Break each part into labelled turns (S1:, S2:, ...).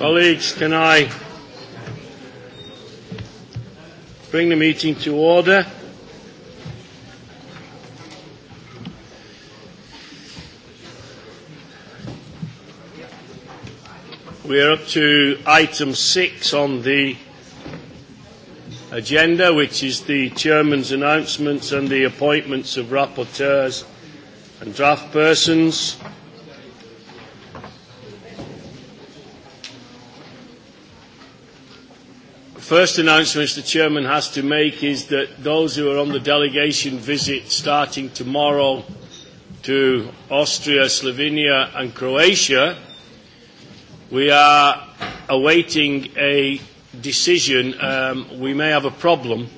S1: Colleagues, can I bring the meeting to order? We are up to item six on the agenda, which is the Chairman's announcements and the appointments of rapporteurs and draft persons. first announcements the chairman has to make is that those who are on the delegation visit starting tomorrow to Austria, Slovenia and Croatia, we are awaiting a decision. Um, we may have a problem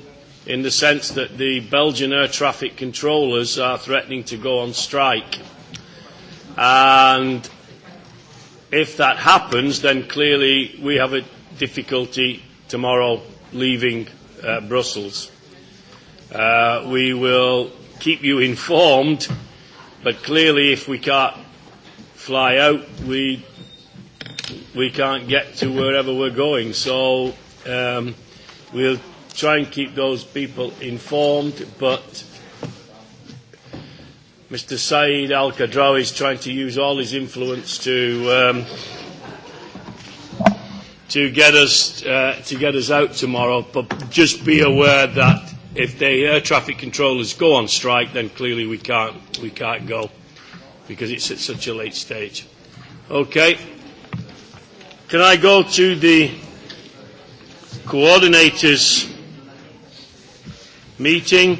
S1: in the sense that the Belgian air traffic controllers are threatening to go on strike. And if that happens, then clearly we have a difficulty tomorrow leaving uh, Brussels. Uh, we will keep you informed, but clearly if we can't fly out, we, we can't get to wherever we're going. So um, we'll try and keep those people informed, but Mr. Saeed Al Qadrawi is trying to use all his influence to um, to get us uh, to get us out tomorrow. But just be aware that if the air traffic controllers go on strike, then clearly we can't we can't go because it's at such a late stage. Okay. Can I go to the coordinators meeting?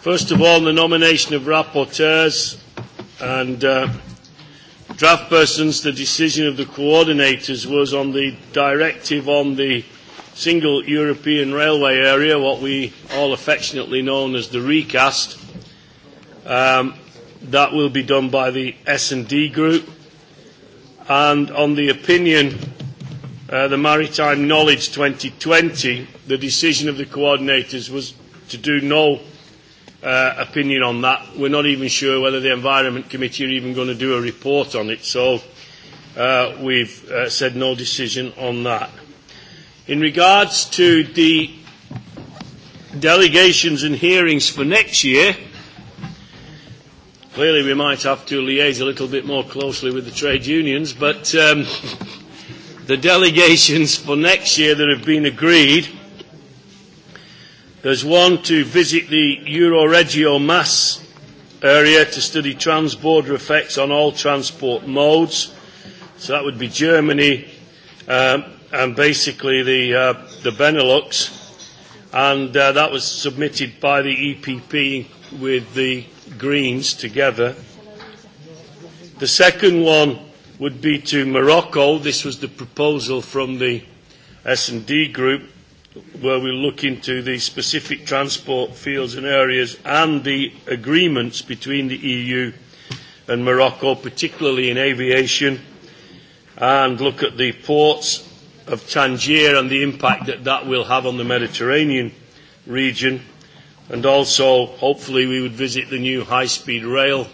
S1: First of all, the nomination of rapporteurs and. Uh, draft persons, the decision of the coordinators was on the directive on the single European railway area, what we all affectionately known as the recast. Um, that will be done by the S&D group. And on the opinion, uh, the Maritime Knowledge 2020, the decision of the coordinators was to do no uh, opinion on that. We're not even sure whether the Environment Committee are even going to do a report on it, so uh, we've uh, said no decision on that. In regards to the delegations and hearings for next year, clearly we might have to liaise a little bit more closely with the trade unions, but um, the delegations for next year that have been agreed – There's one to visit the Euroregio Mass area to study transborder effects on all transport modes. So that would be Germany um, and basically the, uh, the Benelux. And uh, that was submitted by the EPP with the Greens together. The second one would be to Morocco. This was the proposal from the S&D group where we look into the specific transport fields and areas and the agreements between the EU and Morocco, particularly in aviation, and look at the ports of Tangier and the impact that that will have on the Mediterranean region. And also, hopefully, we would visit the new high-speed rail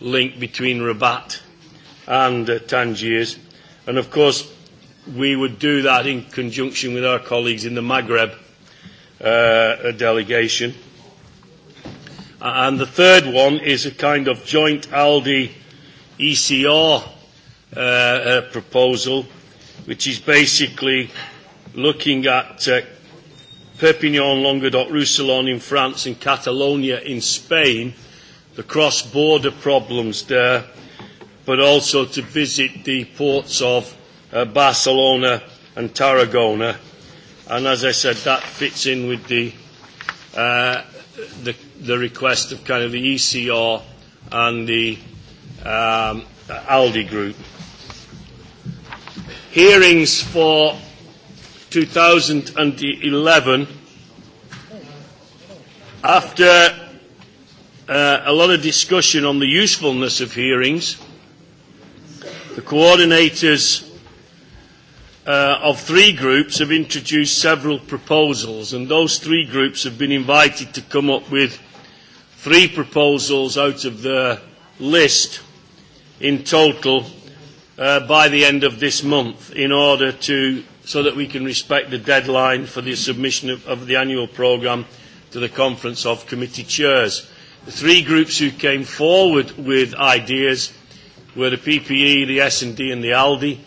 S1: link between Rabat and uh, Tangiers. And of course, we would do that in conjunction with our colleagues in the Maghreb uh, delegation. And the third one is a kind of joint ALDI ECR uh, uh, proposal, which is basically looking at uh, Perpignan, Languedoc, Roussillon in France and Catalonia in Spain, the cross-border problems there, but also to visit the ports of uh, Barcelona and Tarragona. And as I said, that fits in with the, uh, the, the request of kind of the ECR and the um, ALDI group. Hearings for 2011 after uh, a lot of discussion on the usefulness of hearings, the coordinators uh, of three groups have introduced several proposals, and those three groups have been invited to come up with three proposals out of their list in total uh, by the end of this month in order to so that we can respect the deadline for the submission of, of the annual programme to the Conference of Committee Chairs. The three groups who came forward with ideas were the PPE, the S&D and the ALDI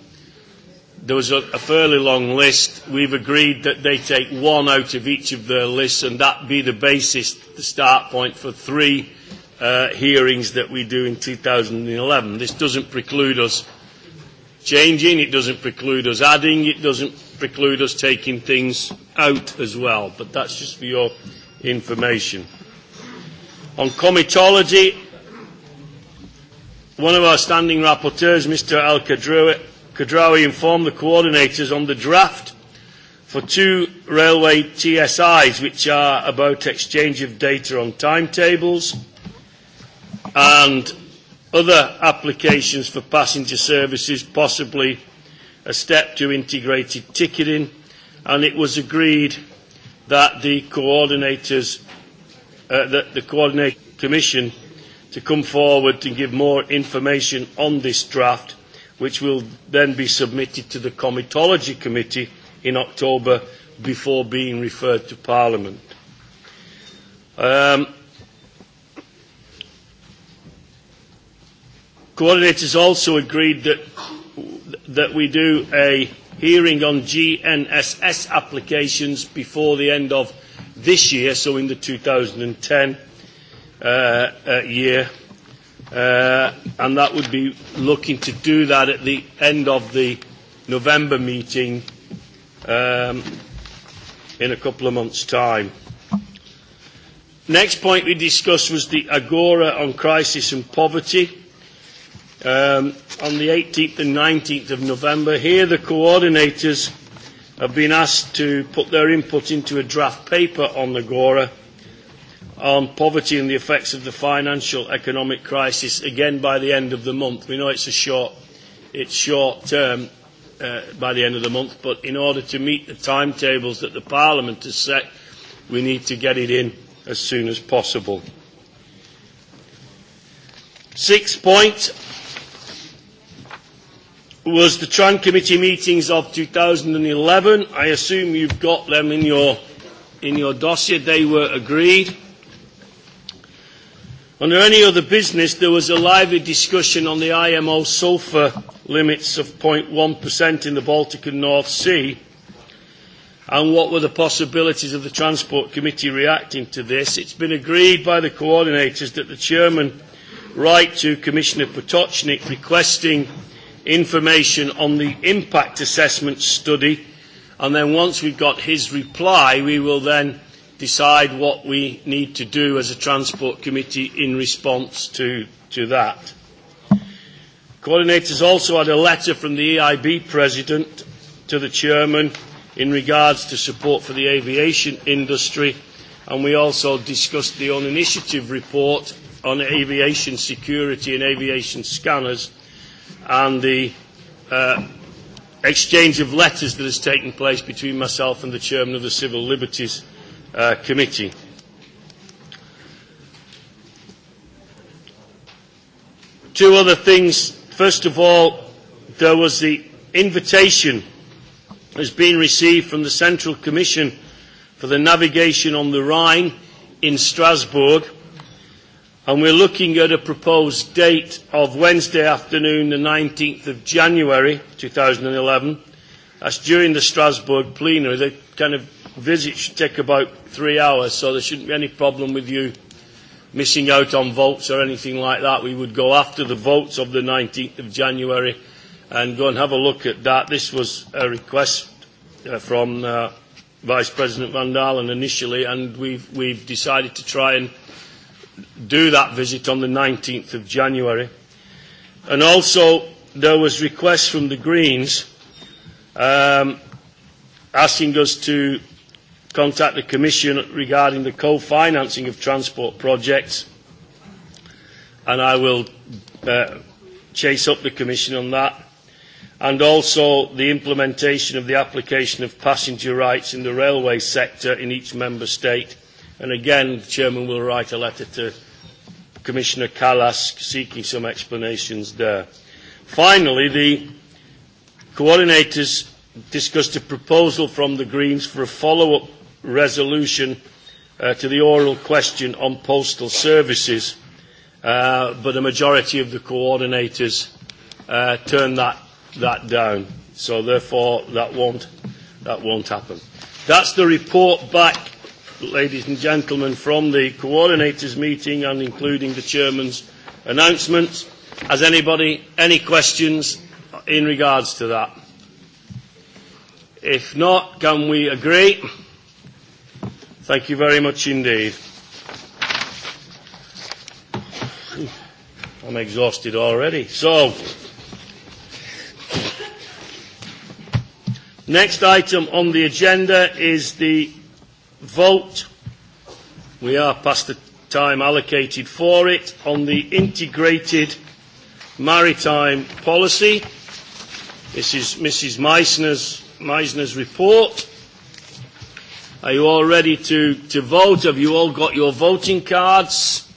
S1: there was a, a fairly long list. We've agreed that they take one out of each of their lists and that be the basis, the start point for three uh, hearings that we do in 2011. This doesn't preclude us changing, it doesn't preclude us adding, it doesn't preclude us taking things out as well, but that's just for your information. On comitology, one of our standing rapporteurs, Mr. Al Kadroua, Kadrawi informed the coordinators on the draft for two railway TSIs, which are about exchange of data on timetables and other applications for passenger services, possibly a step to integrated ticketing, and it was agreed that the coordinators, uh, that the coordinate commission to come forward and give more information on this draft which will then be submitted to the Comitology Committee in October before being referred to Parliament. Um, coordinators also agreed that, that we do a hearing on GNSS applications before the end of this year, so in the 2010 uh, uh, year uh, and that would be looking to do that at the end of the November meeting um, in a couple of months' time. Next point we discussed was the Agora on Crisis and Poverty. Um, on the 18th and 19th of November, here the coordinators have been asked to put their input into a draft paper on Agora on poverty and the effects of the financial economic crisis again by the end of the month. We know it's a short, it's short term uh, by the end of the month, but in order to meet the timetables that the Parliament has set, we need to get it in as soon as possible. Sixth point was the Tran Committee meetings of 2011. I assume you've got them in your, in your dossier. They were agreed. On any other business, there was a lively discussion on the IMO sulphur limits of 0.1% in the Baltic and North Sea and what were the possibilities of the Transport Committee reacting to this. It's been agreed by the coordinators that the chairman write to Commissioner Potocznik requesting information on the impact assessment study and then once we've got his reply we will then decide what we need to do as a Transport Committee in response to, to that. Coordinators also had a letter from the EIB President to the Chairman in regards to support for the aviation industry, and we also discussed the own initiative report on aviation security and aviation scanners and the uh, exchange of letters that has taken place between myself and the Chairman of the Civil Liberties uh, Committee. Two other things. First of all, there was the invitation has been received from the Central Commission for the Navigation on the Rhine in Strasbourg. And we're looking at a proposed date of Wednesday afternoon, the 19th of January 2011. That's during the Strasbourg plenary. They kind of visit should take about three hours, so there shouldn't be any problem with you missing out on votes or anything like that. We would go after the votes of the 19th of January and go and have a look at that. This was a request uh, from uh, Vice President Van Dalen initially, and we've, we've decided to try and do that visit on the 19th of January. And also, there was requests from the Greens um, asking us to contact the Commission regarding the co-financing of transport projects, and I will uh, chase up the Commission on that, and also the implementation of the application of passenger rights in the railway sector in each member state. And again, the Chairman will write a letter to Commissioner Callas seeking some explanations there. Finally, the coordinators discussed a proposal from the Greens for a follow-up resolution uh, to the oral question on postal services, uh, but a majority of the coordinators uh, turned that, that down. So therefore, that won't, that won't happen. That's the report back, ladies and gentlemen, from the coordinators meeting and including the chairman's announcements. Has anybody any questions in regards to that? If not, can we agree? Thank you very much indeed. I'm exhausted already. So, next item on the agenda is the vote. We are past the time allocated for it on the integrated maritime policy. This is Mrs. Meissner's, Meissner's report. Are you all ready to, to vote? Have you all got your voting cards?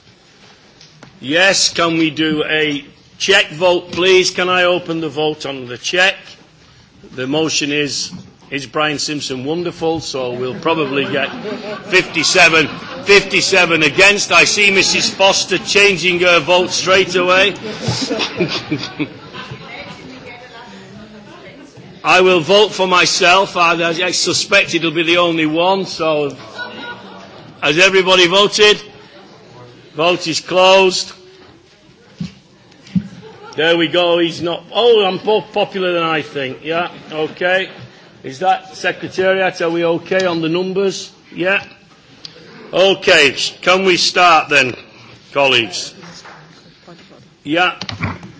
S1: Yes, can we do a check vote, please? Can I open the vote on the check? The motion is, is Brian Simpson wonderful? So we'll probably get 57, 57 against. I see Mrs. Foster changing her vote straight away. I will vote for myself. I, I suspect it'll be the only one. So, has everybody voted? Vote is closed. There we go. He's not. Oh, I'm more popular than I think. Yeah. Okay. Is that secretariat? Are we okay on the numbers? Yeah. Okay. Can we start then, colleagues? Yeah.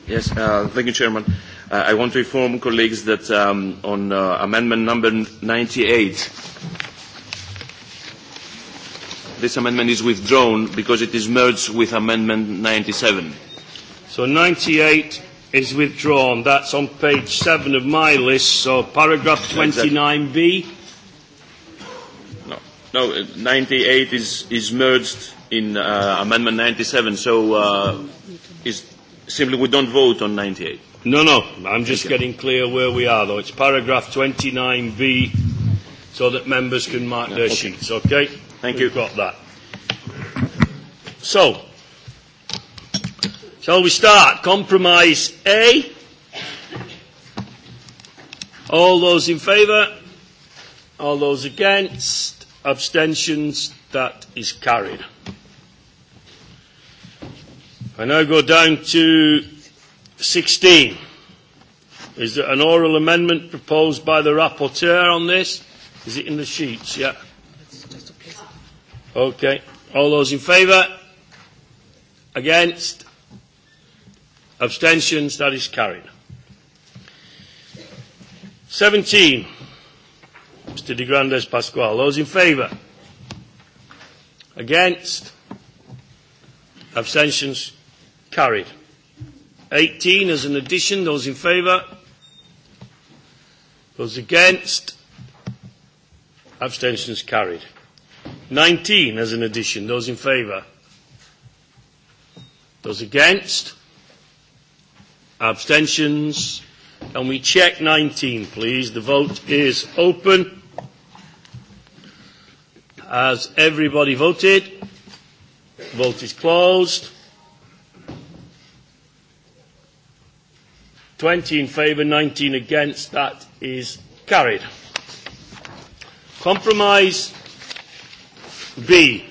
S1: Yes. Uh, thank you, Chairman. Uh, Uh, I want to inform colleagues that um, on uh, amendment number 98, this amendment is withdrawn because it is merged with amendment 97. So 98 is withdrawn. That's on page 7 of my list, so paragraph 29b. No, no 98 is, is merged in uh, amendment 97, so uh, is, simply we don't vote on 98. No, no, I'm just getting clear where we are, though. It's paragraph 29B, so that members can mark yeah, their okay. sheets, okay? Thank We've you. got that. So, shall we start? Compromise A. All those in favour? All those against? Abstentions? That is carried. I now go down to 16. Is there an oral amendment proposed by the rapporteur on this? Is it in the sheets? Yeah. Okay. All those in favour? Against? Abstentions? That is carried. 17. Mr. De Grandes Pasquale. Those in favour? Against? Abstentions? Carried. 18 as an addition. Those in favour? Those against? Abstentions carried. 19 as an addition. Those in favour? Those against? Abstentions? Can we check 19, please? The vote is open. Has everybody voted? Vote is closed. 20 in favour, 19 against. That is carried. Compromise B.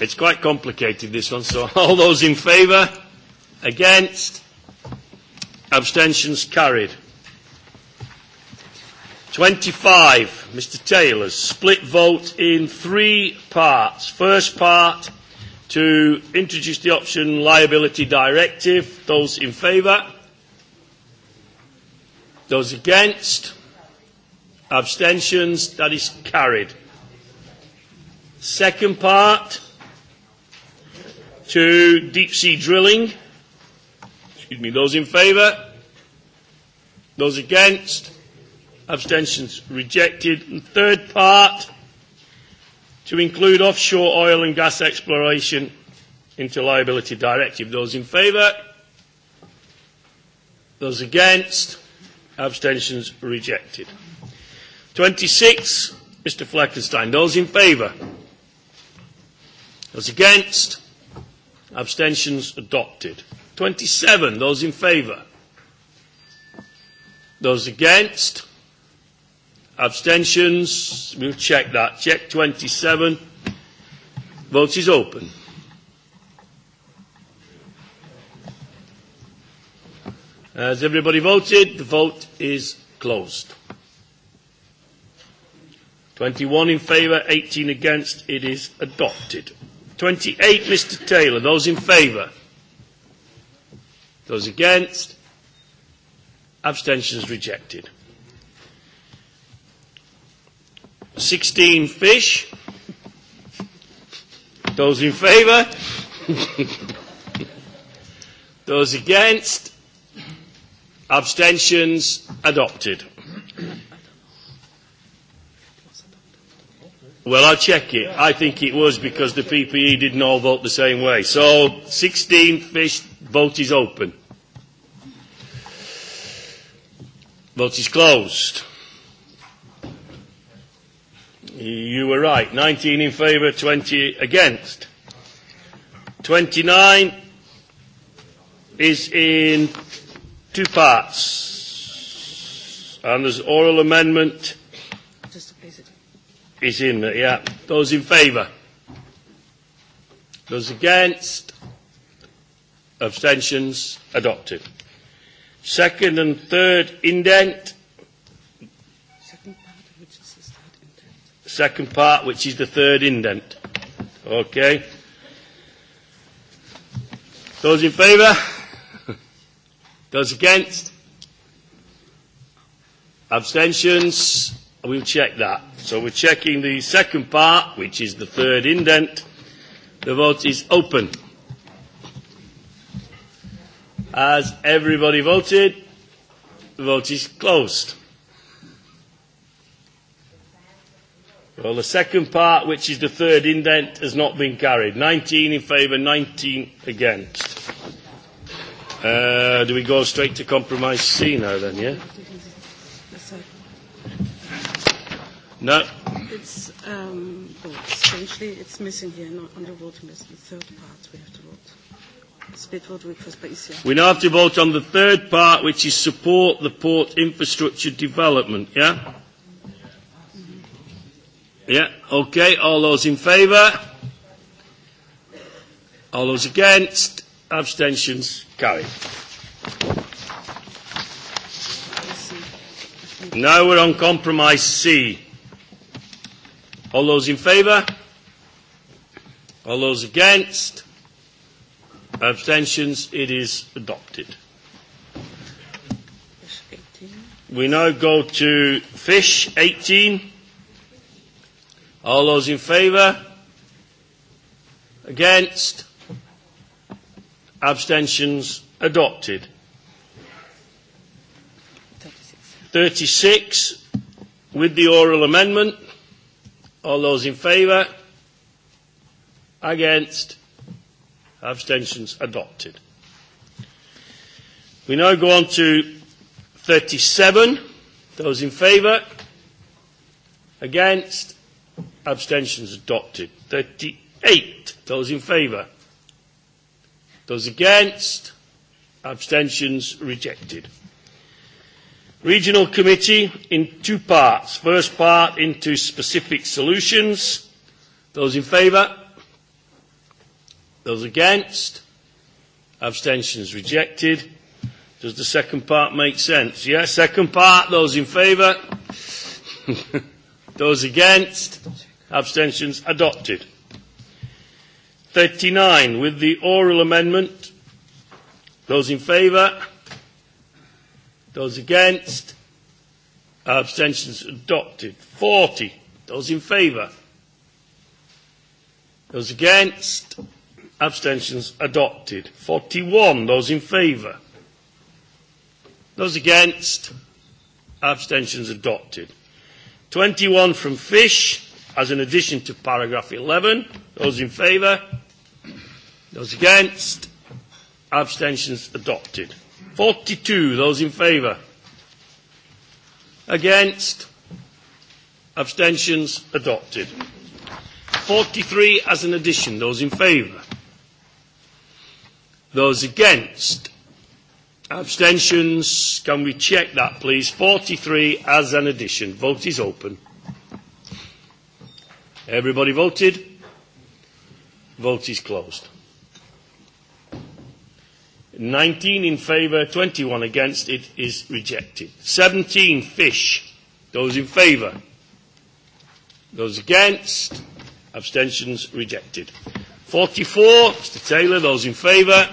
S1: It's quite complicated, this one. So all those in favour, against, abstentions carried. 25, Mr Taylor's split vote in three parts. First part, to introduce the option liability directive. Those in favour? Those against? Abstentions? That is carried. Second part to deep sea drilling. Excuse me. Those in favour? Those against? Abstentions rejected. And third part to include offshore oil and gas exploration into liability directive. Those in favour? Those against? Abstentions rejected. 26, Mr Fleckenstein. Those in favour? Those against? Abstentions adopted. 27, those in favour? Those against? Abstentions? We'll check that. Check 27. Vote is open. Has everybody voted? The vote is closed. 21 in favour, 18 against. It is adopted. 28, Mr Taylor. Those in favour? Those against? Abstentions rejected. 16 fish. Those in favour? Those against? Abstentions? Adopted. Well, I'll check it. I think it was because the PPE didn't all vote the same way. So, 16 fish, vote is open. Vote is closed. You were right. 19 in favour, 20 against. 29 is in two parts. And there's oral amendment. Is in there, yeah. Those in favour? Those against? Abstentions? Adopted. Second and third indent second part, which is the third indent. Okay. Those in favour? Those against? Abstentions? We'll check that. So we're checking the second part, which is the third indent. The vote is open. Has everybody voted? The vote is closed. Well, the second part, which is the third indent, has not been carried. 19 in favour, 19 against. Uh, do we go straight to compromise C now then, yeah? No.
S2: It's, um, well, strangely, it's missing here not on the voting list, the third part we have to vote. We
S1: now have to vote on the third part, which is support the port infrastructure development, yeah? Yeah, okay. All those in favour? All those against? Abstentions carried. Now we're on compromise C. All those in favour? All those against? Abstentions? It is adopted. We now go to fish 18. All those in favour? Against? Abstentions? Adopted. 36 with the oral amendment. All those in favour? Against? Abstentions? Adopted. We now go on to 37. Those in favour? Against? abstentions adopted. 38, those in favour. Those against, abstentions rejected. Regional Committee in two parts. First part into specific solutions. Those in favour? Those against? Abstentions rejected. Does the second part make sense? Yes, yeah, second part, those in favour? those against? Abstentions adopted. 39 with the oral amendment. Those in favour? Those against? Abstentions adopted. 40. Those in favour? Those against? Abstentions adopted. 41. Those in favour? Those against? Abstentions adopted. 21 from Fish as an addition to paragraph 11. Those in favour? Those against? Abstentions adopted. 42. Those in favour? Against? Abstentions adopted. 43 as an addition. Those in favour? Those against? Abstentions? Can we check that, please? 43 as an addition. Vote is open. Everybody voted? Vote is closed. 19 in favour, 21 against. It is rejected. 17, Fish. Those in favour? Those against? Abstentions rejected. 44, Mr Taylor. Those in favour?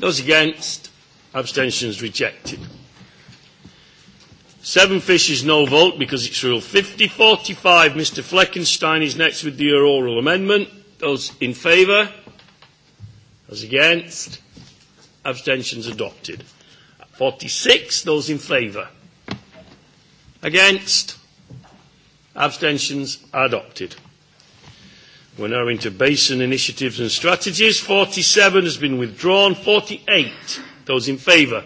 S1: Those against? Abstentions rejected. Seven Fishes, no vote because it's Rule 50. 45, Mr Fleckenstein is next with the oral amendment. Those in favour? Those against? Abstentions adopted. 46, those in favour? Against? Abstentions adopted. We're now into basin initiatives and strategies. 47 has been withdrawn. 48, those in favour?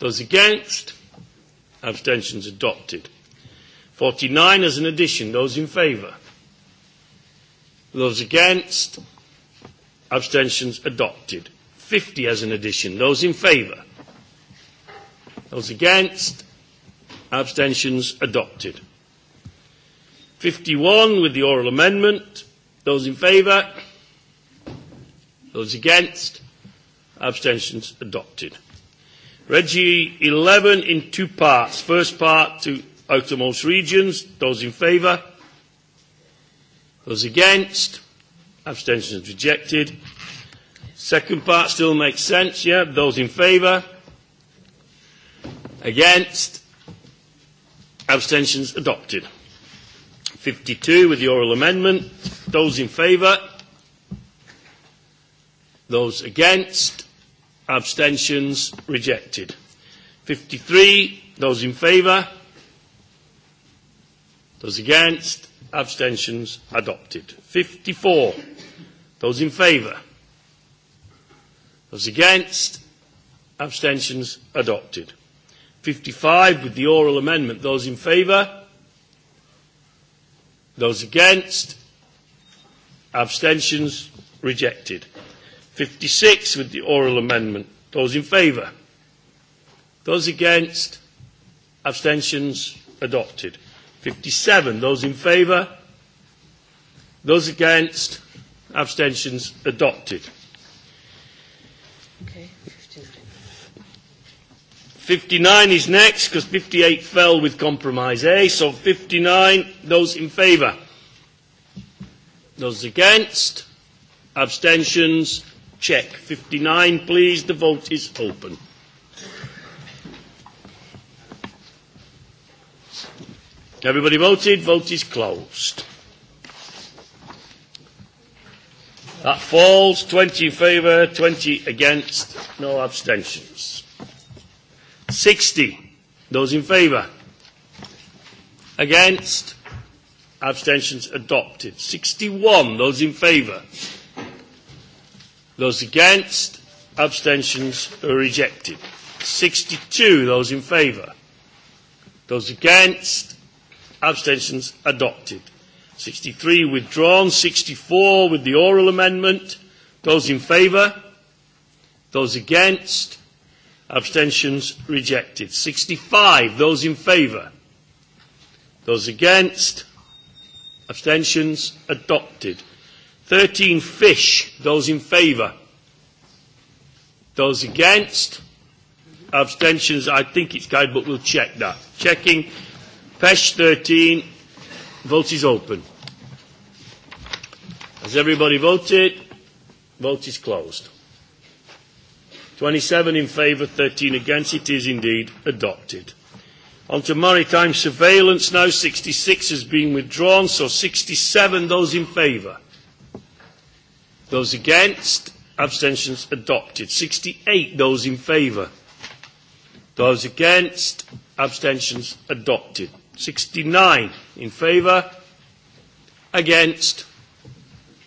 S1: Those against? Abstentions adopted. 49 as an addition. Those in favour? Those against? Abstentions adopted. 50 as an addition. Those in favour? Those against? Abstentions adopted. 51 with the oral amendment. Those in favour? Those against? Abstentions adopted. Reggie 11 in two parts. First part to outermost regions. Those in favour? Those against? Abstentions rejected. Second part still makes sense, yeah? Those in favour? Against? Abstentions adopted. 52 with the oral amendment. Those in favour? Those against? Abstentions? Rejected. 53. Those in favour? Those against? Abstentions? Adopted. 54. Those in favour? Those against? Abstentions? Adopted. 55 with the oral amendment. Those in favour? Those against? Abstentions? Rejected. 56 with the oral amendment. Those in favour? Those against? Abstentions adopted. 57. Those in favour? Those against? Abstentions adopted.
S3: Okay, 59.
S1: 59 is next because 58 fell with compromise A. So 59, those in favour? Those against? Abstentions check. 59, please. The vote is open. Everybody voted. Vote is closed. That falls. 20 in favour, 20 against, no abstentions. 60. Those in favour. Against. Abstentions adopted. 61. Those in favour. Those against, abstentions are rejected. 62, those in favour. Those against, abstentions adopted. 63 withdrawn, 64 with the oral amendment. Those in favour? Those against? Abstentions rejected. 65, those in favour? Those against? Abstentions adopted. 13 fish. Those in favour? Those against? Abstentions? I think it's carried, but we'll check that. Checking. Pesh 13. Vote is open. Has everybody voted? Vote is closed. 27 in favour, 13 against. It is indeed adopted. On to maritime surveillance now. 66 has been withdrawn, so 67 those in favour. Those against? Abstentions adopted. 68. Those in favour? Those against? Abstentions adopted. 69 in favour. Against?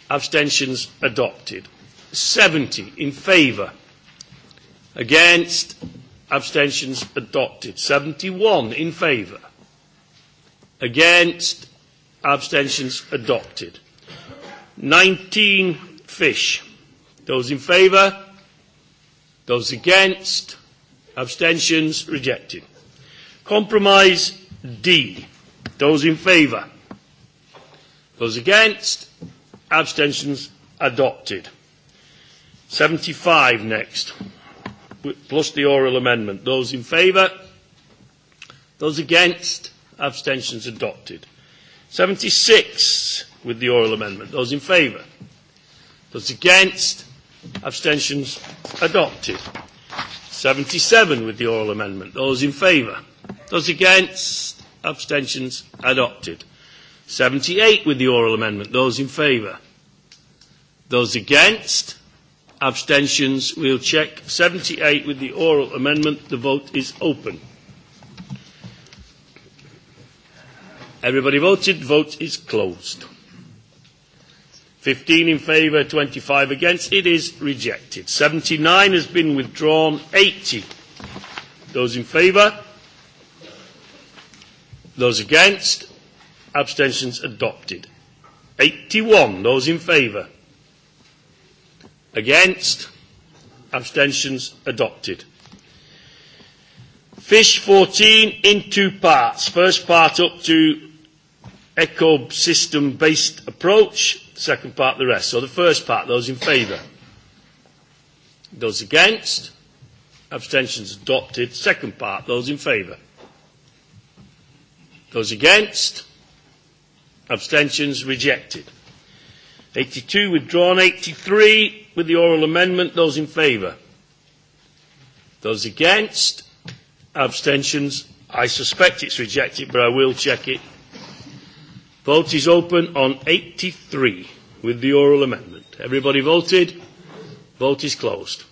S1: Abstentions adopted. 70 in favour. Against? Abstentions adopted. 71 in favour. Against? Abstentions adopted. 19 Fish. Those in favour? Those against? Abstentions? Rejected. Compromise D. Those in favour? Those against? Abstentions? Adopted. 75 next, plus the oral amendment. Those in favour? Those against? Abstentions adopted. 76 with the oral amendment. Those in favour? Those against? Abstentions adopted. 77 with the oral amendment. Those in favour? Those against? Abstentions adopted. 78 with the oral amendment. Those in favour? Those against? Abstentions. We'll check 78 with the oral amendment. The vote is open. Everybody voted. Vote is closed. 15 in favour, 25 against. It is rejected. 79 has been withdrawn. 80. Those in favour? Those against? Abstentions adopted. 81. Those in favour? Against? Abstentions adopted. Fish 14 in two parts. First part up to ecosystem based approach Second part, the rest. So the first part, those in favour. Those against. Abstentions adopted. Second part, those in favour. Those against. Abstentions rejected. 82 withdrawn. 83 with the oral amendment. Those in favour. Those against. Abstentions. I suspect it's rejected, but I will check it. Vote is open on 83 with the oral amendment. Everybody voted? Vote is closed.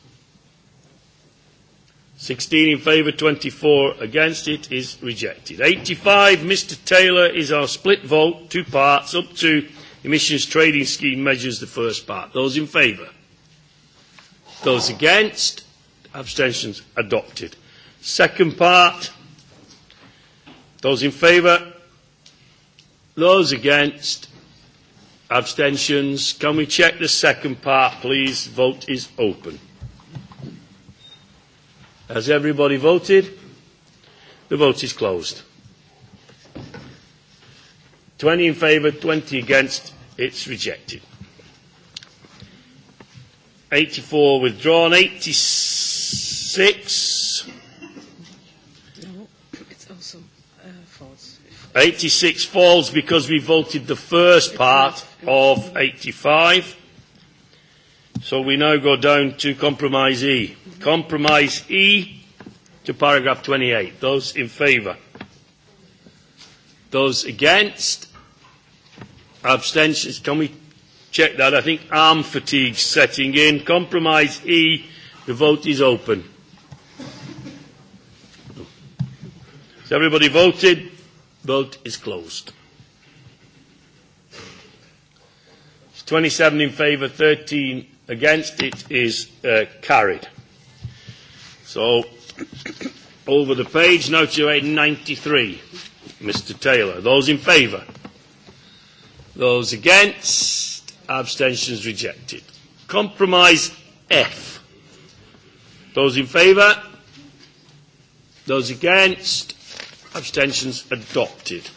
S1: 16 in favour, 24 against. It is rejected. 85, Mr Taylor, is our split vote, two parts, up to emissions trading scheme measures the first part. Those in favour? Those against? Abstentions adopted. Second part. Those in favour? Those against? Abstentions? Can we check the second part, please? Vote is open. Has everybody voted? The vote is closed. 20 in favour, 20 against. It's rejected. 84 withdrawn. 86. 86 falls because we voted the first part of 85. So we now go down to Compromise E. Compromise E to paragraph 28. Those in favour? Those against? Abstentions? Can we check that? I think arm fatigue setting in. Compromise E. The vote is open. Has everybody voted? Vote is closed. 27 in favour, 13 against. It is uh, carried. So, over the page, now to 893. Mr Taylor. Those in favour? Those against? Abstentions rejected. Compromise F. Those in favour? Those against? Abstentions adopted.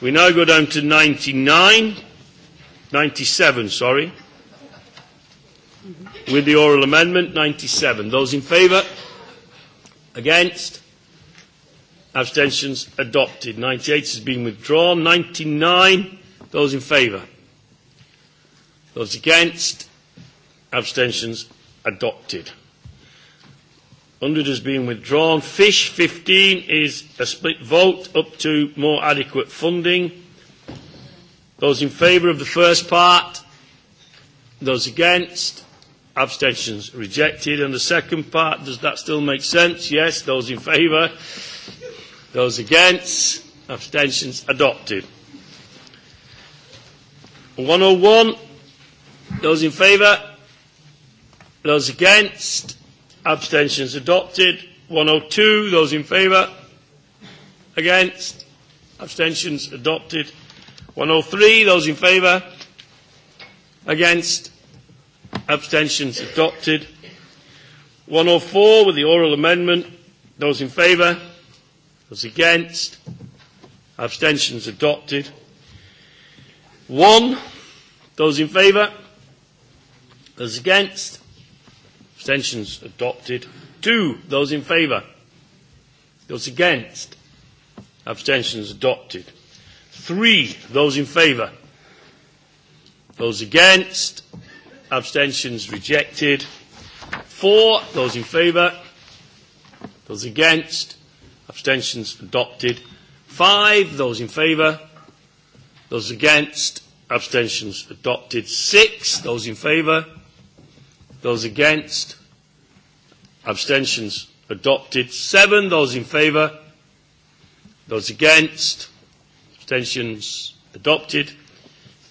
S1: We now go down to 99, 97, sorry, with the oral amendment, 97. Those in favour? Against? Abstentions adopted. 98 has been withdrawn. 99, those in favour? Those against? Abstentions adopted. 100 has been withdrawn. Fish 15 is a split vote up to more adequate funding. Those in favour of the first part? Those against? Abstentions rejected. And the second part, does that still make sense? Yes. Those in favour? Those against? Abstentions adopted. 101. Those in favour? Those against? Abstentions adopted. 102, those in favour? Against? Abstentions adopted. 103, those in favour? Against? Abstentions adopted. 104 with the oral amendment. Those in favour? Those against? Abstentions adopted. 1. Those in favour? Those against? Abstentions adopted. Two, those in favour. Those against. Abstentions adopted. Three, those in favour. Those against. Abstentions rejected. Four, those in favour. Those against. Abstentions adopted. Five, those in favour. Those against. Abstentions adopted. Six, those in favour. Those against? Abstentions adopted. Seven. Those in favour? Those against? Abstentions adopted.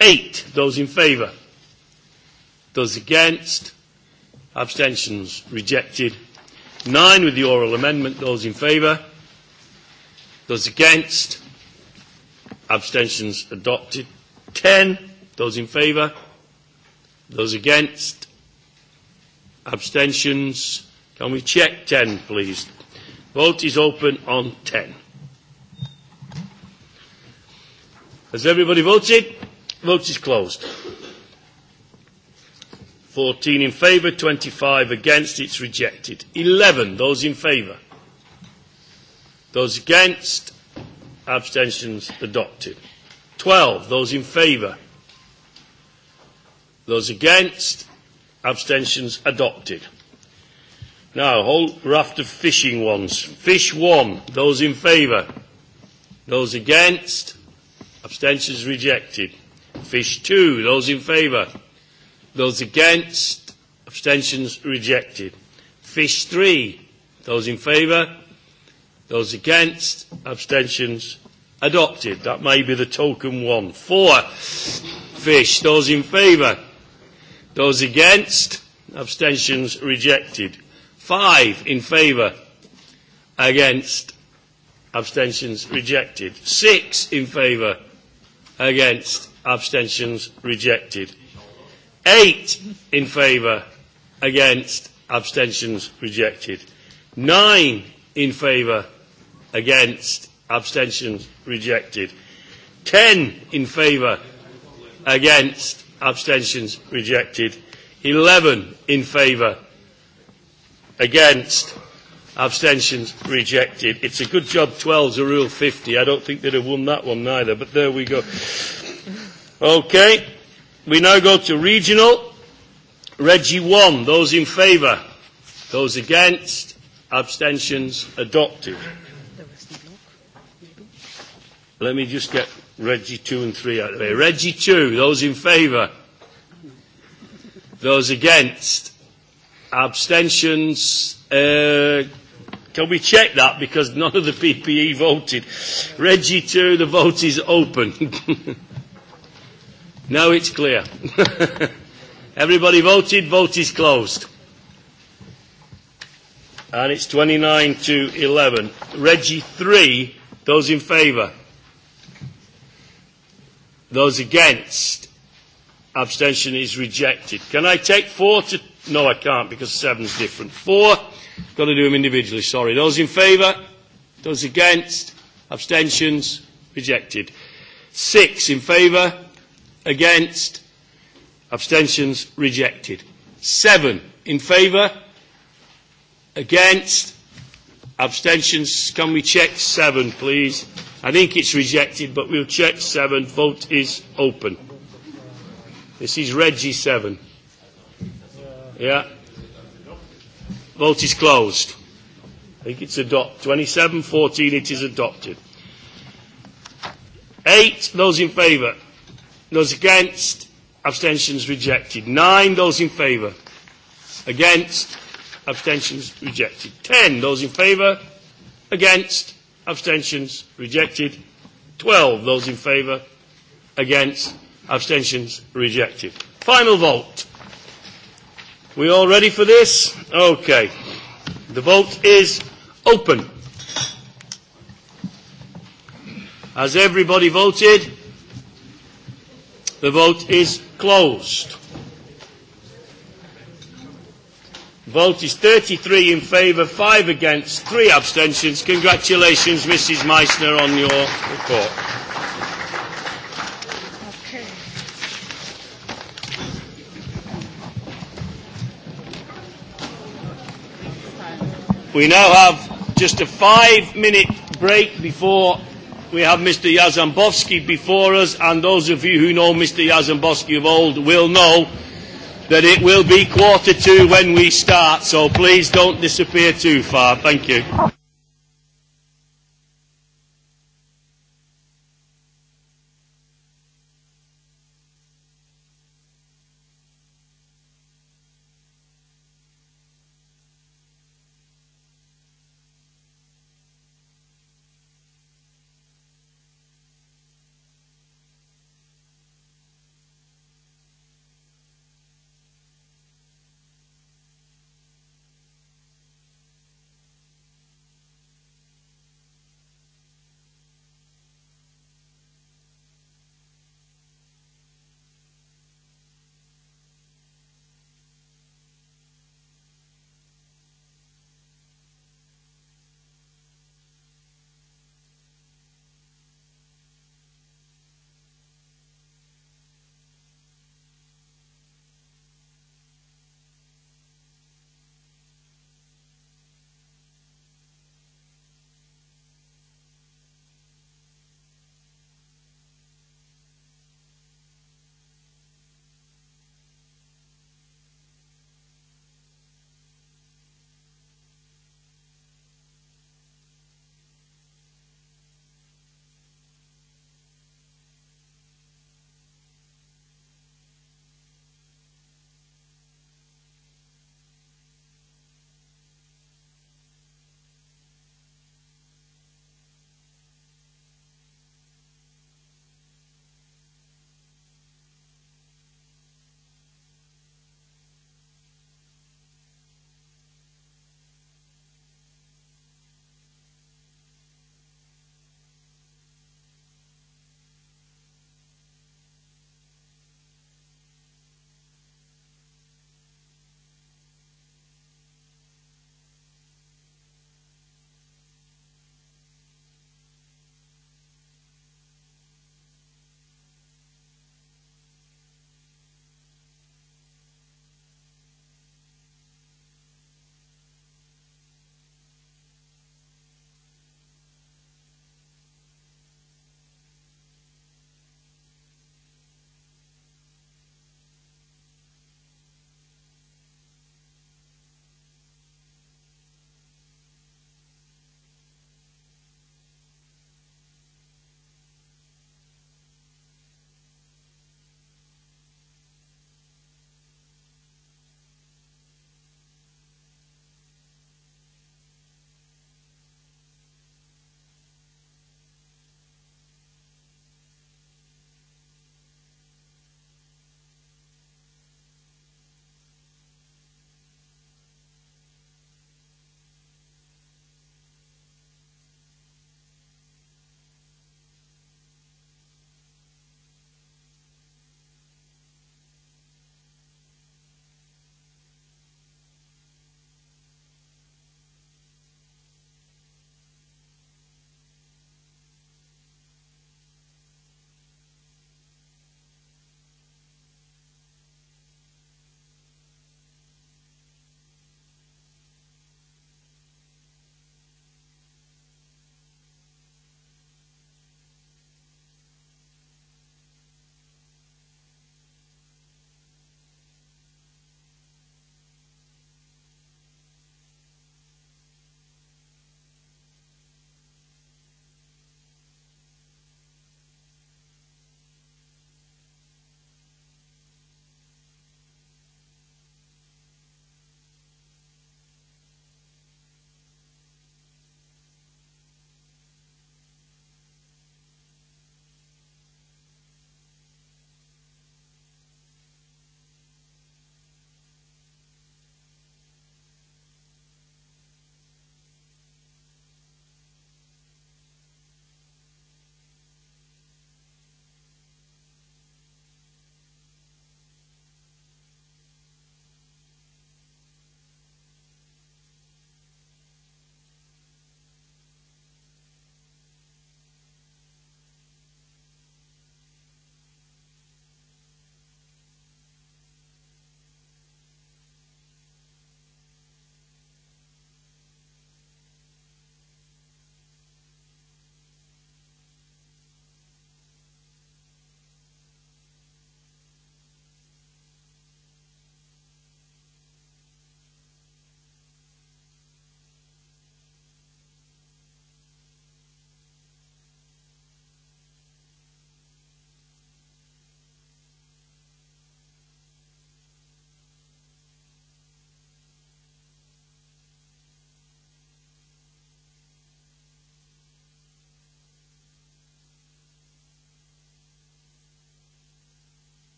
S1: Eight. Those in favour? Those against? Abstentions rejected. Nine with the oral amendment. Those in favour? Those against? Abstentions adopted. Ten. Those in favour? Those against? Abstentions? Can we check 10, please? Vote is open on 10. Has everybody voted? Vote is closed. 14 in favour, 25 against, it's rejected. 11, those in favour. Those against, abstentions adopted. 12, those in favour. Those against, Abstentions adopted. Now, a whole raft of fishing ones. Fish 1. Those in favour? Those against? Abstentions rejected. Fish 2. Those in favour? Those against? Abstentions rejected. Fish 3. Those in favour? Those against? Abstentions adopted. That may be the token one. 4. Fish. Those in favour? Those against? Abstentions rejected. Five in favour. Against? Abstentions rejected. Six in favour. Against? Abstentions rejected. Eight in favour. Against? Abstentions rejected. Nine in favour. Against? Abstentions rejected. Ten in favour. Against? abstentions rejected. 11 in favour, against, abstentions rejected. It's a good job 12's a rule 50. I don't think they'd have won that one neither, but there we go. Okay, we now go to regional. Reggie 1, those in favour, those against, abstentions adopted. Let me just get Reggie 2 and 3 out of the way. Reggie 2, those in favour? Those against? Abstentions? Uh, can we check that? Because none of the PPE voted. Reggie 2, the vote is open. now it's clear. Everybody voted, vote is closed. And it's 29 to 11. Reggie 3, those in favour? Those against? Abstention is rejected. Can I take four to... No, I can't because seven's different. Four. Got to do them individually, sorry. Those in favour? Those against? Abstentions? Rejected. Six in favour? Against? Abstentions? Rejected. Seven in favour? Against? Abstentions? Can we check seven, please? I think it's rejected, but we'll check seven. Vote is open. This is Reggie seven. Yeah. Vote is closed. I think it's adopted. 2714, it is adopted. Eight, those in favour. Those against, abstentions rejected. Nine, those in favour. Against, abstentions rejected. Ten, those in favour. Against, abstentions, rejected. 12, those in favour, against, abstentions, rejected. Final vote. We all ready for this? Okay. The vote is open. Has everybody voted? The vote is closed. Vote is 33 in favour, 5 against, 3 abstentions. Congratulations, Mrs Meissner, on your report. Okay. We now have just a five-minute break before we have Mr Yazambowski before us, and those of you who know Mr Yazambowski of old will know that it will be quarter to when we start, so please don't disappear too far. Thank you.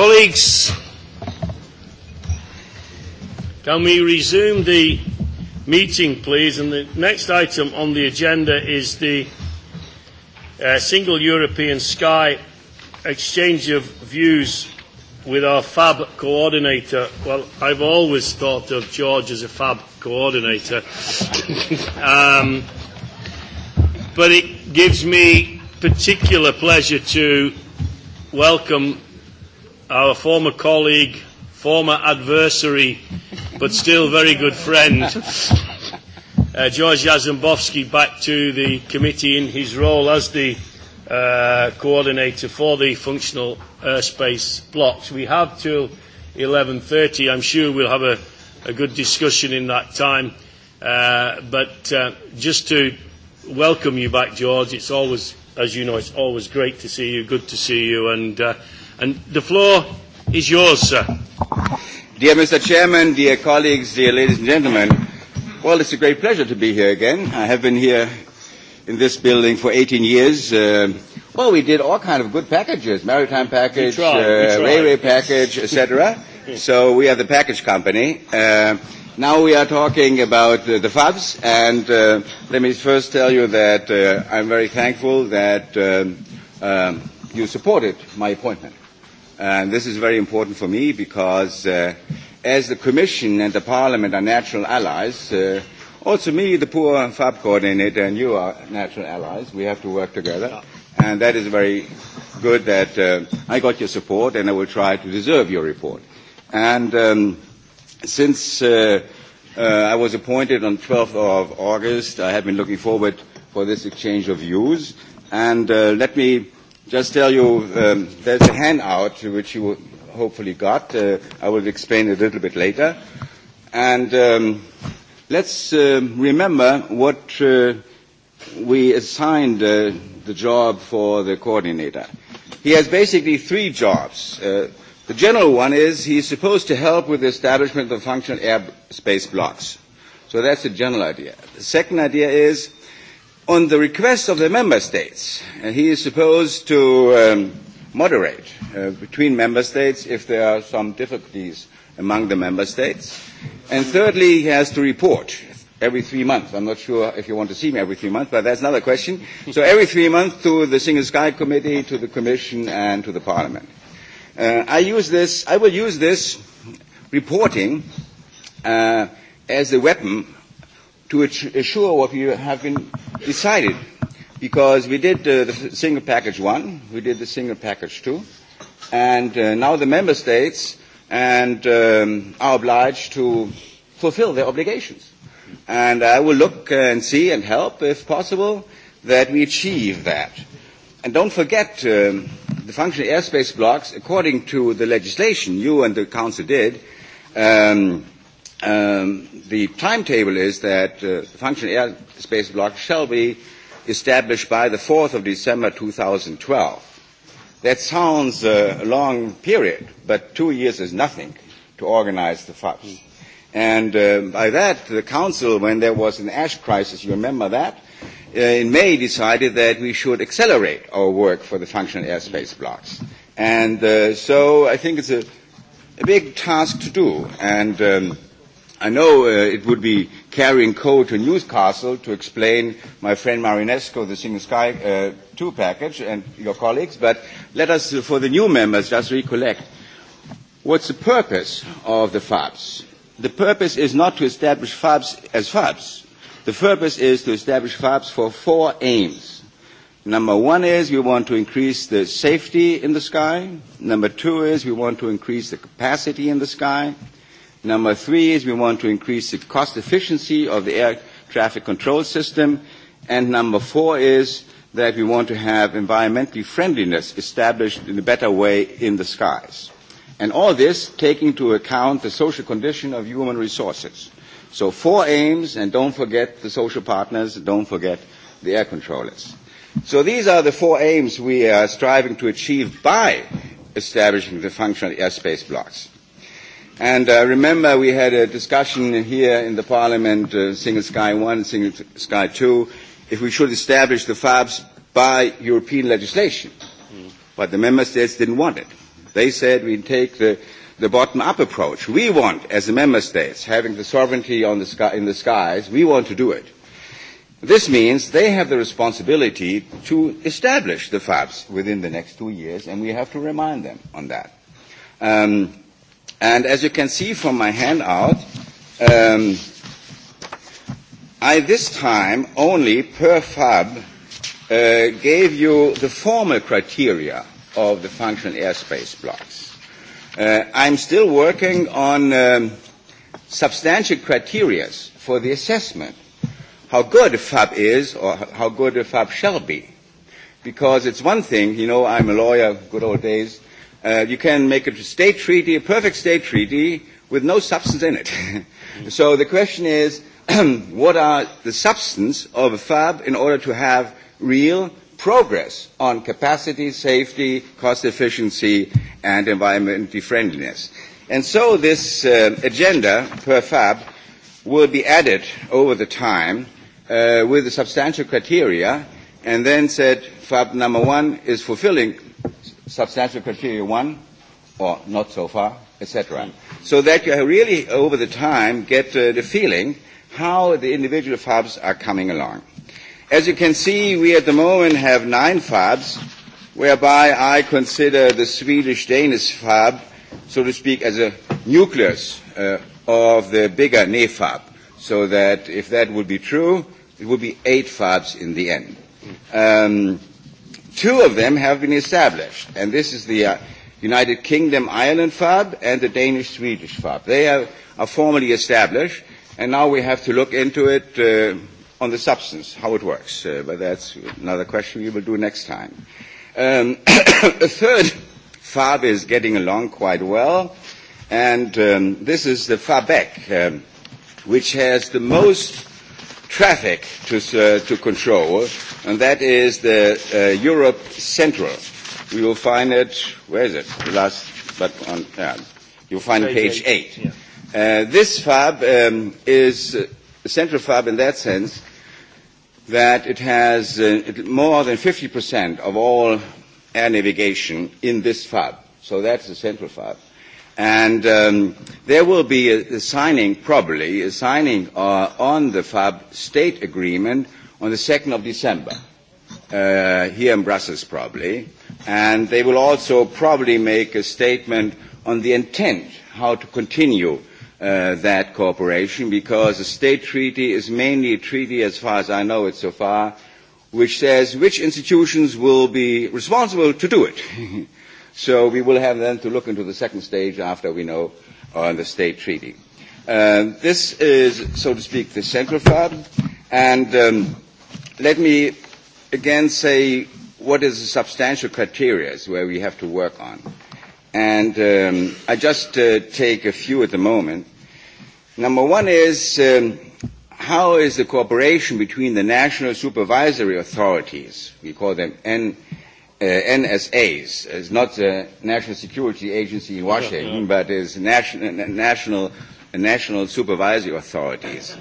S4: Colleagues,
S1: can we resume the meeting, please? And the next item on the agenda is the uh, Single European Sky exchange of views with our FAB coordinator. Well, I've always thought of George as a FAB coordinator. um, but it gives me particular pleasure to welcome our former colleague, former adversary, but still very good friend, uh, George Yazembowski, back to the committee in his role as the uh, coordinator for the functional airspace blocks. We have till 11.30. I'm sure we'll have a, a good discussion in that time. Uh, but uh, just to welcome you back, George, it's always, as you know, it's always great to see you, good to see you, and uh, And the floor is yours, sir.
S5: Dear Mr. Chairman, dear colleagues, dear ladies and gentlemen, well, it's a great pleasure to be here again. I have been here in this building for 18 years. Uh, well, we did all kind of good packages, maritime package, we tried, uh, we tried. railway package, etc. so we are the package company. Uh, now we are talking about uh, the FABs, and uh, let me first tell you that uh, I'm very thankful that um, um, you supported my appointment. And this is very important for me because uh, as the Commission and the Parliament are natural allies, uh, also me, the poor FAB coordinator, and you are natural allies. We have to work together. And that is very good that uh, I got your support and I will try to deserve your report. And um, since uh, uh, I was appointed on 12th of August, I have been looking forward for this exchange of views. And uh, let me just tell you um, there's a handout which you hopefully got. Uh, I will explain it a little bit later. And um, let's um, uh, remember what uh, we assigned uh, the job for the coordinator. He has basically three jobs. Uh, the general one is he's supposed to help with the establishment of functional airspace blocks. So that's the general idea. The second idea is on the request of the member states, and he is supposed to um, moderate uh, between member states if there are some difficulties among the member states. And thirdly, he has to report every three months. I'm not sure if you want to see me every three months, but that's another question. So every three months to the Single Sky Committee, to the Commission, and to the Parliament. Uh, I use this, I will use this reporting uh, as a weapon to assure what we have been decided. Because we did uh, the single package one, we did the single package two, and uh, now the member states and um, are obliged to fulfill their obligations. And I will look and see and help, if possible, that we achieve that. And don't forget um, the functional airspace blocks, according to the legislation you and the Council did, um, Um, the timetable is that uh, the functional airspace block shall be established by the 4th of December 2012. That sounds uh, a long period, but two years is nothing to organize the FUPS. Hmm. And uh, by that, the Council, when there was an ash crisis, you remember that, uh, in May decided that we should accelerate our work for the functional airspace blocks. And uh, so I think it's a, a big task to do. And... Um, I know uh, it would be carrying coal to Newcastle to explain my friend Marinesco, the Single Sky uh, 2 package, and your colleagues, but let us, uh, for the new members, just recollect. What's the purpose of the FABs? The purpose is not to establish FABs as FABs. The purpose is to establish FABs for four aims. Number one is we want to increase the safety in the sky. Number two is we want to increase the capacity in the sky. Uh, Number three is we want to increase the cost efficiency of the air traffic control system. And number four is that we want to have environmentally friendliness established in a better way in the skies. And all this taking into account the social condition of human resources. So four aims, and don't forget the social partners, don't forget the air controllers. So these are the four aims we are striving to achieve by establishing the functional airspace blocks. And uh, remember, we had a discussion here in the Parliament, uh, Single Sky 1, Single Sky 2, if we should establish the FABs by European legislation. Mm. But the Member States didn't want it. They said we take the, the bottom-up approach. We want, as the Member States, having the sovereignty on the sky, in the skies, we want to do it. This means they have the responsibility to establish the FABs within the next two years, and we have to remind them on that. Um, And as you can see from my handout, um, I this time only per fab uh, gave you the formal criteria of the functional airspace blocks. Uh, I'm still working on um, substantial criteria for the assessment, how good a fab is or how good a fab shall be. Because it's one thing, you know, I'm a lawyer, good old days, Uh, you can make a state treaty, a perfect state treaty, with no substance in it. so the question is, what are the substance of a FAB in order to have real progress on capacity, safety, cost efficiency, and environmentally friendliness? And so this uh, agenda per FAB will be added over the time uh, with the substantial criteria and then said FAB number one is fulfilling substantial criteria one, or not so far, etc. Mm. So that you really, over the time, get uh, the feeling how the individual FABs are coming along. As you can see, we at the moment have nine FABs, whereby I consider the Swedish-Danish FAB, so to speak, as a nucleus uh, of the bigger NEFAB, so that if that would be true, it would be eight FABs in the end. Mm. Um, Two of them have been established, and this is the uh, United Kingdom Ireland FAB and the Danish Swedish FAB. They are, are formally established, and now we have to look into it uh, on the substance, how it works. Uh, but that's another question we will do next time. Um, a third FAB is getting along quite well, and um, this is the FABEC, um, which has the most traffic to, uh, to control, and that is the uh, Europe Central. We will find it, where is it? The last, but on, yeah, you'll find page, page eight. eight. Yeah. Uh, this FAB um, is uh, central FAB in that sense that it has uh, it, more than 50% of all air navigation in this FAB. So that's the central FAB. And um, there will be a, a signing, probably, a signing uh, on the FAB state agreement on the 2nd of December, uh, here in Brussels, probably. And they will also probably make a statement on the intent, how to continue uh, that cooperation, because the state treaty is mainly a treaty, as far as I know it so far, which says which institutions will be responsible to do it. So we will have then to look into the second stage after we know on the state treaty. Um, this is, so to speak, the central part. And um, let me again say what is the substantial criteria where we have to work on. And um, I just uh, take a few at the moment. Number one is um, how is the cooperation between the national supervisory authorities, we call them N uh, NSAs. It's not the National Security Agency in Washington, yeah, yeah. but it's national, national, national supervisory authorities.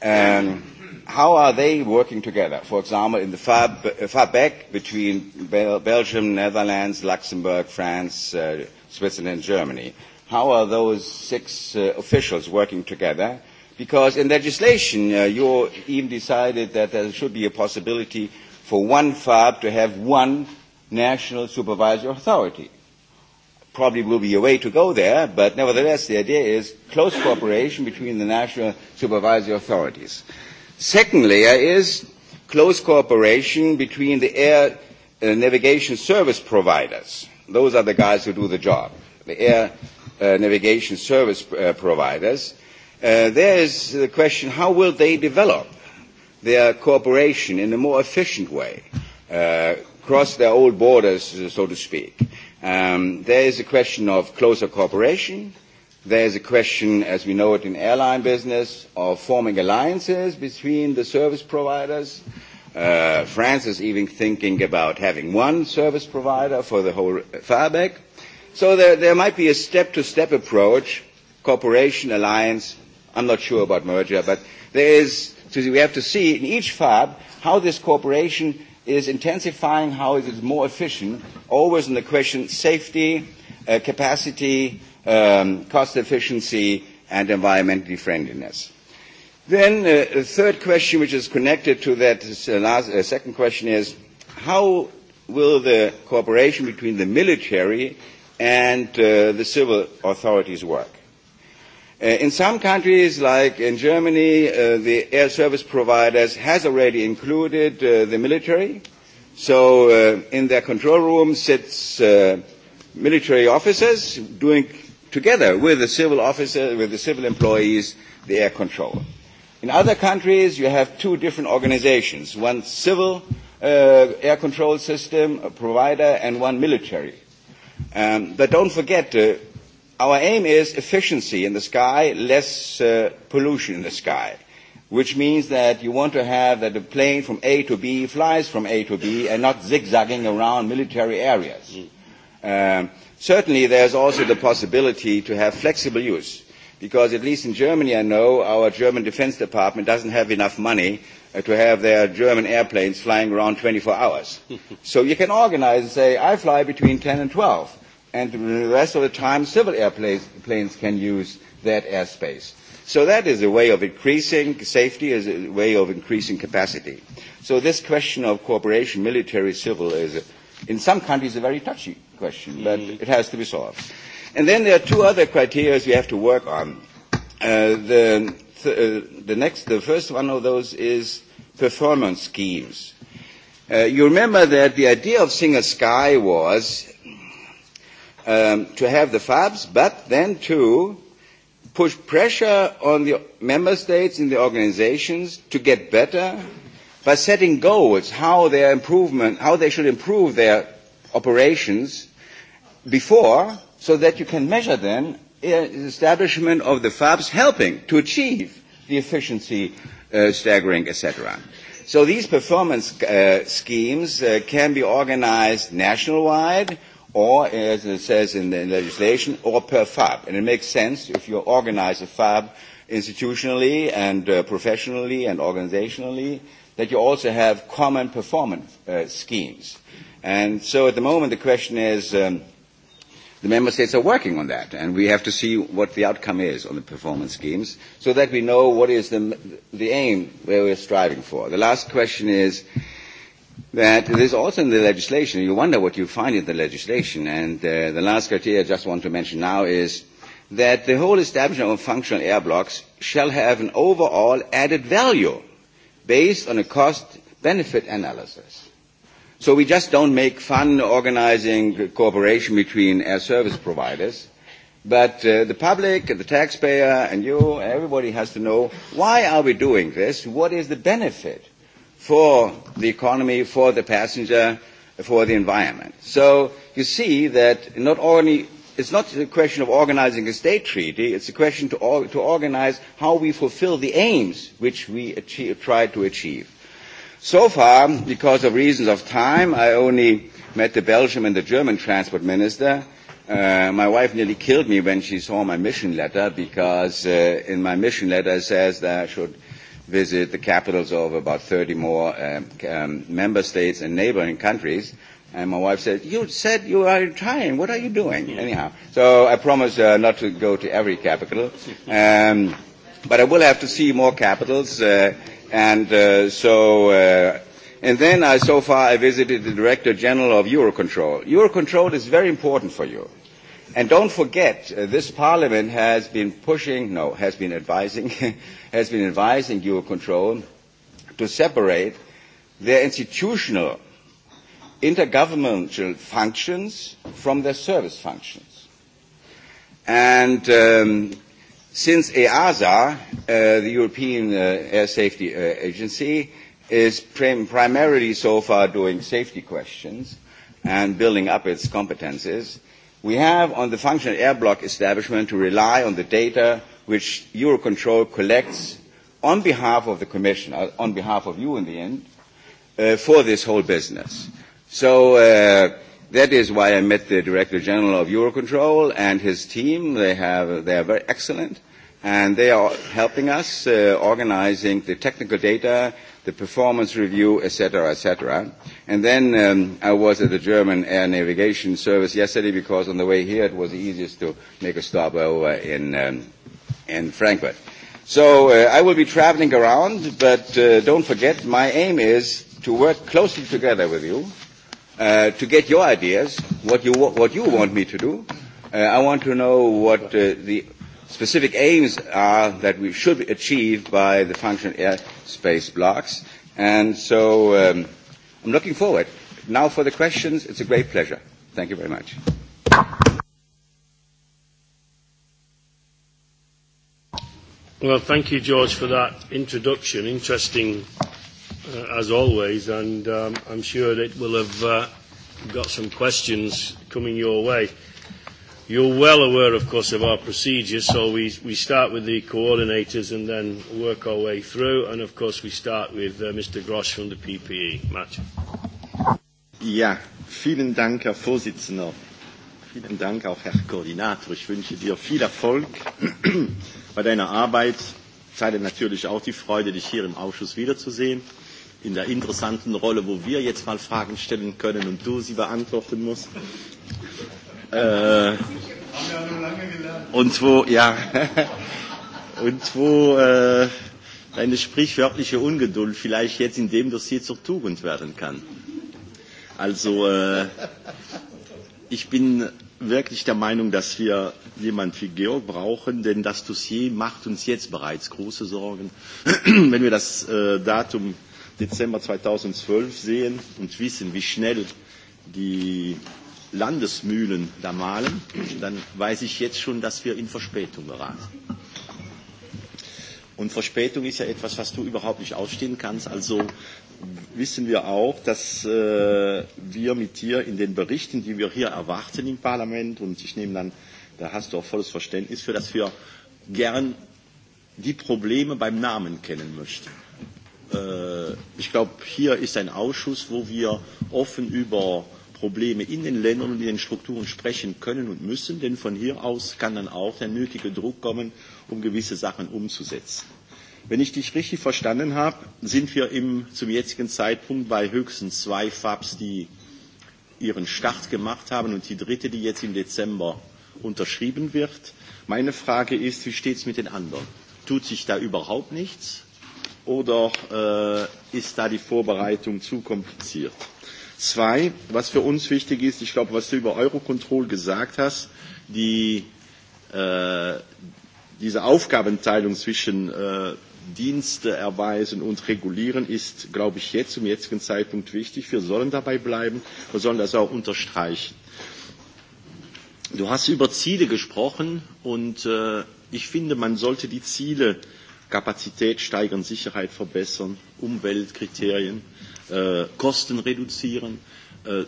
S5: Um, how are they working together? For example, in the far, far back between Bel- Belgium, Netherlands, Luxembourg, France, uh, Switzerland, Germany. How are those six uh, officials working together? Because in legislation, uh, you even decided that there should be a possibility for one FAB to have one national supervisory authority. Probably will be a way to go there, but nevertheless, the idea is close cooperation between the national supervisory authorities. Second layer is close cooperation between the air uh, navigation service providers. Those are the guys who do the job, the air uh, navigation service uh, providers. Uh, there is the question, how will they develop their cooperation in a more efficient way? Uh, cross their old borders, so to speak. Um, there is a question of closer cooperation. There is a question, as we know it in airline business, of forming alliances between the service providers. Uh, France is even thinking about having one service provider for the whole fallback. So there, there might be a step-to-step -step approach, cooperation, alliance. I'm not sure about merger, but there is, so we have to see in each FAB how this cooperation is intensifying how it is more efficient, always in the question safety, uh, capacity, um, cost efficiency, and environmental friendliness. Then uh, a third question, which is connected to that uh, last, uh, second question, is how will the cooperation between the military and uh, the civil authorities work? Uh, in some countries, like in Germany, uh, the air service providers has already included uh, the military. So uh, in their control room sits uh, military officers doing together with the civil officer, with the civil employees, the air control. In other countries, you have two different organizations, one civil uh, air control system a provider and one military. Um, but don't forget, uh, our aim is efficiency in the sky, less uh, pollution in the sky, which means that you want to have that a plane from A to B flies from A to B and not zigzagging around military areas. Mm. Um, certainly, there's also the possibility to have flexible use, because at least in Germany, I know our German Defense Department doesn't have enough money uh, to have their German airplanes flying around 24 hours. so you can organize and say, I fly between 10 and 12 and the rest of the time civil airplanes can use that airspace. So that is a way of increasing safety, is a way of increasing capacity. So this question of cooperation, military, civil, is a, in some countries a very touchy question, but mm. it has to be solved. And then there are two other criteria we have to work on. Uh, the, th- uh, the next, the first one of those is performance schemes. Uh, you remember that the idea of single sky was um, to have the FABs, but then to push pressure on the member states and the organizations to get better by setting goals how their improvement, how they should improve their operations before, so that you can measure then uh, the establishment of the FABs helping to achieve the efficiency uh, staggering, etc. So these performance uh, schemes uh, can be organized nationwide or, as it says in the legislation, or per FAB. And it makes sense if you organize a FAB institutionally and uh, professionally and organizationally that you also have common performance uh, schemes. And so at the moment the question is, um, the member states are working on that, and we have to see what the outcome is on the performance schemes so that we know what is the, the aim where we're striving for. The last question is, uh, that it is also in the legislation. You wonder what you find in the legislation. And uh, the last criteria I just want to mention now is that the whole establishment of functional air blocks shall have an overall added value based on a cost-benefit analysis. So we just don't make fun organizing cooperation between air service providers, but uh, the public and the taxpayer and you, everybody has to know why are we doing this? What is the benefit? for the economy, for the passenger, for the environment. So you see that not only it's not a question of organizing a state treaty, it's a question to, or, to organize how we fulfill the aims which we achieve, try to achieve. So far, because of reasons of time, I only met the Belgian and the German transport minister. Uh, my wife nearly killed me when she saw my mission letter because uh, in my mission letter it says that I should – visit the capitals of about 30 more um, um, member states and neighboring countries. And my wife said, you said you are Italian. What are you doing? Anyhow, so I promise uh, not to go to every capital. Um, but I will have to see more capitals. Uh, and uh, so, uh, and then I, so far I visited the Director General of Eurocontrol. Eurocontrol is very important for you And don't forget, uh, this parliament has been pushing, no, has been advising, has been advising Eurocontrol to separate their institutional intergovernmental functions from their service functions. And um, since EASA, uh, the European uh, Air Safety uh, Agency, is prim- primarily so far doing safety questions and building up its competences, We have on the functional air block establishment to rely on the data which Eurocontrol collects on behalf of the Commission, uh, on behalf of you in the end, uh, for this whole business. So uh, that is why I met the Director General of Eurocontrol and his team. They, have, they are very excellent, and they are helping us uh, organizing the technical data the performance review, etc., etc. And then um, I was at the German Air Navigation Service yesterday because on the way here it was the easiest to make a stopover in, um, in Frankfurt. So uh, I will be traveling around, but uh, don't forget my aim is to work closely together with you uh, to get your ideas, what you, what you want me to do. Uh, I want to know what uh, the Specific aims are that we should achieve by the function airspace blocks. And so um, I'm looking forward. Now for the questions, it's a great pleasure. Thank you very much.
S1: Well, thank you, George, for that introduction. Interesting, uh, as always, and um, I'm sure that we'll have uh, got some questions coming your way. You're well aware, of course, of our procedures, so we, we start with the coordinators and then work our way through. And, of course, we start with uh, Mr. Grosch from the PPE. Matt.
S4: Ja, vielen Dank, Herr Vorsitzender. Vielen Dank auch, Herr Koordinator. Ich wünsche dir viel Erfolg bei deiner Arbeit. Ich teile natürlich auch die Freude, dich hier im Ausschuss wiederzusehen, in der interessanten Rolle, wo wir jetzt mal Fragen stellen können und du sie beantworten musst. Äh, und zwei, ja, und zwei, äh, eine sprichwörtliche Ungeduld vielleicht jetzt in dem Dossier zur Tugend werden kann. Also äh, ich bin wirklich der Meinung, dass wir jemanden wie Georg brauchen, denn das Dossier macht uns jetzt bereits große Sorgen. Wenn wir das äh, Datum Dezember 2012 sehen und wissen, wie schnell die Landesmühlen da malen, dann weiß ich jetzt schon, dass wir in Verspätung geraten. Und Verspätung ist ja etwas, was du überhaupt nicht ausstehen kannst. Also wissen wir auch, dass äh, wir mit dir in den Berichten, die wir hier erwarten im Parlament, und ich nehme dann, da hast du auch volles Verständnis für, dass wir gern die Probleme beim Namen kennen möchten. Äh, ich glaube, hier ist ein Ausschuss, wo wir offen über äh, Probleme in den Ländern und in den Strukturen sprechen können und müssen, denn von hier aus kann dann auch der nötige Druck kommen, um gewisse Sachen umzusetzen. Wenn ich dich richtig verstanden habe, sind wir im, zum jetzigen Zeitpunkt bei höchstens zwei FABs, die ihren Start gemacht haben und die dritte, die jetzt im Dezember unterschrieben wird. Meine Frage ist, wie steht es mit den anderen? Tut sich da überhaupt nichts oder äh, ist da die Vorbereitung zu kompliziert? Zwei, was für uns wichtig ist, ich glaube, was du über Eurocontrol gesagt hast, die, äh, diese Aufgabenteilung zwischen äh, Dienste erweisen und regulieren ist, glaube ich, jetzt zum jetzigen Zeitpunkt wichtig. Wir sollen dabei bleiben, wir sollen das auch unterstreichen. Du hast über Ziele gesprochen und äh, ich finde, man sollte die Ziele Kapazität steigern, Sicherheit verbessern, Umweltkriterien äh, äh, Kosten reduzieren. Äh,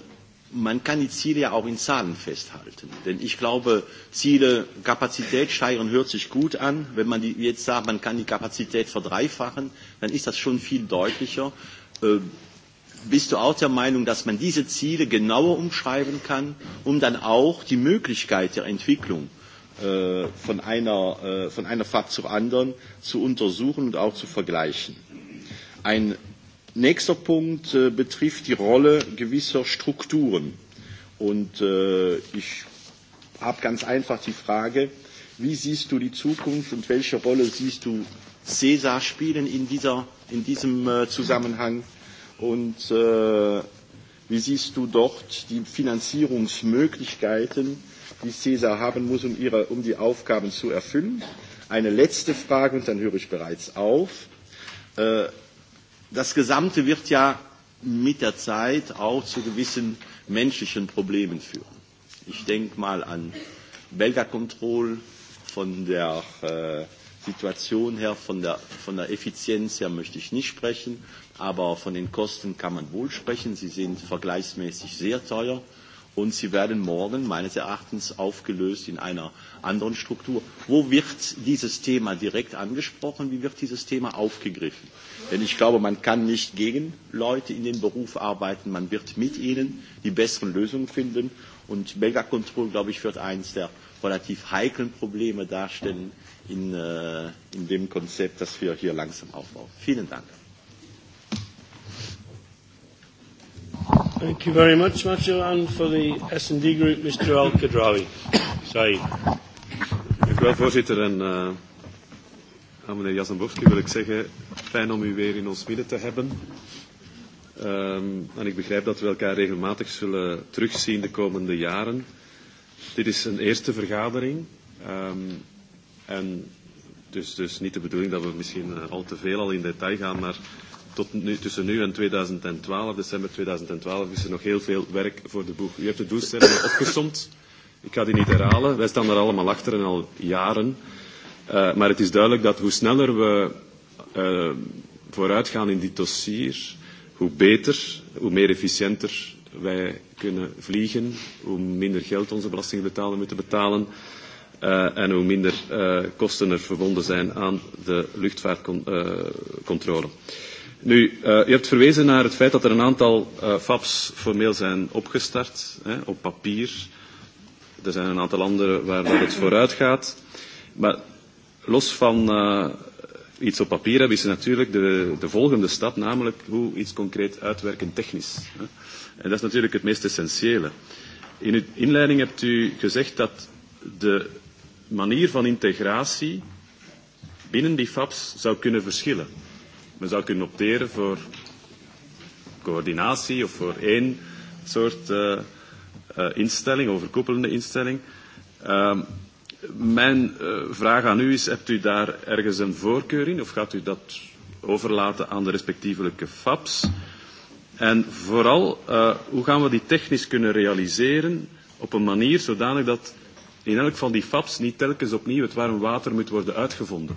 S4: man kann die Ziele ja auch in Zahlen festhalten. Denn ich glaube, Ziele, Kapazität steigern hört sich gut an. Wenn man die, jetzt sagt, man kann die Kapazität verdreifachen, dann ist das schon viel deutlicher. Äh, bist du auch der Meinung, dass man diese Ziele genauer umschreiben kann, um dann auch die Möglichkeit der Entwicklung äh, von, einer, äh, von einer Fahrt zur anderen zu untersuchen und auch zu vergleichen? Ein Nächster Punkt äh, betrifft die Rolle gewisser Strukturen. Und äh, ich habe ganz einfach die Frage, wie siehst du die Zukunft und welche Rolle siehst du CESA spielen in, dieser, in diesem äh, Zusammenhang? Und äh, wie siehst du dort die Finanzierungsmöglichkeiten, die CESA haben muss, um, ihre, um die Aufgaben zu erfüllen? Eine letzte Frage und dann höre ich bereits auf. Äh, das Gesamte wird ja mit der Zeit auch zu gewissen menschlichen Problemen führen. Ich denke mal an Belga Control von der äh, Situation her, von der, von der Effizienz her möchte ich nicht sprechen, aber von den Kosten kann man wohl sprechen. Sie sind vergleichsmäßig sehr teuer und sie werden morgen meines Erachtens aufgelöst in einer anderen Struktur. Wo wird dieses Thema direkt angesprochen? Wie wird dieses Thema aufgegriffen? Denn ich glaube, man kann nicht gegen Leute in den Beruf arbeiten. Man wird mit ihnen die besseren Lösungen finden. Und Mega Control, glaube ich, wird eines der relativ heiklen Probleme darstellen in, äh, in dem Konzept, das wir hier langsam aufbauen. Vielen Dank.
S1: Thank you very much, Macho. And for
S6: the S&D group, Mr. Al-Kadrawi. Sorry u wel, voorzitter. En uh, aan meneer Jasnambowski wil ik zeggen, fijn om u weer in ons midden te hebben. Um, en ik begrijp dat we elkaar regelmatig zullen terugzien de komende jaren. Dit is een eerste vergadering. Um, en dus, dus niet de bedoeling dat we misschien uh, al te veel al in detail gaan, maar tot nu, tussen nu en 2012, december 2012, is er nog heel veel werk voor de boeg. U hebt de doelstellingen opgesomd. Ik ga die niet herhalen. Wij staan daar allemaal achter en al jaren. Uh, maar het is duidelijk dat hoe sneller we uh, vooruitgaan in dit dossier, hoe beter, hoe meer efficiënter wij kunnen vliegen, hoe minder geld onze belastingbetaler moeten betalen uh, en hoe minder uh, kosten er verbonden zijn aan de luchtvaartcontrole. Uh, nu, uh, u hebt verwezen naar het feit dat er een aantal uh, FAPs formeel zijn opgestart, hè, op papier. Uh, Er zijn een aantal landen waar dat het vooruit gaat. Maar los van uh, iets op papier hebben, is er natuurlijk de, de volgende stap, namelijk hoe iets concreet uitwerken technisch. Hè. En dat is natuurlijk het meest essentiële. In uw inleiding hebt u gezegd dat de manier van integratie binnen die FAPS zou kunnen verschillen. Men zou kunnen opteren voor coördinatie of voor één soort uh, uh, instelling, overkoepelende instelling. Um, mijn uh, vraag aan u is, hebt u daar ergens een voorkeur in of gaat u dat overlaten aan de respectievelijke FABs? En vooral, uh, hoe gaan we die technisch kunnen realiseren op een manier zodanig dat in elk van die FABs niet telkens opnieuw het warm water moet worden uitgevonden?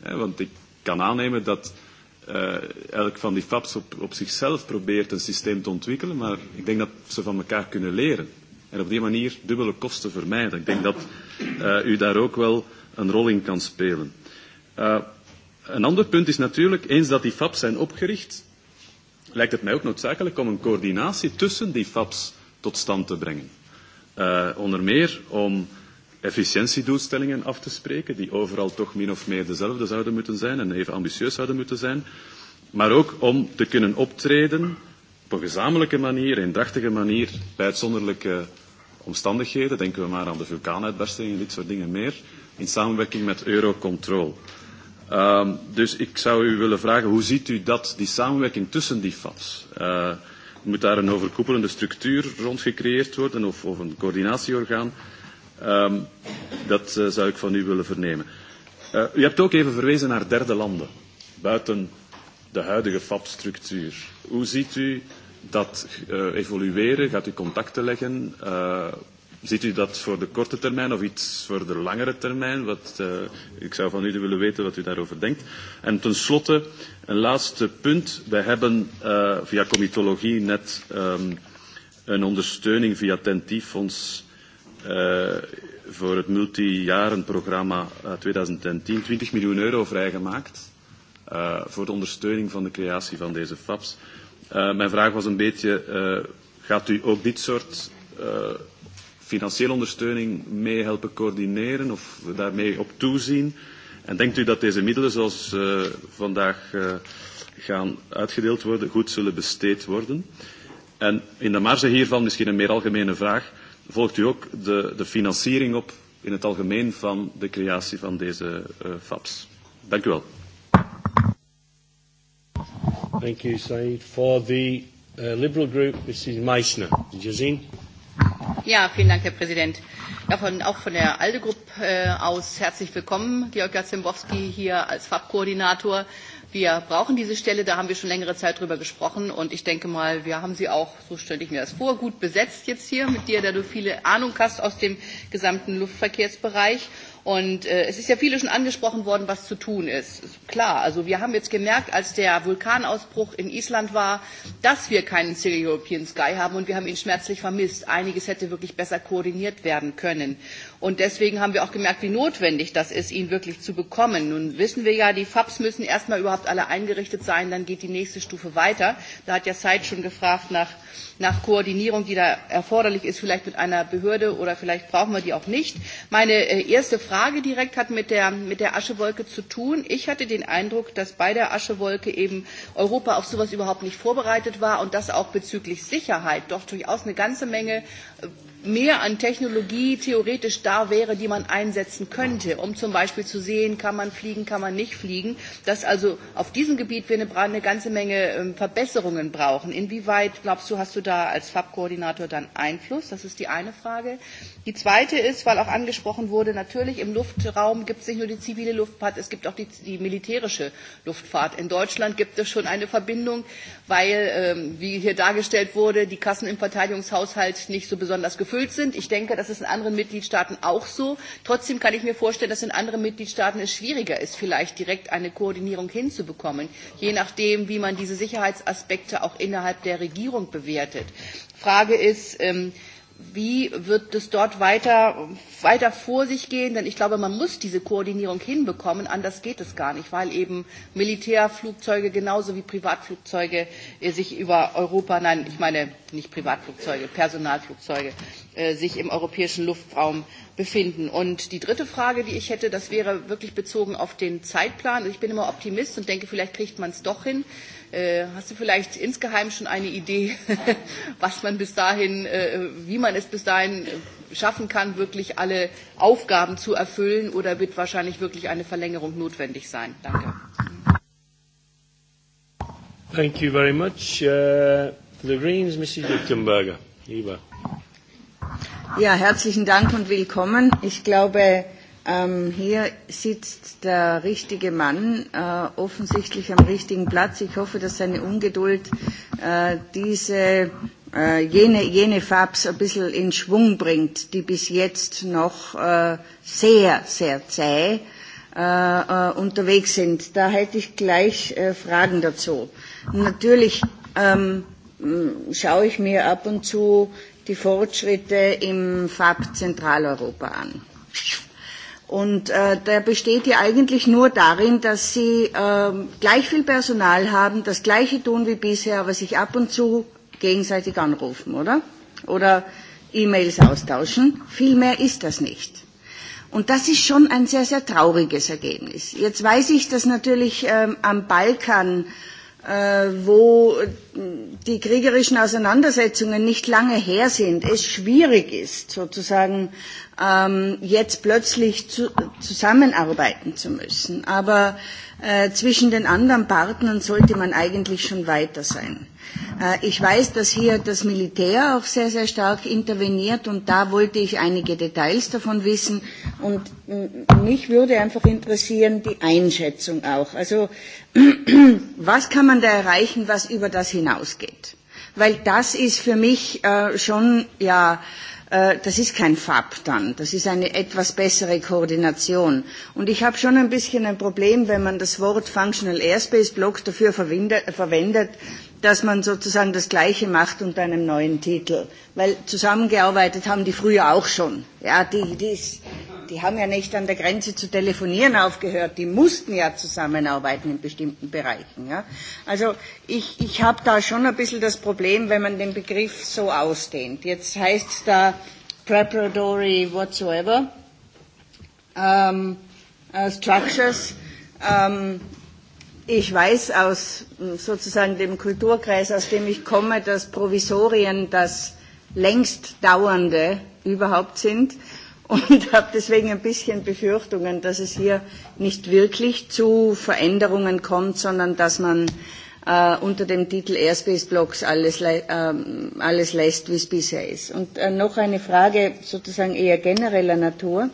S6: He, want ik kan aannemen dat uh, elk van die FAPs op, op zichzelf probeert een systeem te ontwikkelen, maar ik denk dat ze van elkaar kunnen leren. En op die manier dubbele kosten vermijden. Ik denk dat uh, u daar ook wel een rol in kan spelen. Uh, een ander punt is natuurlijk, eens dat die FAPs zijn opgericht, lijkt het mij ook noodzakelijk om een coördinatie tussen die FAPs tot stand te brengen. Uh, onder meer om efficiëntiedoelstellingen af te spreken, die overal toch min of meer dezelfde zouden moeten zijn en even ambitieus zouden moeten zijn, maar ook om te kunnen optreden op een gezamenlijke manier, eendrachtige manier, bij uitzonderlijke omstandigheden. Denken we maar aan de vulkaanuitbarstingen en dit soort dingen meer, in samenwerking met Eurocontrol. Uh, dus ik zou u willen vragen, hoe ziet u dat, die samenwerking tussen die FATS? Uh, eh, moet daar een overkoepelende structuur rond gecreëerd worden of, of een coördinatieorgaan? Uh, Um, dat uh, zou ik van u willen vernemen. Uh, u hebt ook even verwezen naar derde landen, buiten de huidige FAB-structuur. Hoe ziet u dat uh, evolueren? Gaat u contacten leggen? Uh, ziet u dat voor de korte termijn of iets voor de langere termijn? Wat, uh, ik zou van u willen weten wat u daarover denkt. En tenslotte, een laatste punt. Wij hebben uh, via comitologie net um, een ondersteuning via Tentief ons uh, voor het multijarenprogramma uh, 2010 20 miljoen euro vrijgemaakt uh, voor de ondersteuning van de creatie van deze FAPs. Uh, eh, mijn vraag was een beetje, uh, gaat u ook dit soort uh, financiële ondersteuning mee helpen coördineren of daarmee op toezien? En denkt u dat deze middelen zoals uh, vandaag uh, gaan uitgedeeld worden, goed zullen besteed worden? En in de marge hiervan misschien een meer algemene vraag volgt u ook de, de financiering op in het algemeen van de creatie van deze uh, eh, FAPs. Dank u wel. Thank
S1: you, Said. For the uh, Liberal Group, Mrs. Meissner. Jazine.
S7: Ja, vielen Dank, Herr Präsident. Ja, von, auch von der ALDE-Gruppe äh, aus herzlich willkommen, Georg Jazimbowski hier als FAB-Koordinator. Wir brauchen diese Stelle, da haben wir schon längere Zeit drüber gesprochen und ich denke mal, wir haben sie auch, so stelle ich mir das vor, gut besetzt jetzt hier mit dir, da du viele Ahnung hast aus dem gesamten Luftverkehrsbereich. Und äh, es ist ja viele schon angesprochen worden, was zu tun ist. ist. Klar, also wir haben jetzt gemerkt, als der Vulkanausbruch in Island war, dass wir keinen Single European Sky haben und wir haben ihn schmerzlich vermisst. Einiges hätte wirklich besser koordiniert werden können. Und deswegen haben wir auch gemerkt, wie notwendig das ist, ihn wirklich zu bekommen. Nun wissen wir ja, die FAPs müssen erstmal überhaupt alle eingerichtet sein, dann geht die nächste Stufe weiter. Da hat ja Zeit schon gefragt nach, nach Koordinierung, die da erforderlich ist, vielleicht mit einer Behörde oder vielleicht brauchen wir die auch nicht. Meine äh, erste Frage direkt hat mit der, mit der Aschewolke zu tun. Ich hatte den Eindruck, dass bei der Aschewolke eben Europa auf sowas überhaupt nicht vorbereitet war und das auch bezüglich Sicherheit doch durchaus eine ganze Menge äh, mehr an Technologie theoretisch da wäre, die man einsetzen könnte, um zum Beispiel zu sehen, kann man fliegen, kann man nicht fliegen, dass also auf diesem Gebiet wir eine, eine ganze Menge ähm, Verbesserungen brauchen. Inwieweit, glaubst du, hast du da als FAB-Koordinator dann Einfluss? Das ist die eine Frage. Die zweite ist, weil auch angesprochen wurde, natürlich im Luftraum gibt es nicht nur die zivile Luftfahrt, es gibt auch die, die militärische Luftfahrt. In Deutschland gibt es schon eine Verbindung, weil, ähm, wie hier dargestellt wurde, die Kassen im Verteidigungshaushalt nicht so besonders gefüllt sind. Ich denke, das ist in anderen Mitgliedstaaten Mitgliedstaaten auch so. Trotzdem kann ich mir vorstellen, dass in anderen Mitgliedstaaten es schwieriger ist, vielleicht direkt eine Koordinierung hinzubekommen, je nachdem, wie man diese Sicherheitsaspekte auch innerhalb der Regierung bewertet. Frage ist, ähm, wie wird es dort weiter, weiter vor sich gehen? Denn ich glaube, man muss diese Koordinierung hinbekommen, anders geht es gar nicht, weil eben Militärflugzeuge genauso wie Privatflugzeuge äh, sich über Europa, nein, ich meine nicht Privatflugzeuge, Personalflugzeuge, äh, sich im europäischen Luftraum befinden. Und die dritte Frage, die ich hätte, das wäre wirklich bezogen auf den Zeitplan. Ich bin immer Optimist und denke, vielleicht kriegt man es doch hin. Äh, Äh, hast du vielleicht insgeheim schon eine Idee, was man bis dahin, äh, wie man es bis dahin äh, schaffen kann, wirklich alle Aufgaben zu erfüllen? Oder wird wahrscheinlich wirklich eine Verlängerung notwendig sein? Danke.
S1: Thank you very much. Uh, the Greens, Mrs. Lichtenberger. Lieber.
S2: Ja, herzlichen Dank und willkommen. Ich glaube, Ähm, hier sitzt der richtige Mann äh, offensichtlich am richtigen Platz. Ich hoffe, dass seine Ungeduld äh, diese, äh, jene, jene Fabs ein bisschen in Schwung bringt, die bis jetzt noch äh, sehr, sehr zäh äh, äh unterwegs sind. Da hätte ich gleich äh, Fragen dazu. Natürlich ähm, schaue ich mir ab und zu die Fortschritte im FAB Zentraleuropa an. Und äh, der besteht ja eigentlich nur darin, dass sie ähm, gleich viel Personal haben, das gleiche tun wie bisher, aber sich ab und zu gegenseitig anrufen, oder? Oder E-Mails austauschen. Viel mehr ist das nicht. Und das ist schon ein sehr, sehr trauriges Ergebnis. Jetzt weiß ich, dass natürlich ähm, am Balkan äh, Äh, wo die kriegerischen Auseinandersetzungen nicht lange her sind, es schwierig ist, sozusagen ähm, jetzt plötzlich zu, zusammenarbeiten zu müssen. Aber äh, zwischen den anderen Partnern sollte man eigentlich schon weiter sein. Äh, ich weiß, dass hier das Militär auch sehr, sehr stark interveniert und da wollte ich einige Details davon wissen. Und äh, mich würde einfach interessieren, die Einschätzung auch. Also, was kann man da erreichen, was über das hinausgeht? Weil das ist für mich äh, schon, ja, äh, Äh, das ist kein FAB dann, das ist eine etwas bessere Koordination. Und ich habe schon ein bisschen ein Problem, wenn man das Wort Functional Airspace Block dafür verwendet, dass man sozusagen das Gleiche macht unter einem neuen Titel. Weil zusammengearbeitet haben die früher auch schon. Ja, die, die, Die haben ja nicht an der Grenze zu telefonieren aufgehört. Die mussten ja zusammenarbeiten in bestimmten Bereichen. Ja? Also ich, ich habe da schon ein bisschen das Problem, wenn man den Begriff so ausdehnt. Jetzt heißt es da preparatory whatsoever ähm, äh, structures. Ähm, ich weiß aus hm, sozusagen dem Kulturkreis, aus dem ich komme, dass Provisorien das längst dauernde überhaupt sind und habe deswegen ein bisschen Befürchtungen, dass es hier nicht wirklich zu Veränderungen kommt, sondern dass man äh, unter dem Titel Airspace Blocks alles, äh, alles lässt, wie es bisher ist. Und äh, noch eine Frage sozusagen eher genereller Natur.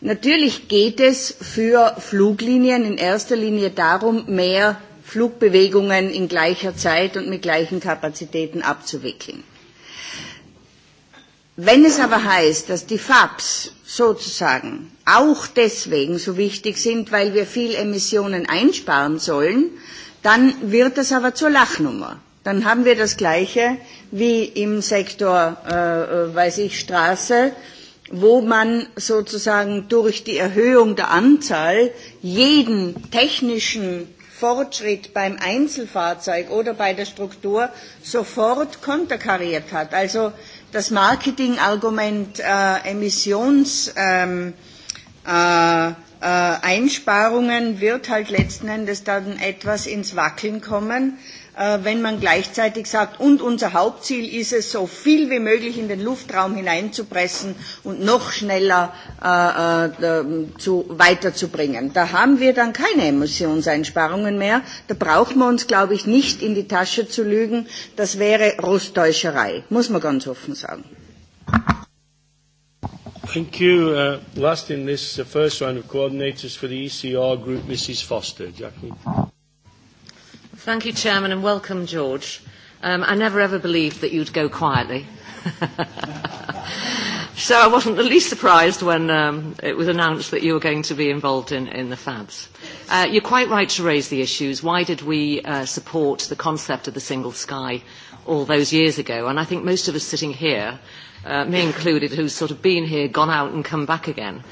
S2: Natürlich geht es für Fluglinien in erster Linie darum, mehr Flugbewegungen in gleicher Zeit und mit gleichen Kapazitäten abzuwickeln. Wenn es aber heißt, dass die FAPs sozusagen auch deswegen so wichtig sind, weil wir viel Emissionen einsparen sollen, dann wird das aber zur Lachnummer. Dann haben wir das Gleiche wie im Sektor, äh, äh weiß ich, Straße, wo man sozusagen durch die Erhöhung der Anzahl jeden technischen Fortschritt beim Einzelfahrzeug oder bei der Struktur sofort konterkariert hat. Also das Marketingargument äh, Emissionseinsparungen ähm, äh, äh, wird halt letzten Endes dann etwas ins Wackeln kommen, Äh, wenn man gleichzeitig sagt, und unser Hauptziel ist es, so viel wie möglich in den Luftraum hineinzupressen und noch schneller äh, äh ähm, zu, weiterzubringen. Da haben wir dann keine Emissionseinsparungen mehr. Da brauchen wir uns, glaube ich, nicht in die Tasche zu lügen. Das wäre Rosttäuscherei, muss man ganz offen sagen.
S1: Thank you. Uh, last in this, the first round of coordinators for the ECR group, Mrs. Foster. Jacqueline.
S3: Thank you, Chairman, and welcome, George. Um, I never ever believed that you'd go quietly. so I wasn't the least surprised when um, it was announced that you were going to be involved in, in the FABs. Uh, you're quite right to raise the issues. Why did we uh, support the concept of the single sky all those years ago? And I think most of us sitting here, uh, me included, who's sort of been here, gone out and come back again,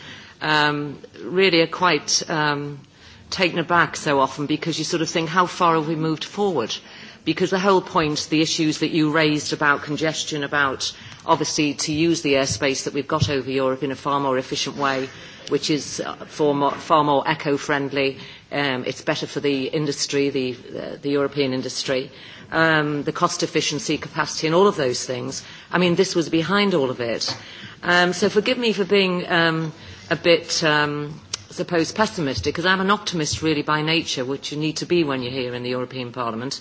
S3: um, really are quite... Um, taken aback so often because you sort of think, how far have we moved forward? Because the whole point, the issues that you raised about congestion, about obviously to use the airspace that we've got over Europe in a far more efficient way, which is uh, far more, far more eco-friendly. Um, it's better for the industry, the, uh, the European industry, um, the cost efficiency, capacity, and all of those things. I mean, this was behind all of it. Um, so forgive me for being um, a bit... Um, suppose, pessimistic, because I'm an optimist really by nature, which you need to be when you're here in the European Parliament.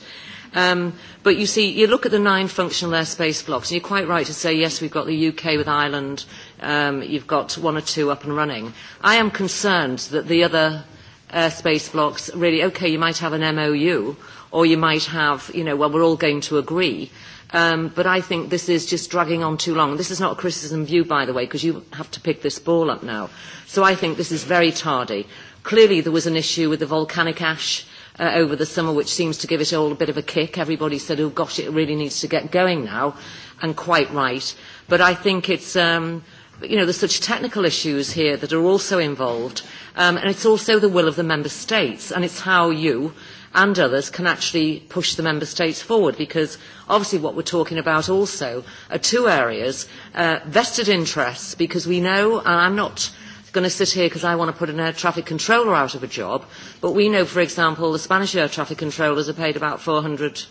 S3: Um, but you see, you look at the nine functional airspace blocks, and you're quite right to say, yes, we've got the UK with Ireland, um, you've got one or two up and running. I am concerned that the other airspace blocks really, okay, you might have an MOU, or you might have, you know, well, we're all going to agree. Um, but I think this is just dragging on too long. This is not a criticism of you, by the way, because you have to pick this ball up now. So I think this is very tardy. Clearly there was an issue with the volcanic ash uh, over the summer, which seems to give it all a bit of a kick. Everybody said, oh gosh, it really needs to get going now, and quite right. But I think it's, um, you know, there's such technical issues here that are also involved, um, and it's also the will of the member states, and it's how you and others can actually push the member states forward, because obviously what we're talking about also are two areas, uh, vested interests, because we know, and I'm not going to sit here because I want to put an air traffic controller out of a job, but we know, for example, the Spanish air traffic controllers are paid about 400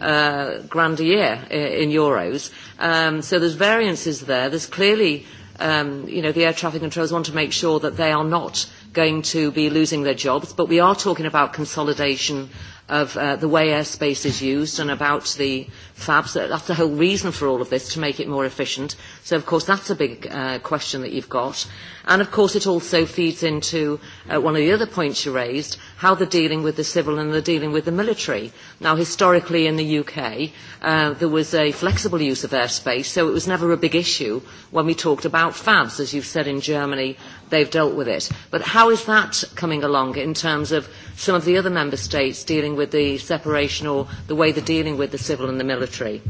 S3: uh, grand a year in euros. Um, so there's variances there. There's clearly, um, you know, the air traffic controllers want to make sure that they are not going to be losing their jobs, but we are talking about consolidation of uh, the way airspace is used and about the fabs. That's the whole reason for all of this, to make it more efficient. So, of course, that's a big uh, question that you've got. And, of course, it also feeds into uh, one of the other points you raised, how they're dealing with the civil and they're dealing with the military. Now, historically in the UK, uh, there was a flexible use of airspace, so it was never a big issue when we talked about fabs. As you've said in Germany, they've dealt with it. But how is that coming along in terms of some of the other member states dealing with the separation or the way they're dealing with the civil and the military?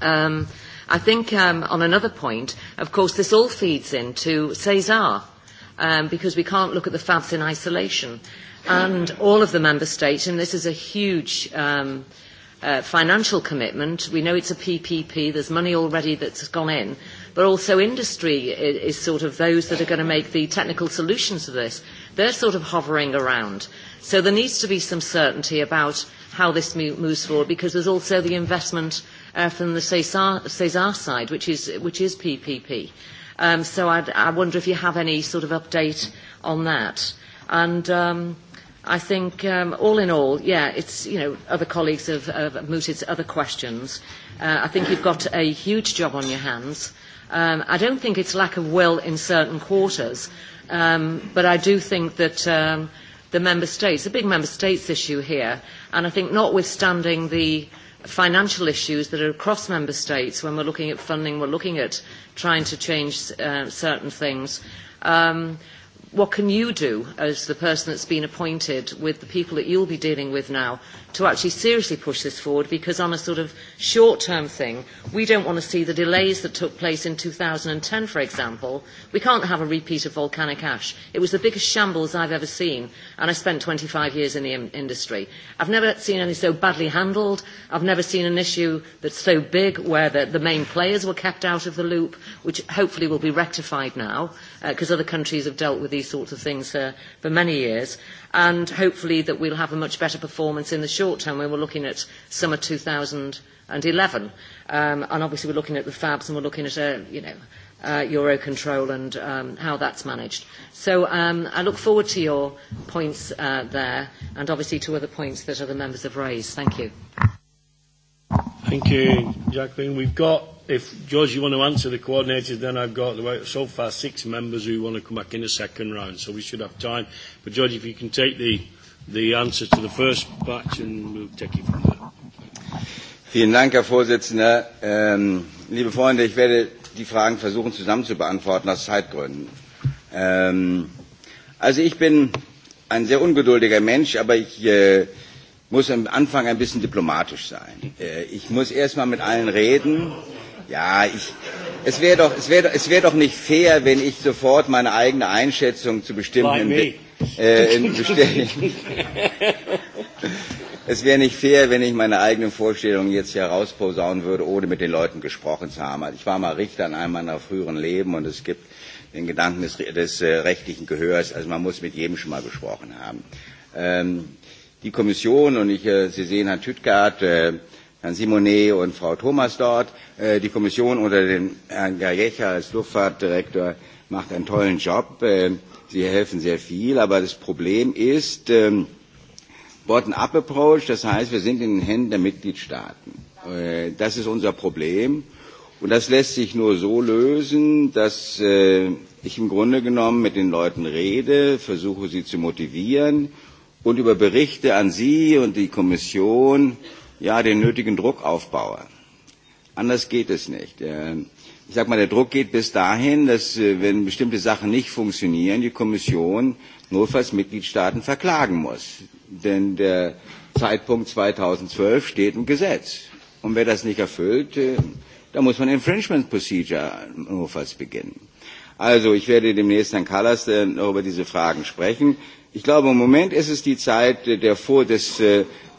S3: Um, I think um, on another point, of course, this all feeds into CESAR um, because we can't look at the FABs in isolation. And all of the member states, and this is a huge um, uh, financial commitment. We know it's a PPP. There's money already that's gone in, but also industry is, is sort of those that are going to make the technical solutions to this. They're sort of hovering around. So there needs to be some certainty about how this moves forward because there's also the investment uh, from the CESAR, CESAR side, which is, which is PPP. Um, so I'd, I wonder if you have any sort of update on that. And um, I think um, all in all, yeah, it's, you know, other colleagues have, have mooted other questions. Uh, I think you've got a huge job on your hands. Uh, Um, I don't think it's lack of will in certain quarters, um, but I do think that um, the member states, a big member states issue here, and I think notwithstanding the financial issues that are across member states, when we're looking at funding, we're looking at trying to change uh, certain things. Um, what can you do as the person that's been appointed with the people that you'll be dealing with now to actually seriously push this forward because on a sort of short-term thing, we don't want to see the delays that took place in 2010, for example. We can't have a repeat of volcanic ash. It was the biggest shambles I've ever seen, and I spent 25 years in the in industry. I've never seen any so badly handled. I've never seen an issue that's so big where the, the main players were kept out of the loop, which hopefully will be rectified now, because uh, other countries have dealt with these sorts of things uh, for many years and hopefully that we'll have a much better performance in the short term when we're looking at summer 2011. Um, and obviously we're looking at the fabs and we're looking at, a, uh, you know, uh, Eurocontrol and um, how that's managed. So um, I look forward to your points uh, there and obviously to other points that other members have raised. Thank you.
S1: Thank you, Jacqueline. We've got if George, you want to answer the coordinators, then I've got about, so far six members who want to come back in a second round, so we should have time. But George, if you can take the the answer to the first batch and we'll take it from there.
S5: Vielen Dank, Herr Vorsitzender. Ähm, liebe Freunde, ich werde die Fragen versuchen zusammen zu beantworten aus Zeitgründen. Ähm, also ich bin ein sehr ungeduldiger Mensch, aber ich äh, muss am Anfang ein bisschen diplomatisch sein. Äh, ich muss erstmal mit allen reden. Äh, Ja, ich, es wäre doch, es wär, es wär doch nicht fair, wenn ich sofort meine eigene Einschätzung zu bestimmten... Äh, in es wäre nicht fair, wenn ich meine eigenen Vorstellungen jetzt hier rausposaunen würde, ohne mit den Leuten gesprochen zu haben. Also ich war mal Richter in einem meiner früheren Leben und es gibt den Gedanken des, des äh, rechtlichen Gehörs. Also man muss mit jedem schon mal gesprochen haben. Ähm, die Kommission und ich, äh, Sie sehen Herrn Tüttgart, äh, Herrn Simonet und Frau Thomas dort. Äh, die Kommission unter den Herrn Gajecha als Luftfahrtdirektor macht einen tollen Job. Äh, sie helfen sehr viel, aber das Problem ist äh, Bottom-up-Approach, das heißt, wir sind in den Händen der Mitgliedstaaten. Äh, das ist unser Problem. Und das lässt sich nur so lösen, dass äh, ich im Grunde genommen mit den Leuten rede, versuche sie zu motivieren und über Berichte an Sie und die Kommission äh, ja den nötigen Druck aufbaue. Anders geht es nicht. Äh, ich sage mal, der Druck geht bis dahin, dass äh, wenn bestimmte Sachen nicht funktionieren, die Kommission notfalls Mitgliedstaaten verklagen muss. Denn der Zeitpunkt 2012 steht im Gesetz. Und wer das nicht erfüllt, äh, da muss man Infringement Procedure notfalls beginnen. Also ich werde demnächst Herrn Kallas noch über diese Fragen sprechen. Ich glaube, im Moment ist es die Zeit der Vor des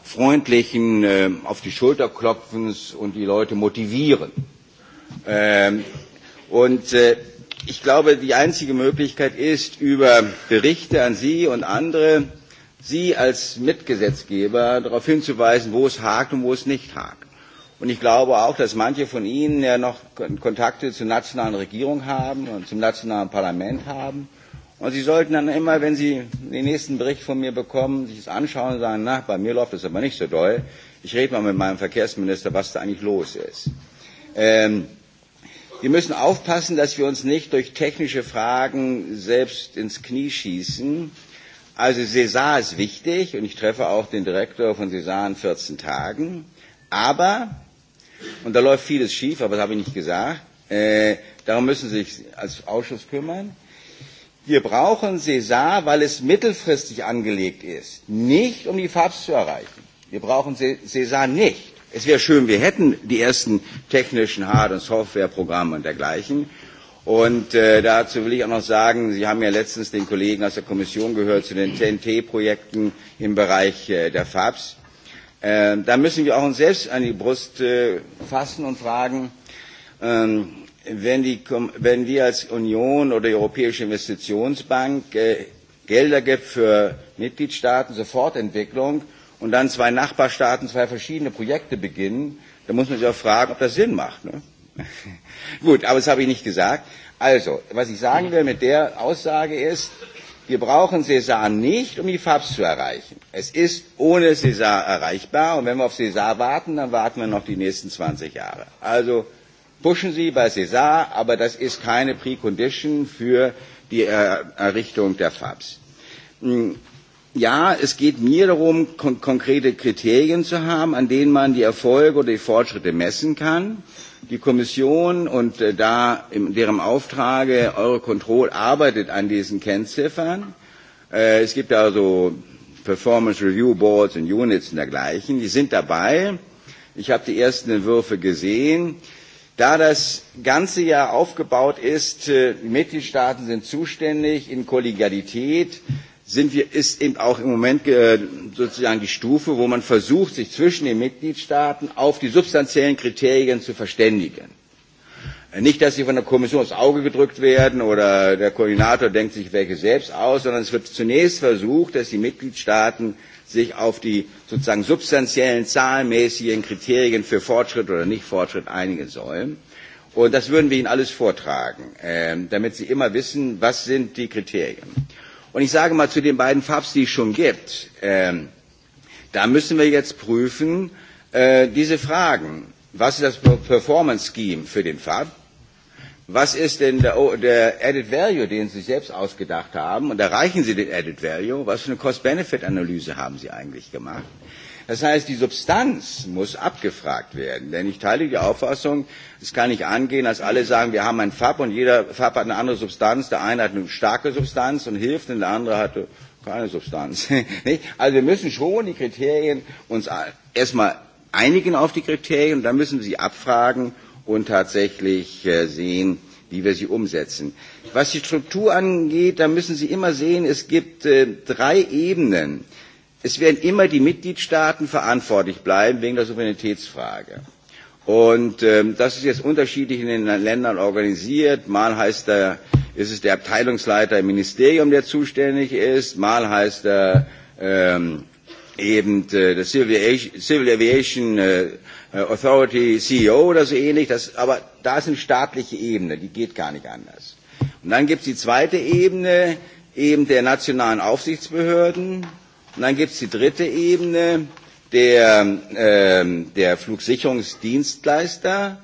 S5: freundlichen äh, auf die Schulter klopfens und die Leute motivieren. Ähm, und äh, ich glaube, die einzige Möglichkeit ist, über Berichte an Sie und andere, Sie als Mitgesetzgeber darauf hinzuweisen, wo es hakt und wo es nicht hakt. Und ich glaube auch, dass manche von Ihnen ja noch Kontakte zur nationalen Regierung haben und zum nationalen Parlament haben Und Sie sollten dann immer, wenn Sie den nächsten Bericht von mir bekommen, sich das anschauen und sagen, na, bei mir läuft das aber nicht so doll. Ich rede mal mit meinem Verkehrsminister, was da eigentlich los ist. Ähm, wir müssen aufpassen, dass wir uns nicht durch technische Fragen selbst ins Knie schießen. Also Cesar ist wichtig und ich treffe auch den Direktor von Cesar in 14 Tagen. Aber, und da läuft vieles schief, aber das habe ich nicht gesagt, äh, darum müssen Sie sich als Ausschuss kümmern. Wir brauchen Cäsar, weil es mittelfristig angelegt ist, nicht um die FABs zu erreichen. Wir brauchen Cäsar nicht. Es wäre schön, wir hätten die ersten technischen Hard- und Softwareprogramme und dergleichen. Und äh, dazu will ich auch noch sagen, Sie haben ja letztens den Kollegen aus der Kommission gehört zu den TNT-Projekten im Bereich äh, der FABs. Äh, da müssen wir auch uns selbst an die Brust äh, fassen und fragen, ähm, wenn, die, wenn wir als Union oder die Europäische Investitionsbank äh, Gelder gibt für Mitgliedstaaten, Sofortentwicklung und dann zwei Nachbarstaaten zwei verschiedene Projekte beginnen, dann muss man sich auch fragen, ob das Sinn macht. Ne? Gut, aber das habe ich nicht gesagt. Also, was ich sagen will mit der Aussage ist, wir brauchen Cäsar nicht, um die FABs zu erreichen. Es ist ohne Cäsar erreichbar und wenn wir auf Cäsar warten, dann warten wir noch die nächsten 20 Jahre. Also, pushen sie bei César, aber das ist keine Precondition für die er-, Errichtung der FABs. Hm, ja, es geht mir darum, kon konkrete Kriterien zu haben, an denen man die Erfolge oder die Fortschritte messen kann. Die Kommission und äh, da in deren Auftrage Eurocontrol arbeitet an diesen Kennziffern. Äh, es gibt also Performance Review Boards und Units und dergleichen. Die sind dabei. Ich habe die ersten Entwürfe gesehen. Äh, Da das Ganze ja aufgebaut ist, äh, die Mitgliedstaaten sind zuständig in Kollegialität, sind wir, ist eben auch im Moment sozusagen die Stufe, wo man versucht, sich zwischen den Mitgliedstaaten auf die substanziellen Kriterien zu verständigen. Äh, nicht, dass sie von der Kommission ins Auge gedrückt werden oder der Koordinator denkt sich welche selbst aus, sondern es wird zunächst versucht, dass die Mitgliedstaaten sich auf die sozusagen substanziellen, zahlenmäßigen Kriterien für Fortschritt oder Nichtfortschritt einigen sollen. Und das würden wir Ihnen alles vortragen, äh, damit Sie immer wissen, was sind die Kriterien. Und ich sage mal zu den beiden FABs, die es schon gibt, äh, da müssen wir jetzt prüfen, äh, diese Fragen. Was ist das Performance Scheme für den FAB? was ist denn der, der Added Value, den Sie sich selbst ausgedacht haben? Und erreichen Sie den Added Value? Was für eine Cost-Benefit-Analyse haben Sie eigentlich gemacht? Das heißt, die Substanz muss abgefragt werden. Denn ich teile die Auffassung, es kann nicht angehen, dass alle sagen, wir haben ein Fab und jeder Fab hat eine andere Substanz. Der eine hat eine starke Substanz und hilft und der andere hat keine Substanz. also wir müssen schon die Kriterien uns erstmal einigen auf die Kriterien und dann müssen wir sie abfragen und tatsächlich äh, sehen, wie wir sie umsetzen. Was die Struktur angeht, da müssen Sie immer sehen, es gibt äh, drei Ebenen. Es werden immer die Mitgliedstaaten verantwortlich bleiben wegen der Souveränitätsfrage. Und ähm, das ist jetzt unterschiedlich in den Ländern organisiert. Mal heißt der, ist es der Abteilungsleiter im Ministerium, der zuständig ist. Mal heißt der ähm, eben äh, das Civil Aviation, Civil Aviation äh, äh Authority CEO oder so ähnlich. Das, aber da ist eine staatliche Ebene, die geht gar nicht anders. Und dann gibt es die zweite Ebene, eben der nationalen Aufsichtsbehörden. Und dann gibt es die dritte Ebene der, äh, der Flugsicherungsdienstleister.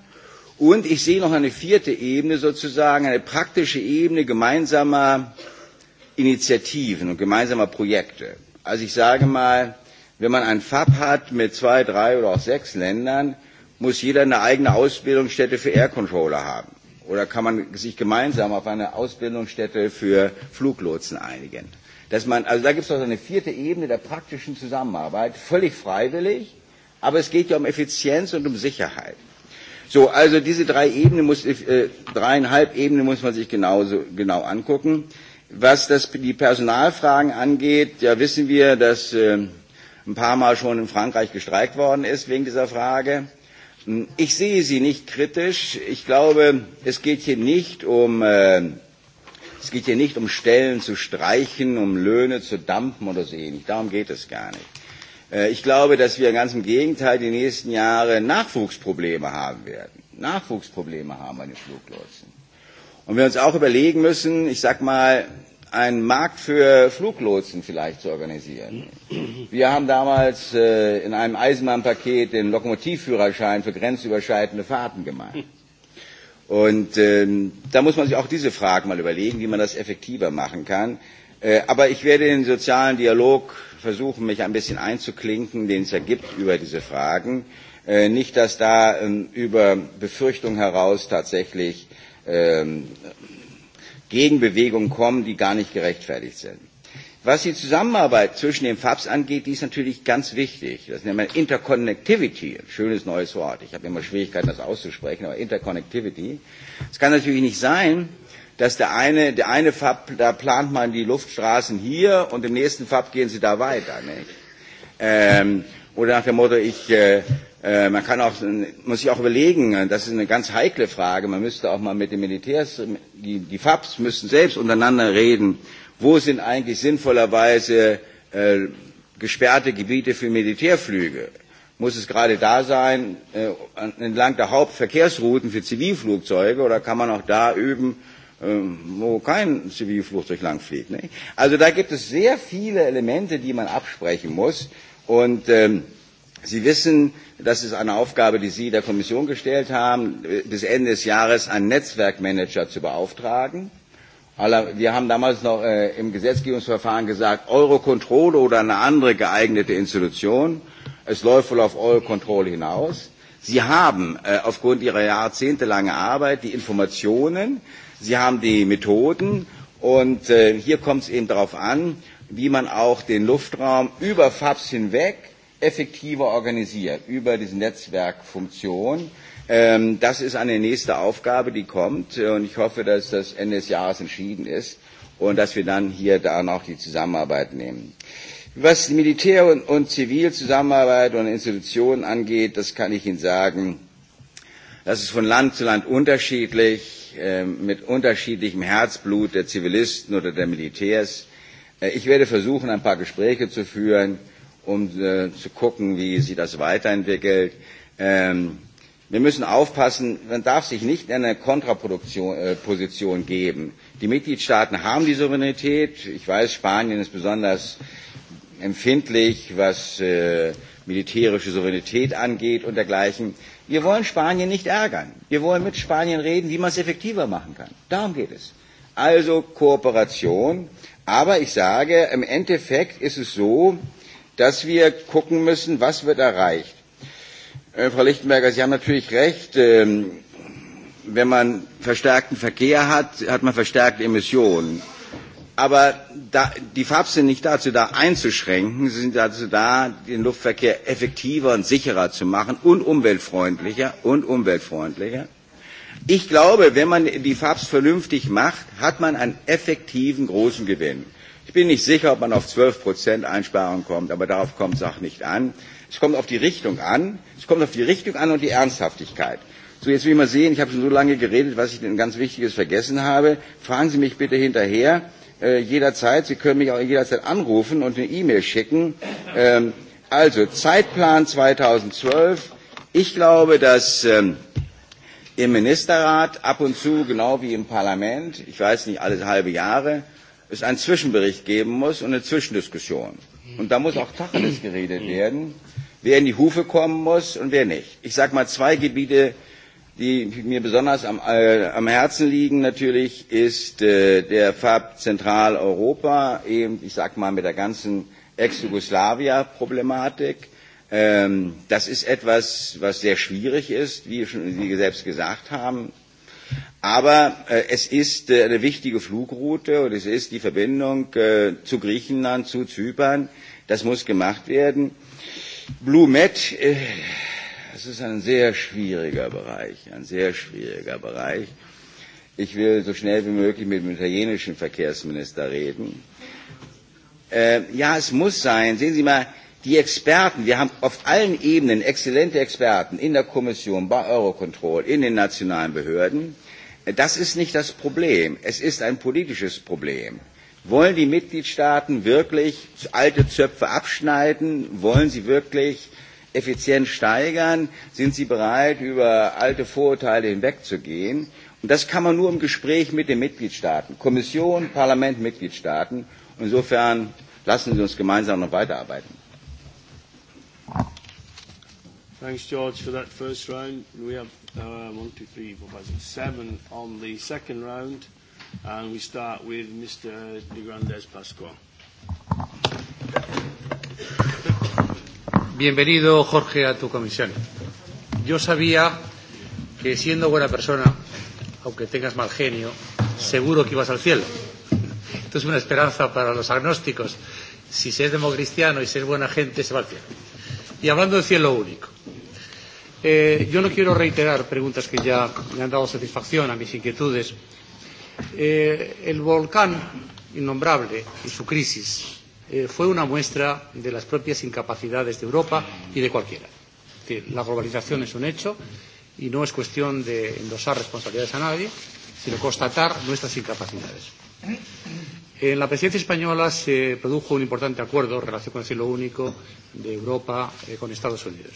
S5: Und ich sehe noch eine vierte Ebene, sozusagen eine praktische Ebene gemeinsamer Initiativen und gemeinsamer Projekte. Also ich sage mal, Wenn man ein FAB hat mit zwei, drei oder auch sechs Ländern, muss jeder eine eigene Ausbildungsstätte für Air Controller haben. Oder kann man sich gemeinsam auf eine Ausbildungsstätte für Fluglotsen einigen? Dass man, also da gibt es auch eine vierte Ebene der praktischen Zusammenarbeit, völlig freiwillig, aber es geht ja um Effizienz und um Sicherheit. So, also diese drei Ebenen muss, äh, dreieinhalb Ebenen muss man sich genauso, genau angucken. Was das, die Personalfragen angeht, ja wissen wir, dass äh, ein paar Mal schon in Frankreich gestreikt worden ist wegen dieser Frage. Hm, ich sehe sie nicht kritisch. Ich glaube, es geht hier nicht um, äh, es geht hier nicht um Stellen zu streichen, um Löhne zu dampfen oder so ähnlich. Darum geht es gar nicht. Äh, ich glaube, dass wir ganz im Gegenteil die nächsten Jahre Nachwuchsprobleme haben werden. Nachwuchsprobleme haben bei den Fluglotsen. Und wir uns auch überlegen müssen, ich sag mal, einen Markt für Fluglotsen vielleicht zu organisieren. Wir haben damals äh, in einem Eisenbahnpaket den Lokomotivführerschein für grenzüberschreitende Fahrten gemacht. Und ähm, da muss man sich auch diese Fragen mal überlegen, wie man das effektiver machen kann. Äh, aber ich werde den sozialen Dialog versuchen, mich ein bisschen einzuklinken, den es ja gibt über diese Fragen. Äh, nicht, dass da ähm, über Befürchtung heraus tatsächlich ähm, Gegenbewegungen kommen, die gar nicht gerechtfertigt sind. Was die Zusammenarbeit zwischen den FABs angeht, die ist natürlich ganz wichtig. Das nennt man Interconnectivity, ein schönes neues Wort. Ich habe immer Schwierigkeiten, das auszusprechen, aber Interconnectivity. Es kann natürlich nicht sein, dass der eine, der eine FAB, da plant man die Luftstraßen hier und im nächsten FAB gehen sie da weiter. Nicht? Ähm, oder nach dem Motto, ich äh, Äh, man kann auch, muss sich auch überlegen, das ist eine ganz heikle Frage, man müsste auch mal mit den Militärs, die, die FAPs müssten selbst untereinander reden, wo sind eigentlich sinnvollerweise äh, gesperrte Gebiete für Militärflüge? Muss es gerade da sein, äh, entlang der Hauptverkehrsrouten für Zivilflugzeuge, oder kann man auch da üben, äh, wo kein Zivilflugzeug langfliegt? Ne? Also da gibt es sehr viele Elemente, die man absprechen muss. Und ähm, Sie wissen, das ist eine Aufgabe, die Sie der Kommission gestellt haben, bis Ende des Jahres einen Netzwerkmanager zu beauftragen. Wir haben damals noch äh, im Gesetzgebungsverfahren gesagt, Eurocontrol oder eine andere geeignete Institution. Es läuft wohl auf Eurocontrol hinaus. Sie haben äh, aufgrund Ihrer jahrzehntelangen Arbeit die Informationen, Sie haben die Methoden und äh, hier kommt es eben darauf an, wie man auch den Luftraum über FAPS hinweg effektiver organisiert über diese Netzwerkfunktion. Ähm, das ist eine nächste Aufgabe, die kommt. Äh, und ich hoffe, dass das Ende des Jahres entschieden ist und dass wir dann hier dann auch die Zusammenarbeit nehmen. Was Militär- und, und Zivilzusammenarbeit und Institutionen angeht, das kann ich Ihnen sagen, das ist von Land zu Land unterschiedlich, äh, mit unterschiedlichem Herzblut der Zivilisten oder der Militärs. Äh, ich werde versuchen, ein paar Gespräche zu führen um äh, zu gucken, wie sie das weiterentwickelt. Ähm, wir müssen aufpassen, man darf sich nicht in eine Kontraposition äh, Position geben. Die Mitgliedstaaten haben die Souveränität. Ich weiß, Spanien ist besonders empfindlich, was äh, militärische Souveränität angeht und dergleichen. Wir wollen Spanien nicht ärgern. Wir wollen mit Spanien reden, wie man es effektiver machen kann. Darum geht es. Also Kooperation. Aber ich sage, im Endeffekt ist es so, äh, dass wir gucken müssen, was wird erreicht. Äh, Frau Lichtenberger, Sie haben natürlich recht. Ähm, wenn man verstärkten Verkehr hat, hat man verstärkte Emissionen. Aber da, die FAB sind nicht dazu da, einzuschränken. Sie sind dazu da, den Luftverkehr effektiver und sicherer zu machen und umweltfreundlicher und umweltfreundlicher. Ich glaube, wenn man die FABs vernünftig macht, hat man einen effektiven großen Gewinn. Ich bin nicht sicher, ob man auf 12 Prozent Einsparungen kommt, aber darauf kommt es auch nicht an. Es kommt auf die Richtung an. Es kommt auf die Richtung an und die Ernsthaftigkeit. So, jetzt will ich mal sehen, ich habe schon so lange geredet, was ich denn ganz Wichtiges vergessen habe. Fragen Sie mich bitte hinterher, äh, jederzeit. Sie können mich auch jederzeit anrufen und eine E-Mail schicken. Ähm, also, Zeitplan 2012. Ich glaube, dass ähm, im Ministerrat ab und zu, genau wie im Parlament, ich weiß nicht, alle halbe Jahre, es einen Zwischenbericht geben muss und eine Zwischendiskussion. Und da muss auch Tacheles geredet werden, wer in die Hufe kommen muss und wer nicht. Ich sage mal zwei Gebiete, die mir besonders am, äh, am Herzen liegen natürlich, ist äh, der Fab Zentraleuropa, eben, ich sage mal, mit der ganzen Ex-Jugoslawia-Problematik. Ähm, das ist etwas, was sehr schwierig ist, wie schon Sie selbst gesagt haben. Aber äh, es ist äh, eine wichtige Flugroute und es ist die Verbindung äh, zu Griechenland, zu Zypern. Das muss gemacht werden. Blue Met, äh, das ist ein sehr schwieriger Bereich, ein sehr schwieriger Bereich. Ich will so schnell wie möglich mit dem italienischen Verkehrsminister reden. Äh, ja, es muss sein. Sehen Sie mal, äh, die Experten, wir haben auf allen Ebenen exzellente Experten in der Kommission, bei Eurocontrol, in den nationalen Behörden. Das ist nicht das Problem. Es ist ein politisches Problem. Wollen die Mitgliedstaaten wirklich alte Zöpfe abschneiden? Wollen sie wirklich effizient steigern? Sind sie bereit, über alte Vorurteile hinwegzugehen? Und das kann man nur im Gespräch mit den Mitgliedstaaten, Kommission, Parlament, Mitgliedstaaten. Insofern lassen Sie uns gemeinsam noch weiterarbeiten.
S1: Thanks, George, for that first round. We have uh, one, two, three, four, five, six, seven on the second round, and we start with Mr. De Grandes Pascual.
S8: Bienvenido, Jorge, a tu comisión. Yo sabía que siendo buena persona, aunque tengas mal genio, seguro que ibas al cielo. Esto es una esperanza para los agnósticos. Si se es democristiano y se es buena gente, se va al cielo. Y hablando de cielo único, eh, yo no quiero reiterar preguntas que ya me han dado satisfacción a mis inquietudes. Eh, el volcán innombrable y su crisis eh, fue una muestra de las propias incapacidades de Europa y de cualquiera. Es decir, la globalización es un hecho y no es cuestión de endosar responsabilidades a nadie, sino constatar nuestras incapacidades. En la presidencia española se produjo un importante acuerdo en relación con el cielo único de Europa eh, con Estados Unidos.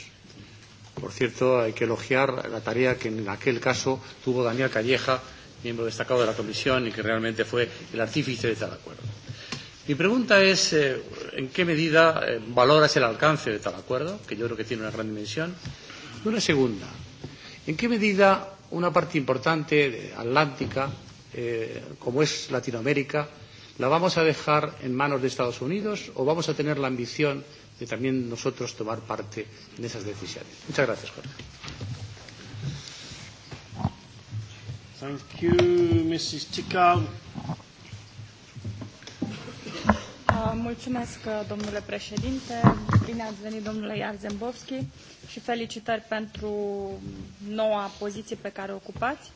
S8: Por cierto, hay que elogiar la tarea que en aquel caso tuvo Daniel Calleja, miembro destacado de la Comisión y que realmente fue el artífice de tal acuerdo. Mi pregunta es eh, en qué medida eh, valoras el alcance de tal acuerdo, que yo creo que tiene una gran dimensión. Y una segunda, ¿en qué medida una parte importante atlántica, eh, como es Latinoamérica, ¿La vamos a dejar en manos de Estados Unidos o vamos a tener la ambición de también nosotros tomar parte en esas decisiones? Muchas gracias, Jorge.
S1: Thank you, Mrs. Ticau.
S9: Uh, mulțumesc, uh, domnule președinte. Bine ați venit, domnule Iarzembovski, și felicitări pentru noua poziție pe care o ocupați.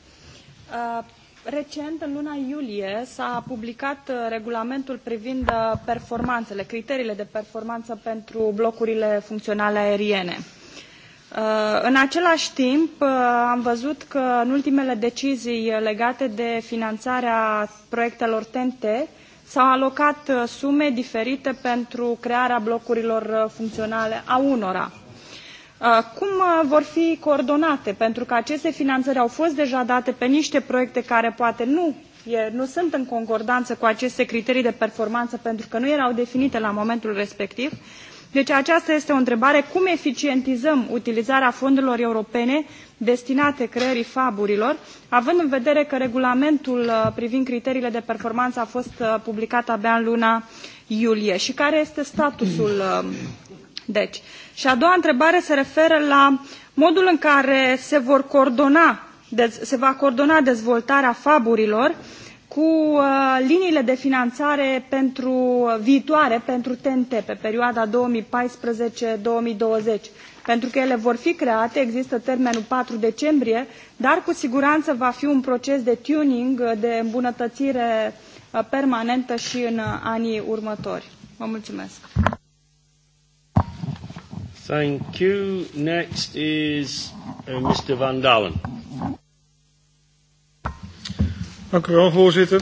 S9: Uh, Recent, în luna iulie, s-a publicat uh, regulamentul privind uh, performanțele, criteriile de performanță pentru blocurile funcționale aeriene. Uh, în același timp, am văzut că în ultimele decizii legate de finanțarea proiectelor TNT s-au alocat sume diferite pentru crearea blocurilor funcționale a unora. Uh, cum uh, vor fi coordonate? Pentru că aceste finanțări au fost deja date pe niște proiecte care poate nu, e, nu sunt în concordanță cu aceste criterii de performanță pentru că nu erau definite la momentul respectiv. Deci aceasta este o întrebare. Cum eficientizăm utilizarea fondurilor europene destinate creării faburilor, având în vedere că regulamentul uh, privind criteriile de performanță a fost publicat abia în luna iulie și care este statusul Deci, și a doua întrebare se referă la modul în care se vor coordona, se va coordona dezvoltarea faburilor cu uh, liniile de finanțare pentru viitoare, pentru TNT, pe perioada 2014-2020. Pentru că ele vor fi create, există termenul 4 decembrie, dar cu siguranță va fi un proces de tuning, de îmbunătățire uh, permanentă și în anii următori. Vă mulțumesc!
S1: Thank you. Next is uh, Mr. Van Dalen.
S10: Dank u wel, voorzitter.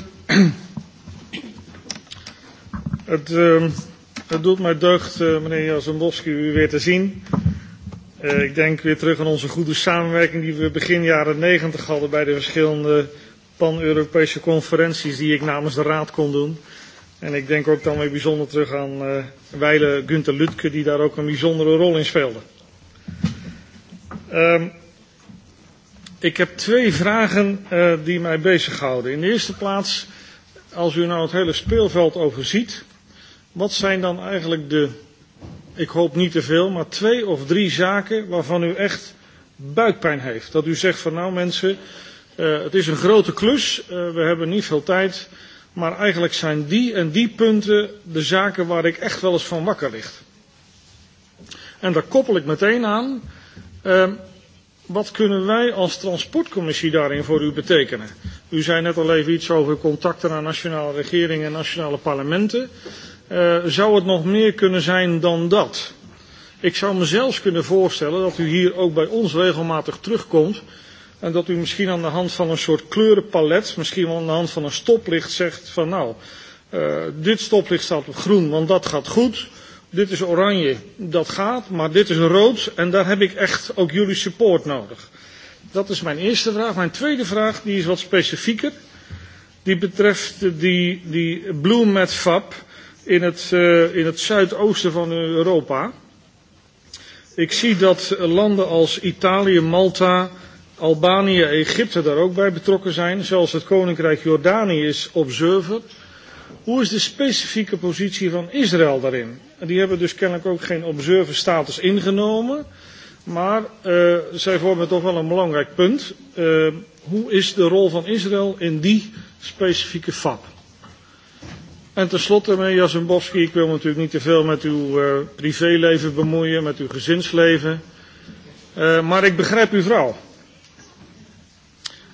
S10: Het, uh, het doet mij deugd, uh, meneer Jazombowski, u weer te zien. Uh, ik denk weer terug aan onze goede samenwerking die we begin jaren negentig hadden bij de verschillende pan-Europese conferenties die ik namens de Raad kon doen. Uh, En ik denk ook dan weer bijzonder terug aan uh, Weile Gunther Lutke, die daar ook een bijzondere rol in speelde. Um, ik heb twee vragen uh, die mij bezighouden. In de eerste plaats, als u nou het hele speelveld overziet, wat zijn dan eigenlijk de, ik hoop niet te veel, maar twee of drie zaken waarvan u echt buikpijn heeft? Dat u zegt van nou mensen, uh, het is een grote klus, uh, we hebben niet veel tijd. Uh, Maar eigenlijk zijn die en die punten de zaken waar ik echt wel eens van wakker ligt. En daar koppel ik meteen aan. Uh, wat kunnen wij als transportcommissie daarin voor u betekenen? U zei net al even iets over contacten naar nationale regeringen en nationale parlementen. Uh, zou het nog meer kunnen zijn dan dat? Ik zou me zelfs kunnen voorstellen dat u hier ook bij ons regelmatig terugkomt En dat u misschien aan de hand van een soort kleurenpalet, misschien wel aan de hand van een stoplicht zegt van nou, uh, dit stoplicht staat op groen, want dat gaat goed. Dit is oranje, dat gaat, maar dit is rood en daar heb ik echt ook jullie support nodig. Dat is mijn eerste vraag. Mijn tweede vraag, die is wat specifieker. Die betreft die, die Bloom met VAP in het, uh, in het zuidoosten van Europa. Ik zie dat landen als Italië, Malta, Albanië, Egypte daar ook bij betrokken zijn. Zelfs het Koninkrijk Jordanië is observer. Hoe is de specifieke positie van Israël daarin? Die hebben dus kennelijk ook geen observerstatus ingenomen. Maar uh, zij vormen toch wel een belangrijk punt. Uh, hoe is de rol van Israël in die specifieke FAP? En tenslotte, meneer Jasembowski, ik wil natuurlijk niet te veel met uw uh, privéleven bemoeien, met uw gezinsleven. Uh, maar ik begrijp uw vrouw.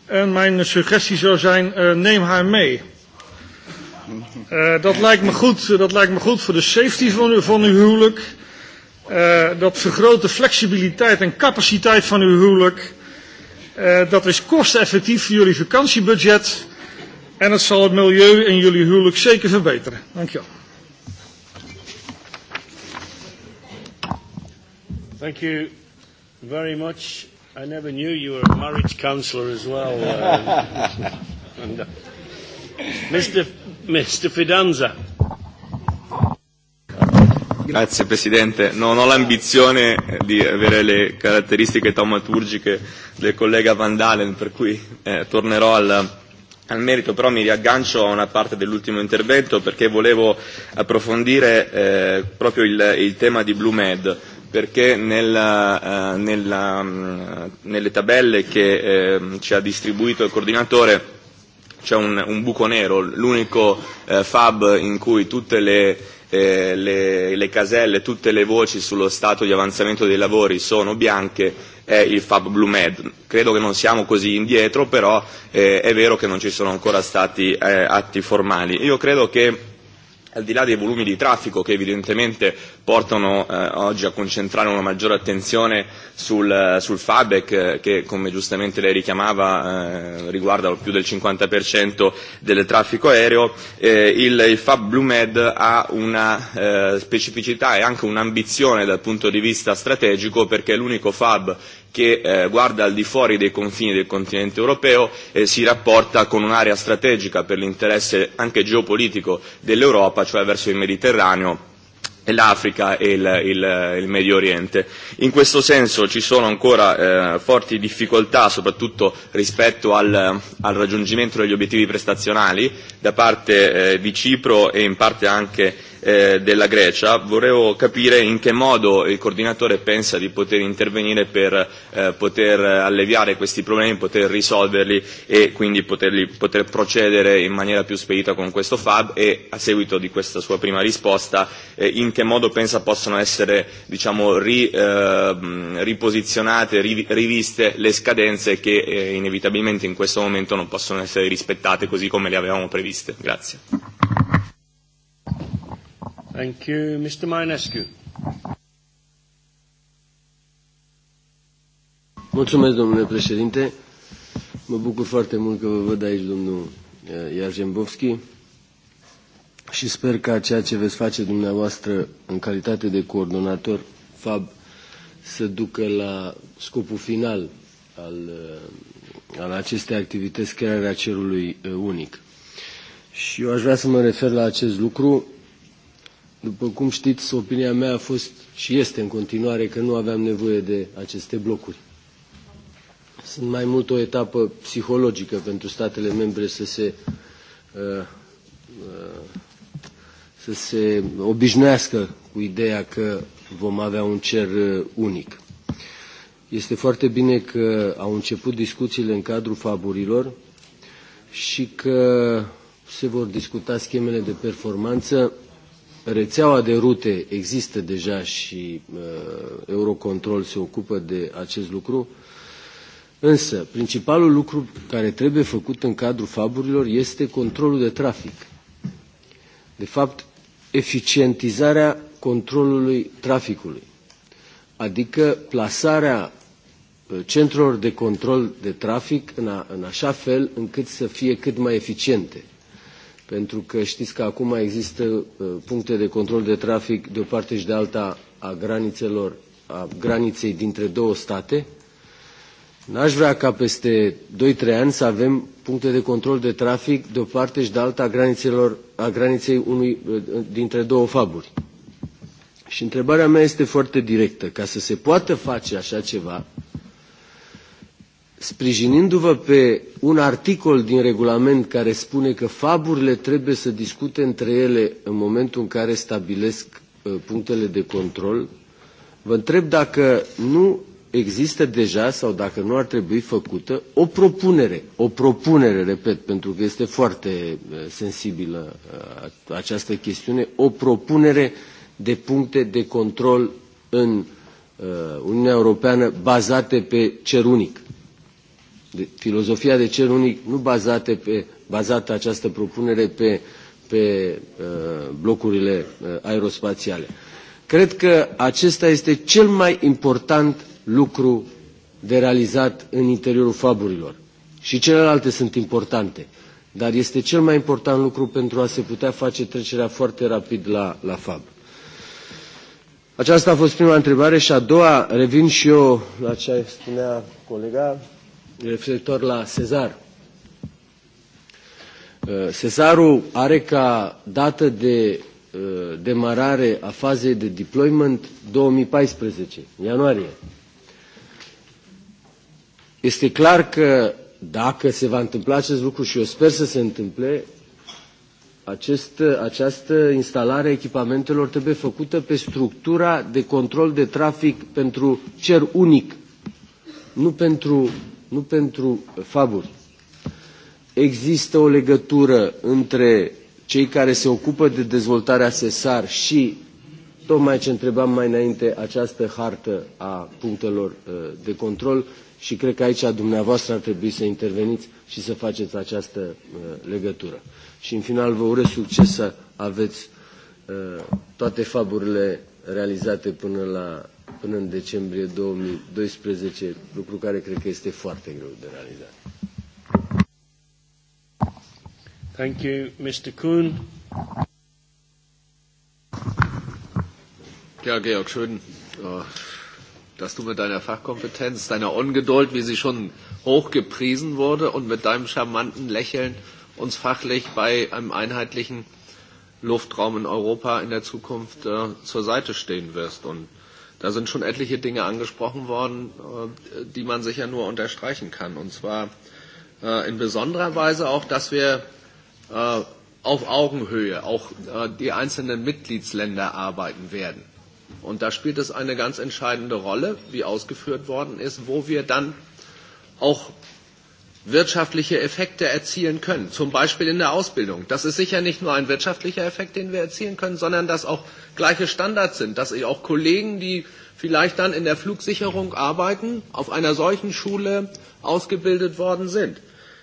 S10: En mijn suggestie zou zijn, uh, neem haar mee. Uh, dat, lijkt me goed, uh, dat lijkt me goed voor de safety van, u, van uw huwelijk. Uh, dat vergroot de flexibiliteit en capaciteit van uw huwelijk. Uh, dat is kosteneffectief voor jullie vakantiebudget. En het zal het milieu in jullie huwelijk zeker verbeteren. Dankjewel. Thank you
S1: very much. I never knew you were a marriage counsellor as well. Uh, and, uh, Mr. Mr. Fidanza.
S11: Grazie Presidente, non ho l'ambizione di avere le caratteristiche taumaturgiche del collega Van Dalen, per cui eh, tornerò al, al merito, però mi riaggancio a una parte dell'ultimo intervento perché volevo approfondire eh, proprio il, il tema di Blue Med perché nella, eh, nella, mh, mm, nelle tabelle che eh, ci ha distribuito il coordinatore c'è un, un buco nero, l'unico eh, fab in cui tutte le, eh, le, le caselle, tutte le voci sullo stato di avanzamento dei lavori sono bianche è il Fab Blue Med. Credo che non siamo così indietro, però eh, è vero che non ci sono ancora stati eh, atti formali. Io credo che al di là dei volumi di traffico che evidentemente portano eh, oggi a concentrare una maggiore attenzione sul, eh, sul FABEC eh, che come giustamente lei richiamava eh, riguarda più del 50% del traffico aereo, eh, il, il FAB BlueMed ha una eh, specificità e anche un'ambizione dal punto di vista strategico perché è l'unico FAB che eh, guarda al di fuori dei confini del continente europeo e si rapporta con un'area strategica per l'interesse anche geopolitico dell'Europa, cioè verso il Mediterraneo e l'Africa e il, il, il Medio Oriente. In questo senso ci sono ancora eh, forti difficoltà, soprattutto rispetto al, al raggiungimento degli obiettivi prestazionali da parte eh, di Cipro e in parte anche eh, della Grecia, vorrei capire in che modo il coordinatore pensa di poter intervenire per eh, poter alleviare questi problemi, poter risolverli e quindi poterli, poter procedere in maniera più spedita con questo FAB e a seguito di questa sua prima risposta eh, in che modo pensa possano essere diciamo, ri, eh, riposizionate, ri, riviste le scadenze che eh, inevitabilmente in questo momento non possono essere rispettate così come le avevamo previste. Grazie.
S1: Thank you. Mr. Marinescu.
S12: Mulțumesc, domnule președinte. Mă bucur foarte mult că vă văd aici, domnul eh, Iarzembovski, și sper ca ceea ce veți face dumneavoastră în calitate de coordonator FAB să ducă la scopul final al, eh, al acestei activități, crearea cerului eh, unic. Și eu aș vrea să mă refer la acest lucru După cum știți, opinia mea a fost și este în continuare că nu aveam nevoie de aceste blocuri. Sunt mai mult o etapă psihologică pentru statele membre să se, uh, uh, să se obișnuiască cu ideea că vom avea un cer uh, unic. Este foarte bine că au început discuțiile în cadrul faburilor și că se vor discuta schemele de performanță rețeaua de rute există deja și uh, Eurocontrol se ocupă de acest lucru, însă principalul lucru care trebuie făcut în cadrul faburilor este controlul de trafic. De fapt, eficientizarea controlului traficului, adică plasarea uh, centrelor de control de trafic în, a, în așa fel încât să fie cât mai eficiente – pentru că știți că acum există uh, puncte de control de trafic de o parte și de alta a granițelor, a graniței dintre două state. N-aș vrea ca peste 2-3 ani să avem puncte de control de trafic de o parte și de alta a, granițelor, a graniței unui, uh, dintre două faburi. Și întrebarea mea este foarte directă. Ca să se poată face așa ceva, uh, sprijinindu-vă pe un articol din regulament care spune că faburile trebuie să discute între ele în momentul în care stabilesc uh, punctele de control, vă întreb dacă nu există deja sau dacă nu ar trebui făcută o propunere, o propunere, repet, pentru că este foarte uh, sensibilă uh, această chestiune, o propunere de puncte de control în Uniunea Europeană bazate pe cer unic de, filozofia de cer unic, nu bazate pe, bazată această propunere pe, pe uh, blocurile uh, aerospațiale. Cred că acesta este cel mai important lucru de realizat în interiorul faburilor. Și celelalte sunt importante, dar este cel mai important lucru pentru a se putea face trecerea foarte rapid la, la fab. Aceasta a fost prima întrebare și a doua, revin și eu la ce spunea colega, referitor la Sezar. Sezarul uh, are ca dată de uh, demarare a fazei de deployment 2014, ianuarie. Este clar că dacă se va întâmpla acest lucru și eu sper să se întâmple, acest, această instalare a echipamentelor trebuie făcută pe structura de control de trafic pentru cer unic, nu pentru nu pentru faburi. Există o legătură între cei care se ocupă de dezvoltarea SESAR și, tocmai ce întrebam mai înainte, această hartă a punctelor uh, de control și cred că aici dumneavoastră ar trebui să interveniți și să faceți această uh, legătură. Și în final vă urez succes să aveți uh, toate faburile realizate până la până în decembrie 2012, lucru care cred că este foarte greu de realizat.
S13: Thank you, Mr. Kuhn. Ja, Georg, schön, äh, dass du mit deiner Fachkompetenz, deiner Ungeduld, wie sie schon hoch gepriesen wurde, und mit deinem charmanten Lächeln uns fachlich bei einem einheitlichen Luftraum in Europa in der Zukunft äh, zur Seite stehen wirst. Und Da sind schon etliche Dinge angesprochen worden, äh, die man sicher nur unterstreichen kann. Und zwar äh, in besonderer Weise auch, dass wir äh, auf Augenhöhe auch die einzelnen Mitgliedsländer arbeiten werden. Und da spielt es eine ganz entscheidende Rolle, wie ausgeführt worden ist, wo wir dann auch wirtschaftliche Effekte erzielen können, zum Beispiel in der Ausbildung. Das ist sicher nicht nur ein wirtschaftlicher Effekt, den wir erzielen können, sondern dass auch gleiche Standards sind, dass auch Kollegen, die vielleicht dann in der Flugsicherung arbeiten, auf einer solchen Schule ausgebildet worden sind.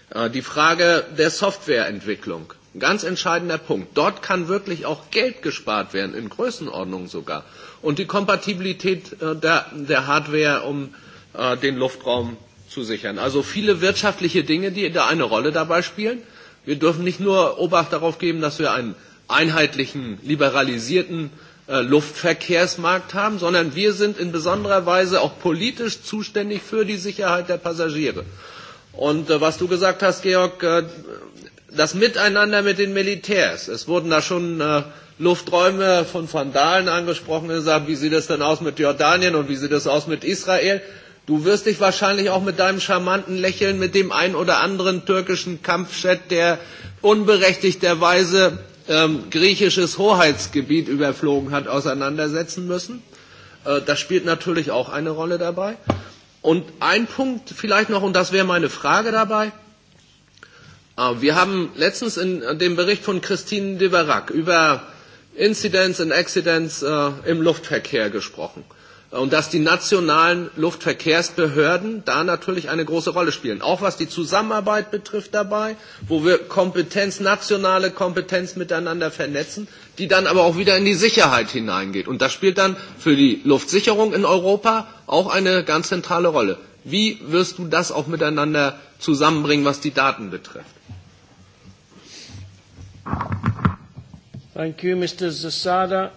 S13: Äh, die Frage der Softwareentwicklung, ein ganz entscheidender Punkt. Dort kann wirklich auch Geld gespart werden, in Größenordnungen sogar. Und die Kompatibilität äh, der, der Hardware, um äh, den Luftraum zusichern. Also viele wirtschaftliche Dinge, die da eine Rolle dabei spielen. Wir dürfen nicht nur Obacht darauf geben, dass wir einen einheitlichen, liberalisierten äh, Luftverkehrsmarkt haben, sondern wir sind in besonderer Weise auch politisch zuständig für die Sicherheit der Passagiere. Und äh, was du gesagt hast, Georg, äh, das Miteinander mit den Militärs. Es wurden da schon äh, Lufträume von Vandalen angesprochen und gesagt, wie sieht es denn aus mit Jordanien und wie sieht es aus mit Israel? Du wirst dich wahrscheinlich auch mit deinem charmanten Lächeln mit dem einen oder anderen türkischen Kampfjet, der unberechtigterweise ähm, griechisches Hoheitsgebiet überflogen hat, auseinandersetzen müssen. Äh, das spielt natürlich auch eine Rolle dabei. Und ein Punkt vielleicht noch, und das wäre meine Frage dabei. Äh, wir haben letztens in äh, dem Bericht von Christine de Verac über Incidents und Accidents äh, im Luftverkehr gesprochen. Äh, und dass die nationalen Luftverkehrsbehörden da natürlich eine große Rolle spielen. Auch was die Zusammenarbeit betrifft dabei, wo wir Kompetenz, nationale Kompetenz miteinander vernetzen, die dann aber auch wieder in die Sicherheit hineingeht. Und das spielt dann für die Luftsicherung in Europa auch eine ganz zentrale Rolle. Wie wirst du das auch miteinander zusammenbringen, was die Daten betrifft?
S14: Thank you, Mr. Zasada.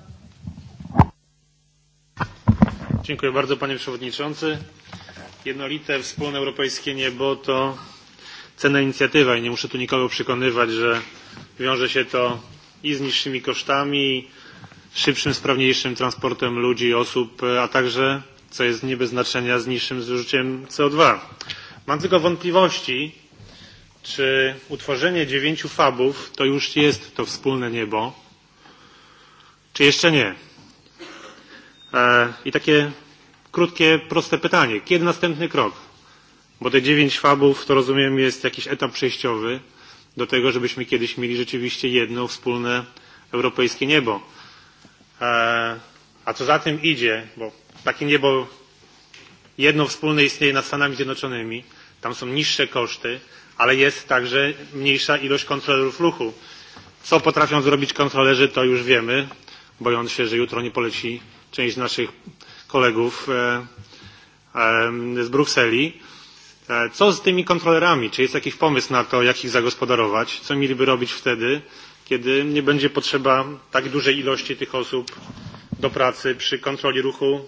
S14: Dziękuję bardzo panie przewodniczący. Jednolite wspólne europejskie niebo to cenna inicjatywa i nie muszę tu nikogo przekonywać, że wiąże się to i z niższymi kosztami, szybszym, sprawniejszym transportem ludzi i osób, a także, co jest nie bez znaczenia, z niższym zużyciem CO2. Mam tylko wątpliwości, czy utworzenie dziewięciu fabów to już jest to wspólne niebo, czy jeszcze nie. E, I takie krótkie, proste pytanie. Kiedy następny krok? Bo te dziewięć fabów, to rozumiem, jest jakiś etap przejściowy do tego, żebyśmy kiedyś mieli rzeczywiście jedno wspólne europejskie niebo. E, a co za tym idzie, bo takie niebo jedno wspólne istnieje nad Stanami Zjednoczonymi, tam są niższe koszty, ale jest także mniejsza ilość kontrolerów ruchu. Co potrafią zrobić kontrolerzy, to już wiemy, bojąc się, że jutro nie poleci część naszych kolegów e, e, z Brukseli. E, co z tymi kontrolerami? Czy jest jakiś pomysł na to, jak ich zagospodarować? Co mieliby robić wtedy, kiedy nie będzie potrzeba tak dużej ilości tych osób do pracy przy kontroli ruchu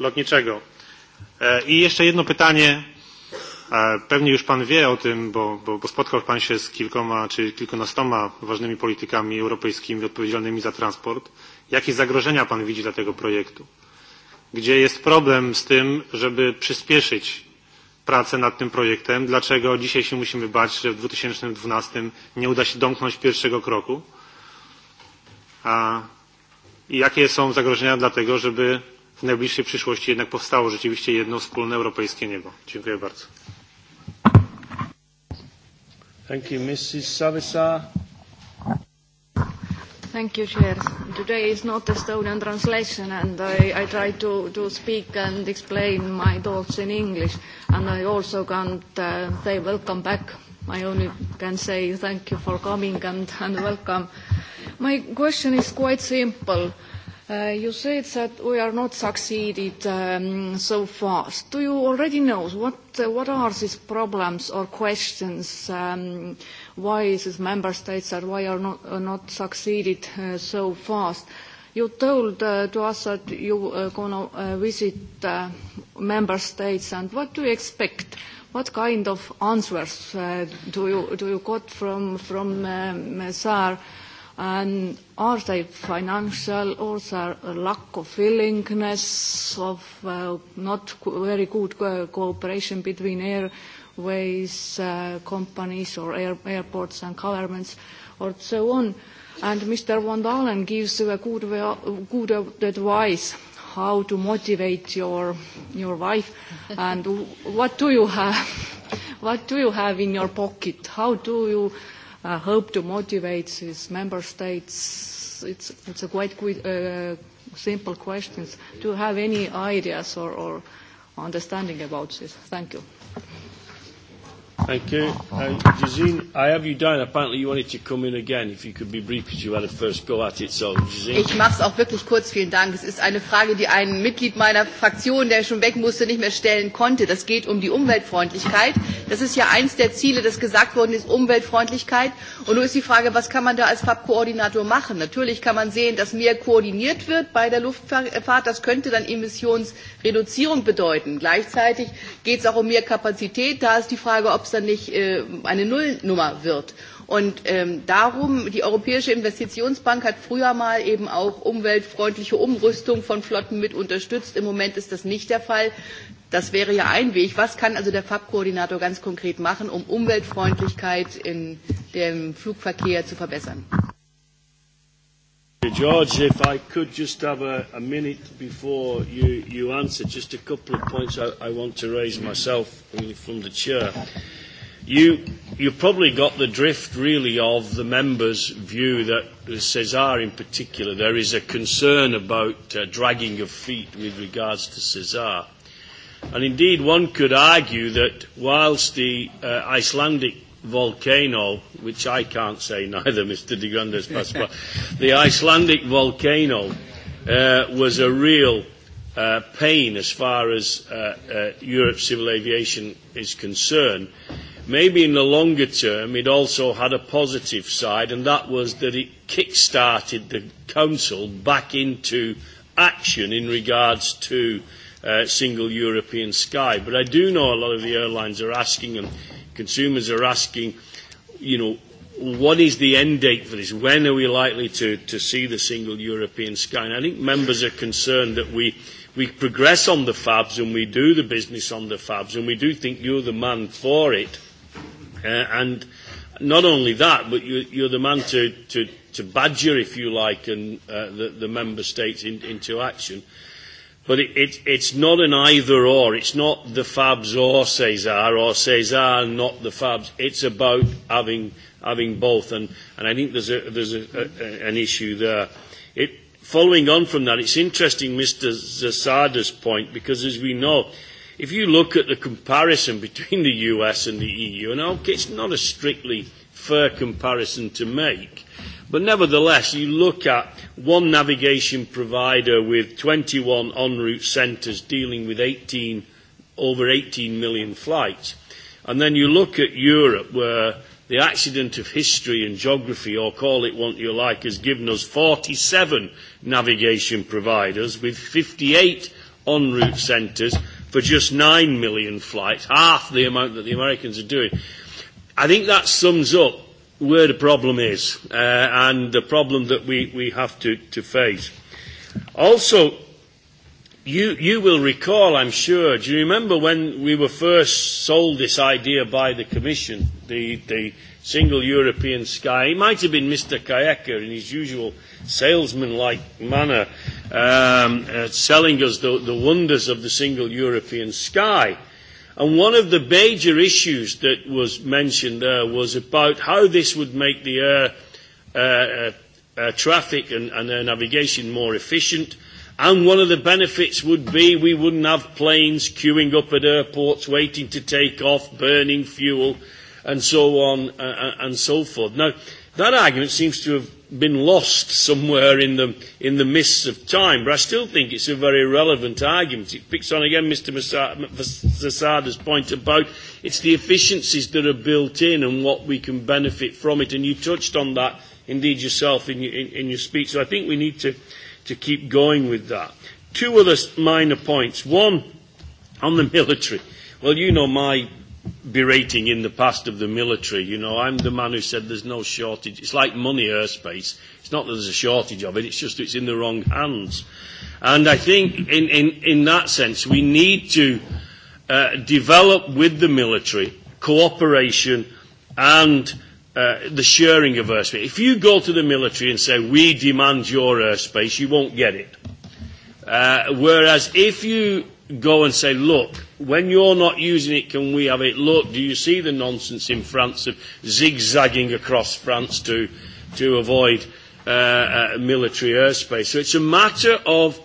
S14: lotniczego? I jeszcze jedno pytanie. Pewnie już Pan wie o tym, bo, bo, bo spotkał Pan się z kilkoma czy kilkunastoma ważnymi politykami europejskimi odpowiedzialnymi za transport. Jakie zagrożenia Pan widzi dla tego projektu? Gdzie jest problem z tym, żeby przyspieszyć pracę nad tym projektem? Dlaczego dzisiaj się musimy bać, że w 2012 nie uda się domknąć pierwszego kroku? A jakie są zagrożenia dla tego, żeby w najbliższej przyszłości jednak powstało rzeczywiście jedno wspólne europejskie niebo? Dziękuję bardzo.
S1: Thank you, Mrs. Savisa.
S15: Thank you, Chair. Today is not Estonian translation, and I, I try to, to speak and explain my thoughts in English. And I also can't uh, say welcome back. I only can say thank you for coming and, and welcome. My question is quite simple. Uh, you said that we are not succeeded um, so fast. Do you already know what, uh, what are these problems or questions um, uh, why is member states or why are not, are not succeeded uh, so fast. You told uh, to us that you are uh, going to uh, visit uh, member states, and what do you expect? What kind of answers uh, do you do you got from from um, SAR? And are they financial or there a lack of willingness of uh, not co very good co cooperation between air ways uh, companies or air, airports and governments or so on. And Mr. Van Dalen gives you a good, good advice how to motivate your, your wife and what do you have? what do you have in your pocket? How do you uh, hope to motivate these member states? It's, it's a quite good, uh, simple question. Do you have any ideas or, or understanding about this? Thank you.
S1: Thank you. Uh, Jazeen, I have you down. Apparently you wanted to come in again, if you could be brief, because you had a first go at it. So, Jazeen. Ich mache
S15: es auch wirklich
S7: kurz. Vielen Dank. Es ist eine Frage, die ein Mitglied meiner Fraktion, der schon weg musste, nicht mehr stellen konnte. Das geht um die Umweltfreundlichkeit. Das ist ja eins der Ziele, das gesagt worden ist, Umweltfreundlichkeit. Und nun ist die Frage, was kann man da als FAB-Koordinator machen? Natürlich kann man sehen, dass mehr koordiniert wird bei der Luftfahrt. Das könnte dann Emissionsreduzierung bedeuten. Gleichzeitig geht es auch um mehr Kapazität. Da ist die Frage, ob dann nicht äh, eine Nullnummer wird. Und ähm, darum, die Europäische Investitionsbank hat früher mal eben auch umweltfreundliche Umrüstung von Flotten mit unterstützt. Im Moment ist das nicht der Fall. Das wäre ja ein Weg. Was kann also der FAB-Koordinator ganz konkret machen, um Umweltfreundlichkeit in dem Flugverkehr zu verbessern?
S1: George, if I could just have a, a minute before you, you answer, just a couple of points I, I want to raise myself from the chair. You, you probably got the drift, really, of the members' view that, Cesar in particular, there is a concern about uh, dragging of feet with regards to Cesar. And indeed, one could argue that whilst the uh, Icelandic volcano, which I can't say neither, Mr. de Grandes Pascual, the Icelandic volcano uh, was a real uh, pain as far as uh, uh, Europe's civil aviation is concerned. Maybe in the longer term, it also had a positive side, and that was that it kick-started the Council back into action in regards to uh, single European sky. But I do know a lot of the airlines are asking, and Consumers are asking, you know, what is the end date for this? When are we likely to, to see the single European sky? And I think members are concerned that we, we progress on the fabs and we do the business on the fabs and we do think you're the man for it. Uh, and not only that, but you, you're the man to, to, to badger, if you like, and, uh, the, the member states in, into action. Uh, But it, it, it's not an either or. It's not the Fabs or Cesar or Cesar not the Fabs. It's about having, having both. And, and I think there's, a, there's a, a, an issue there. It, following on from that, it's interesting Mr. Zasada's point because as we know, if you look at the comparison between the US and the EU, and okay, it's not a strictly fair comparison to make, But nevertheless, you look at one navigation provider with 21 en route centres dealing with 18, over 18 million flights. And then you look at Europe, where the accident of history and geography, or call it what you like, has given us 47 navigation providers with 58 en route centres for just 9 million flights, half the amount that the Americans are doing. I think that sums up where the problem is uh, and the problem that we, we have to, to face. Also, you, you will recall, I'm sure, do you remember when we were first sold this idea by the Commission, the, the single European sky? It might have been Mr. Kayeka in his usual salesman-like manner um, uh, selling us the, the wonders of the single European sky. Uh, And one of the major issues that was mentioned there was about how this would make the air uh, uh, uh, traffic and, and air navigation more efficient. And one of the benefits would be we wouldn't have planes queuing up at airports waiting to take off, burning fuel, and so on uh, uh and so forth. Now, That argument seems to have been lost somewhere in the, in the mists of time, but I still think it's a very relevant argument. It picks on again Mr. Masada's point about it's the efficiencies that are built in and what we can benefit from it, and you touched on that indeed yourself in your, in, in your speech, so I think we need to, to keep going with that. Two other minor points. One, on the military. Well, you know my berating in the past of the military. You know, I'm the man who said there's no shortage. It's like money airspace. It's not that there's a shortage of it, it's just it's in the wrong hands. And I think in, in, in that sense, we need to uh, develop with the military cooperation and uh, the sharing of airspace. If you go to the military and say, we demand your airspace, you won't get it. Uh, whereas if you go and say, look, when you're not using it, can we have it? Look, do you see the nonsense in France of zigzagging across France to, to avoid uh, uh, military airspace? So it's a matter of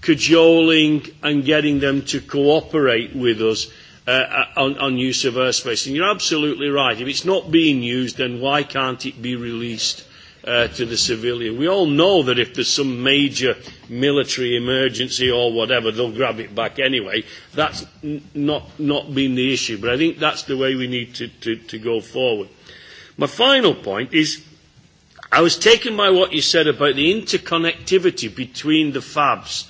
S1: cajoling and getting them to cooperate with us uh, uh on, on use of airspace. And you're absolutely right. If it's not being used, then why can't it be released uh, to the civilian. We all know that if there's some major military emergency or whatever, they'll grab it back anyway. That's n- not, not been the issue, but I think that's the way we need to, to, to go forward. My final point is I was taken by what you said about the interconnectivity between the fabs.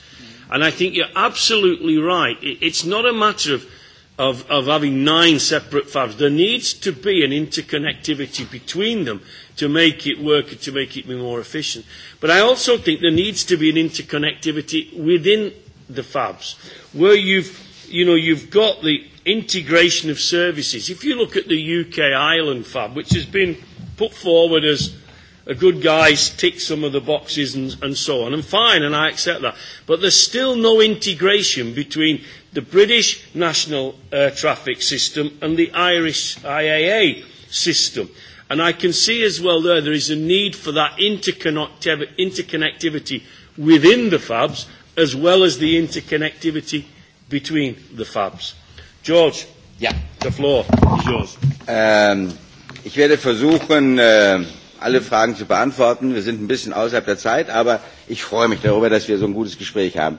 S1: And I think you're absolutely right. It's not a matter of, of, of having nine separate fabs. There needs to be an interconnectivity between them to make it work and to make it be more efficient. But I also think there needs to be an interconnectivity within the fabs, where you've, you know, you've got the integration of services. If you look at the UK Island fab, which has been put forward as a good guys tick some of the boxes and, and so on, and fine, and I accept that. But there's still no integration between the British national air traffic system and the Irish IAA system. And I can see as well there, there is a need for that interconnectiv- interconnectivity within the fabs as well as the interconnectivity between the fabs. George,
S5: ja. the floor is yours. Ähm, ich werde versuchen, äh, alle Fragen zu beantworten. Wir sind ein bisschen außerhalb der Zeit, aber ich freue mich darüber, dass wir so ein gutes Gespräch haben.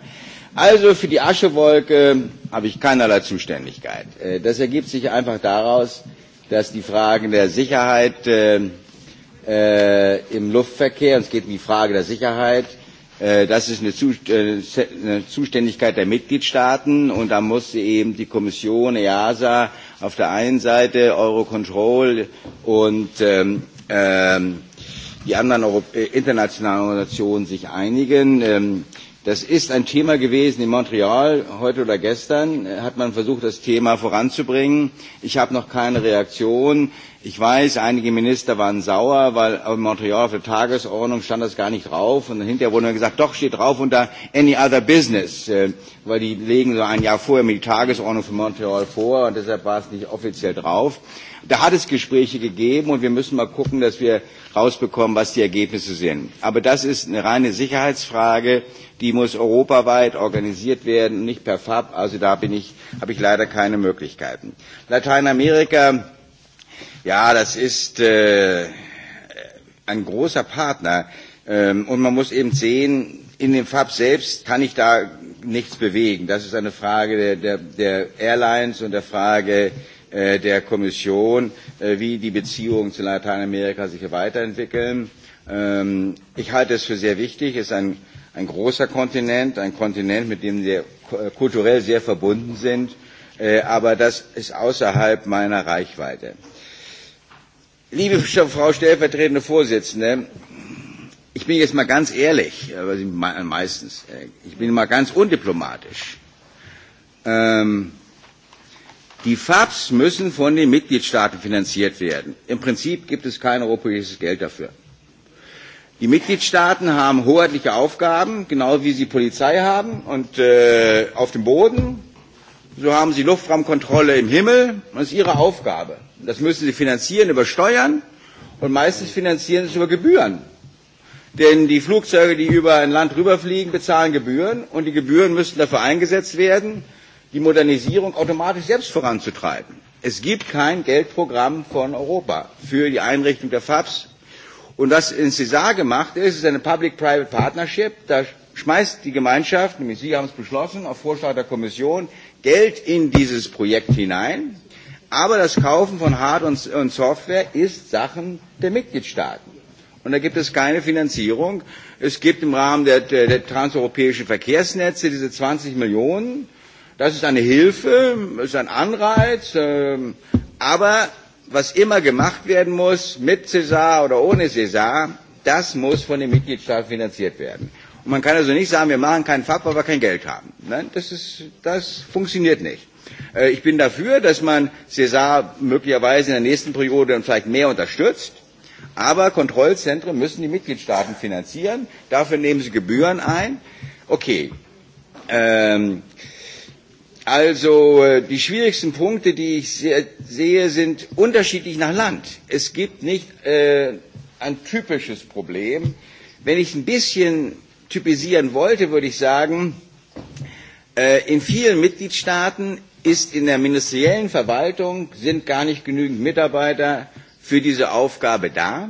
S5: Also für die Aschewolke habe ich keinerlei Zuständigkeit. Äh, das ergibt sich einfach daraus, äh, dass die Fragen der Sicherheit äh, äh, im Luftverkehr, und es geht um die Frage der Sicherheit, äh, das ist eine, Zust äh, eine Zuständigkeit der Mitgliedstaaten und da muss eben die Kommission, EASA auf der einen Seite, Eurocontrol und ähm, ähm, die anderen Europ äh, internationalen Organisationen sich einigen. Ähm, Das ist ein Thema gewesen in Montreal. Heute oder gestern hat man versucht, das Thema voranzubringen. Ich habe noch keine Reaktion. Ich weiß, einige Minister waren sauer, weil in Montreal auf der Tagesordnung stand das gar nicht drauf. Und hinterher wurde mir gesagt, doch, steht drauf unter any other business. Äh, weil die legen so ein Jahr vorher mit die Tagesordnung von Montreal vor und deshalb war es nicht offiziell drauf. Äh, Da hat es Gespräche gegeben und wir müssen mal gucken, dass wir rausbekommen, was die Ergebnisse sind. Aber das ist eine reine Sicherheitsfrage, die muss europaweit organisiert werden, nicht per FAB. Also da bin ich, habe ich leider keine Möglichkeiten. Lateinamerika, ja, das ist äh, ein großer Partner. Ähm, und man muss eben sehen, in dem FAB selbst kann ich da nichts bewegen. Das ist eine Frage der, der, der Airlines und der Frage äh, der Kommission, äh, wie die Beziehungen zu Lateinamerika sich weiterentwickeln. Ähm, ich halte es für sehr wichtig. Es ist ein, ein großer Kontinent, ein Kontinent, mit dem wir äh, kulturell sehr verbunden sind. Äh, aber das ist außerhalb meiner Reichweite. Liebe Frau stellvertretende Vorsitzende, ich bin jetzt mal ganz ehrlich, äh, aber meistens, äh, ich bin mal ganz undiplomatisch. Ähm, Die FABs müssen von den Mitgliedstaaten finanziert werden. Im Prinzip gibt es kein europäisches Geld dafür. Die Mitgliedstaaten haben hoheitliche Aufgaben, genau wie sie Polizei haben und äh, auf dem Boden. So haben sie Luftraumkontrolle im Himmel. Das ist ihre Aufgabe. Das müssen sie finanzieren über Steuern und meistens finanzieren sie es über Gebühren. Denn die Flugzeuge, die über ein Land rüberfliegen, bezahlen Gebühren und die Gebühren müssen dafür eingesetzt werden, die Modernisierung automatisch selbst voranzutreiben. Es gibt kein Geldprogramm von Europa für die Einrichtung der FABs. Und was in Cesar gemacht ist, ist eine Public-Private Partnership. Da schmeißt die Gemeinschaft, nämlich Sie haben es beschlossen, auf Vorschlag der Kommission, Geld in dieses Projekt hinein. Aber das Kaufen von Hard- und, und Software ist Sachen der Mitgliedstaaten. Und da gibt es keine Finanzierung. Es gibt im Rahmen der, der, der transeuropäischen Verkehrsnetze diese 20 Millionen Das ist eine Hilfe, ist ein Anreiz, äh, aber was immer gemacht werden muss, mit Cäsar oder ohne Cäsar, das muss von den Mitgliedstaaten finanziert werden. Und man kann also nicht sagen, wir machen keinen FAP, weil wir kein Geld haben. Nein, das, ist, das funktioniert nicht. Äh, ich bin dafür, dass man Cäsar möglicherweise in der nächsten Periode und vielleicht mehr unterstützt. Aber Kontrollzentren müssen die Mitgliedstaaten finanzieren. Dafür nehmen sie Gebühren ein. Okay. Ähm, Also äh, die schwierigsten Punkte, die ich se sehe, sind unterschiedlich nach Land. Es gibt nicht äh, ein typisches Problem. Wenn ich ein bisschen typisieren wollte, würde ich sagen, äh, in vielen Mitgliedstaaten ist in der ministeriellen Verwaltung sind gar nicht genügend Mitarbeiter für diese Aufgabe da.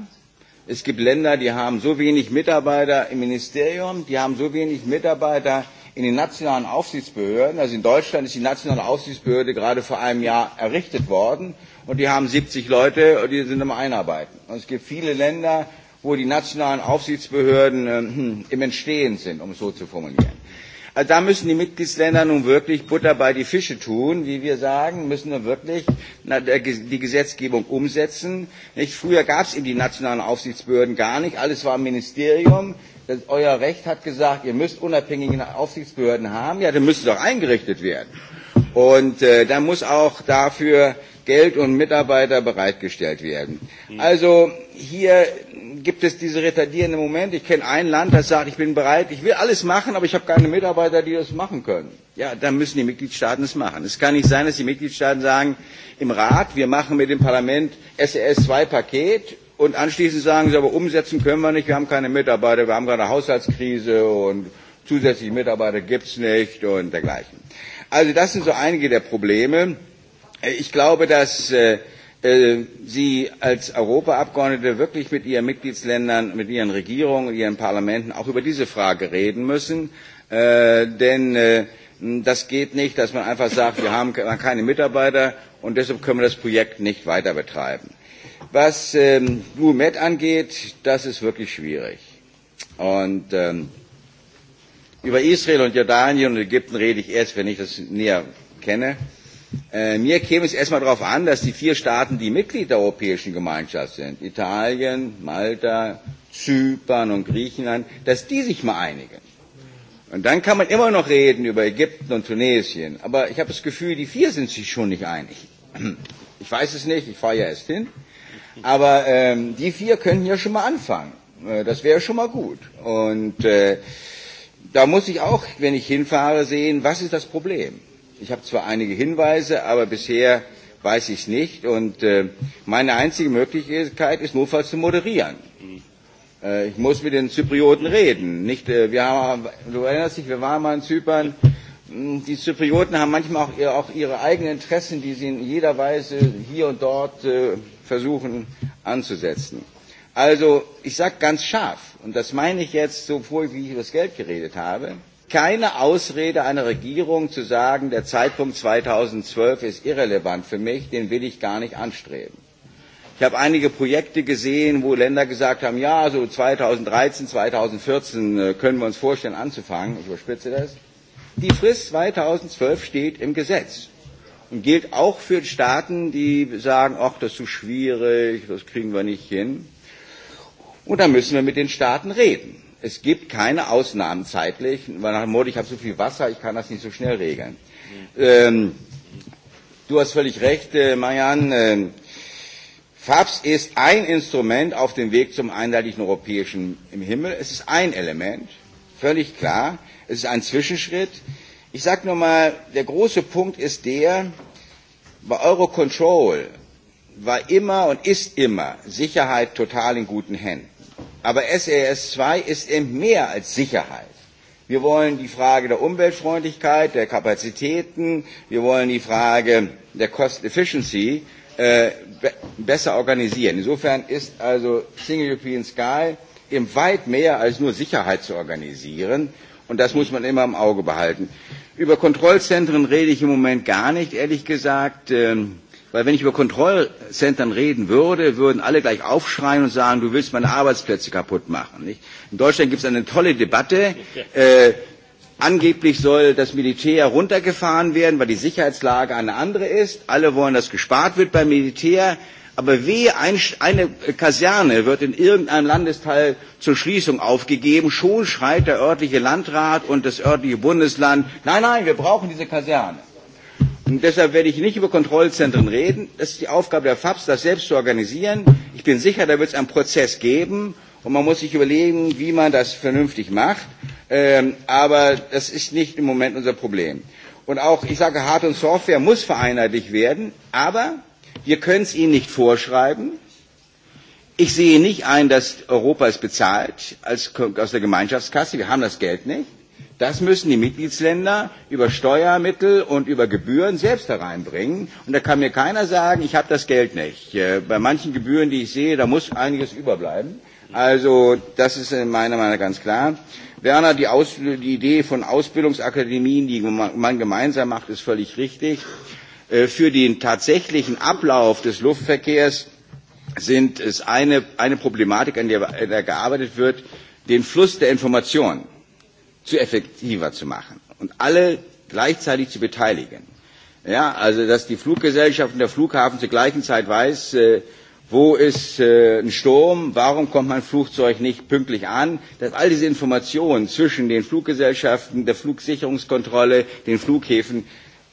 S5: Es gibt Länder, die haben so wenig Mitarbeiter im Ministerium, die haben so wenig Mitarbeiter in den nationalen Aufsichtsbehörden, also in Deutschland ist die nationale Aufsichtsbehörde gerade vor einem Jahr errichtet worden und die haben 70 Leute und die sind am Einarbeiten. Und es gibt viele Länder, wo die nationalen Aufsichtsbehörden äh, im Entstehen sind, um es so zu formulieren. Also da müssen die Mitgliedsländer nun wirklich Butter bei die Fische tun, wie wir sagen, müssen dann wirklich die Gesetzgebung umsetzen. Nicht? Früher gab es eben die nationalen Aufsichtsbehörden gar nicht, alles war im Ministerium das, euer Recht hat gesagt, ihr müsst unabhängige Aufsichtsbehörden haben. Ja, dann müssen sie doch eingerichtet werden. Und äh, da muss auch dafür Geld und Mitarbeiter bereitgestellt werden. Mhm. Also hier gibt es diese retardierende Momente. Ich kenne ein Land, das sagt, ich bin bereit, ich will alles machen, aber ich habe keine Mitarbeiter, die das machen können. Ja, dann müssen die Mitgliedstaaten es machen. Es kann nicht sein, dass die Mitgliedstaaten sagen, im Rat, wir machen mit dem Parlament SES-2-Paket und anschließend sagen sie, aber umsetzen können wir nicht, wir haben keine Mitarbeiter, wir haben gerade eine Haushaltskrise und zusätzliche Mitarbeiter gibt es nicht und dergleichen. Also das sind so einige der Probleme. Äh, ich glaube, dass äh, äh, Sie als Europaabgeordnete wirklich mit Ihren Mitgliedsländern, mit Ihren Regierungen, Ihren Parlamenten auch über diese Frage reden müssen. Äh, denn äh, das geht nicht, dass man einfach sagt, wir haben keine Mitarbeiter und deshalb können wir das Projekt nicht weiter betreiben. Was ähm, Lumet angeht, das ist wirklich schwierig. Und ähm, über Israel und Jordanien und Ägypten rede ich erst, wenn ich das näher kenne. Äh, mir käme es erstmal darauf an, dass die vier Staaten, die Mitglied der Europäischen Gemeinschaft sind, Italien, Malta, Zypern und Griechenland, dass die sich mal einigen. Und dann kann man immer noch reden über Ägypten und Tunesien. Aber ich habe das Gefühl, die vier sind sich schon nicht einig. Ich weiß es nicht, ich fahre ja erst hin. Äh, Aber ähm, die vier können ja schon mal anfangen. Äh, das wäre schon mal gut. Und äh, da muss ich auch, wenn ich hinfahre, sehen, was ist das Problem. Ich habe zwar einige Hinweise, aber bisher weiß ich es nicht. Und äh, meine einzige Möglichkeit ist, notfalls zu moderieren. Äh, ich muss mit den Zyprioten reden. Nicht, äh, wir haben, du erinnerst dich, wir waren mal in Zypern. Äh, Hm, die Zyprioten haben manchmal auch, ihr, auch ihre eigenen Interessen, die sie in jeder Weise hier und dort äh, versuchen anzusetzen. Also ich sage ganz scharf, und das meine ich jetzt so vorher, wie ich über das Geld geredet habe, keine Ausrede einer Regierung zu sagen, der Zeitpunkt 2012 ist irrelevant für mich, den will ich gar nicht anstreben. Ich habe einige Projekte gesehen, wo Länder gesagt haben, ja, so 2013, 2014 äh, können wir uns vorstellen anzufangen, ich überspitze das. Die Frist 2012 steht im Gesetz und gilt auch für Staaten, die sagen, ach, das ist zu so schwierig, das kriegen wir nicht hin. Und dann müssen wir mit den Staaten reden. Es gibt keine Ausnahmen zeitlich, weil nach dem Motto, ich habe so viel Wasser, ich kann das nicht so schnell regeln. Ähm, du hast völlig recht, äh, Marianne. Äh, FAPS ist ein Instrument auf dem Weg zum einheitlichen europäischen Himmel. Es ist ein Element, völlig klar. Es ist ein Zwischenschritt. Ich sage nur mal, der große Punkt ist der, bei Eurocontrol war immer und ist immer Sicherheit total in guten Händen. Aber SES 2 ist eben mehr als Sicherheit. Wir wollen die Frage der Umweltfreundlichkeit, der Kapazitäten, wir wollen die Frage der Cost Efficiency äh, be besser organisieren. Insofern ist also Single European Sky eben weit mehr als nur Sicherheit zu organisieren, Und das muss man immer im Auge behalten. Über Kontrollzentren rede ich im Moment gar nicht, ehrlich gesagt. Ähm, weil wenn ich über Kontrollzentren reden würde, würden alle gleich aufschreien und sagen, du willst meine Arbeitsplätze kaputt machen. Nicht? In Deutschland gibt es eine tolle Debatte. Äh, angeblich soll das Militär runtergefahren werden, weil die Sicherheitslage eine andere ist. Alle wollen, dass gespart wird beim Militär. Aber wehe, ein, eine Kaserne wird in irgendeinem Landesteil zur Schließung aufgegeben, schon schreit der örtliche Landrat und das örtliche Bundesland, nein, nein, wir brauchen diese Kaserne. Und deshalb werde ich nicht über Kontrollzentren reden. Das ist die Aufgabe der FAPS, das selbst zu organisieren. Ich bin sicher, da wird es einen Prozess geben und man muss sich überlegen, wie man das vernünftig macht. Ähm, aber das ist nicht im Moment unser Problem. Und auch, ich sage, Hard- und Software muss vereinheitlicht werden, aber Wir können es ihnen nicht vorschreiben. Ich sehe nicht ein, dass Europa es bezahlt als, aus der Gemeinschaftskasse. Wir haben das Geld nicht. Das müssen die Mitgliedsländer über Steuermittel und über Gebühren selbst hereinbringen. Und da kann mir keiner sagen, ich habe das Geld nicht. Äh, bei manchen Gebühren, die ich sehe, da muss einiges überbleiben. Also das ist in meiner Meinung ganz klar. Werner, die, Aus die Idee von Ausbildungsakademien, die man gemeinsam macht, ist völlig richtig. Äh, für den tatsächlichen Ablauf des Luftverkehrs sind es eine, eine Problematik, an der, an der gearbeitet wird, den Fluss der Informationen zu effektiver zu machen und alle gleichzeitig zu beteiligen. Ja, also dass die Fluggesellschaft und der Flughafen zur gleichen Zeit weiß, äh, wo ist äh, ein Sturm, warum kommt mein Flugzeug nicht pünktlich an, dass all diese Informationen zwischen den Fluggesellschaften, der Flugsicherungskontrolle, den Flughäfen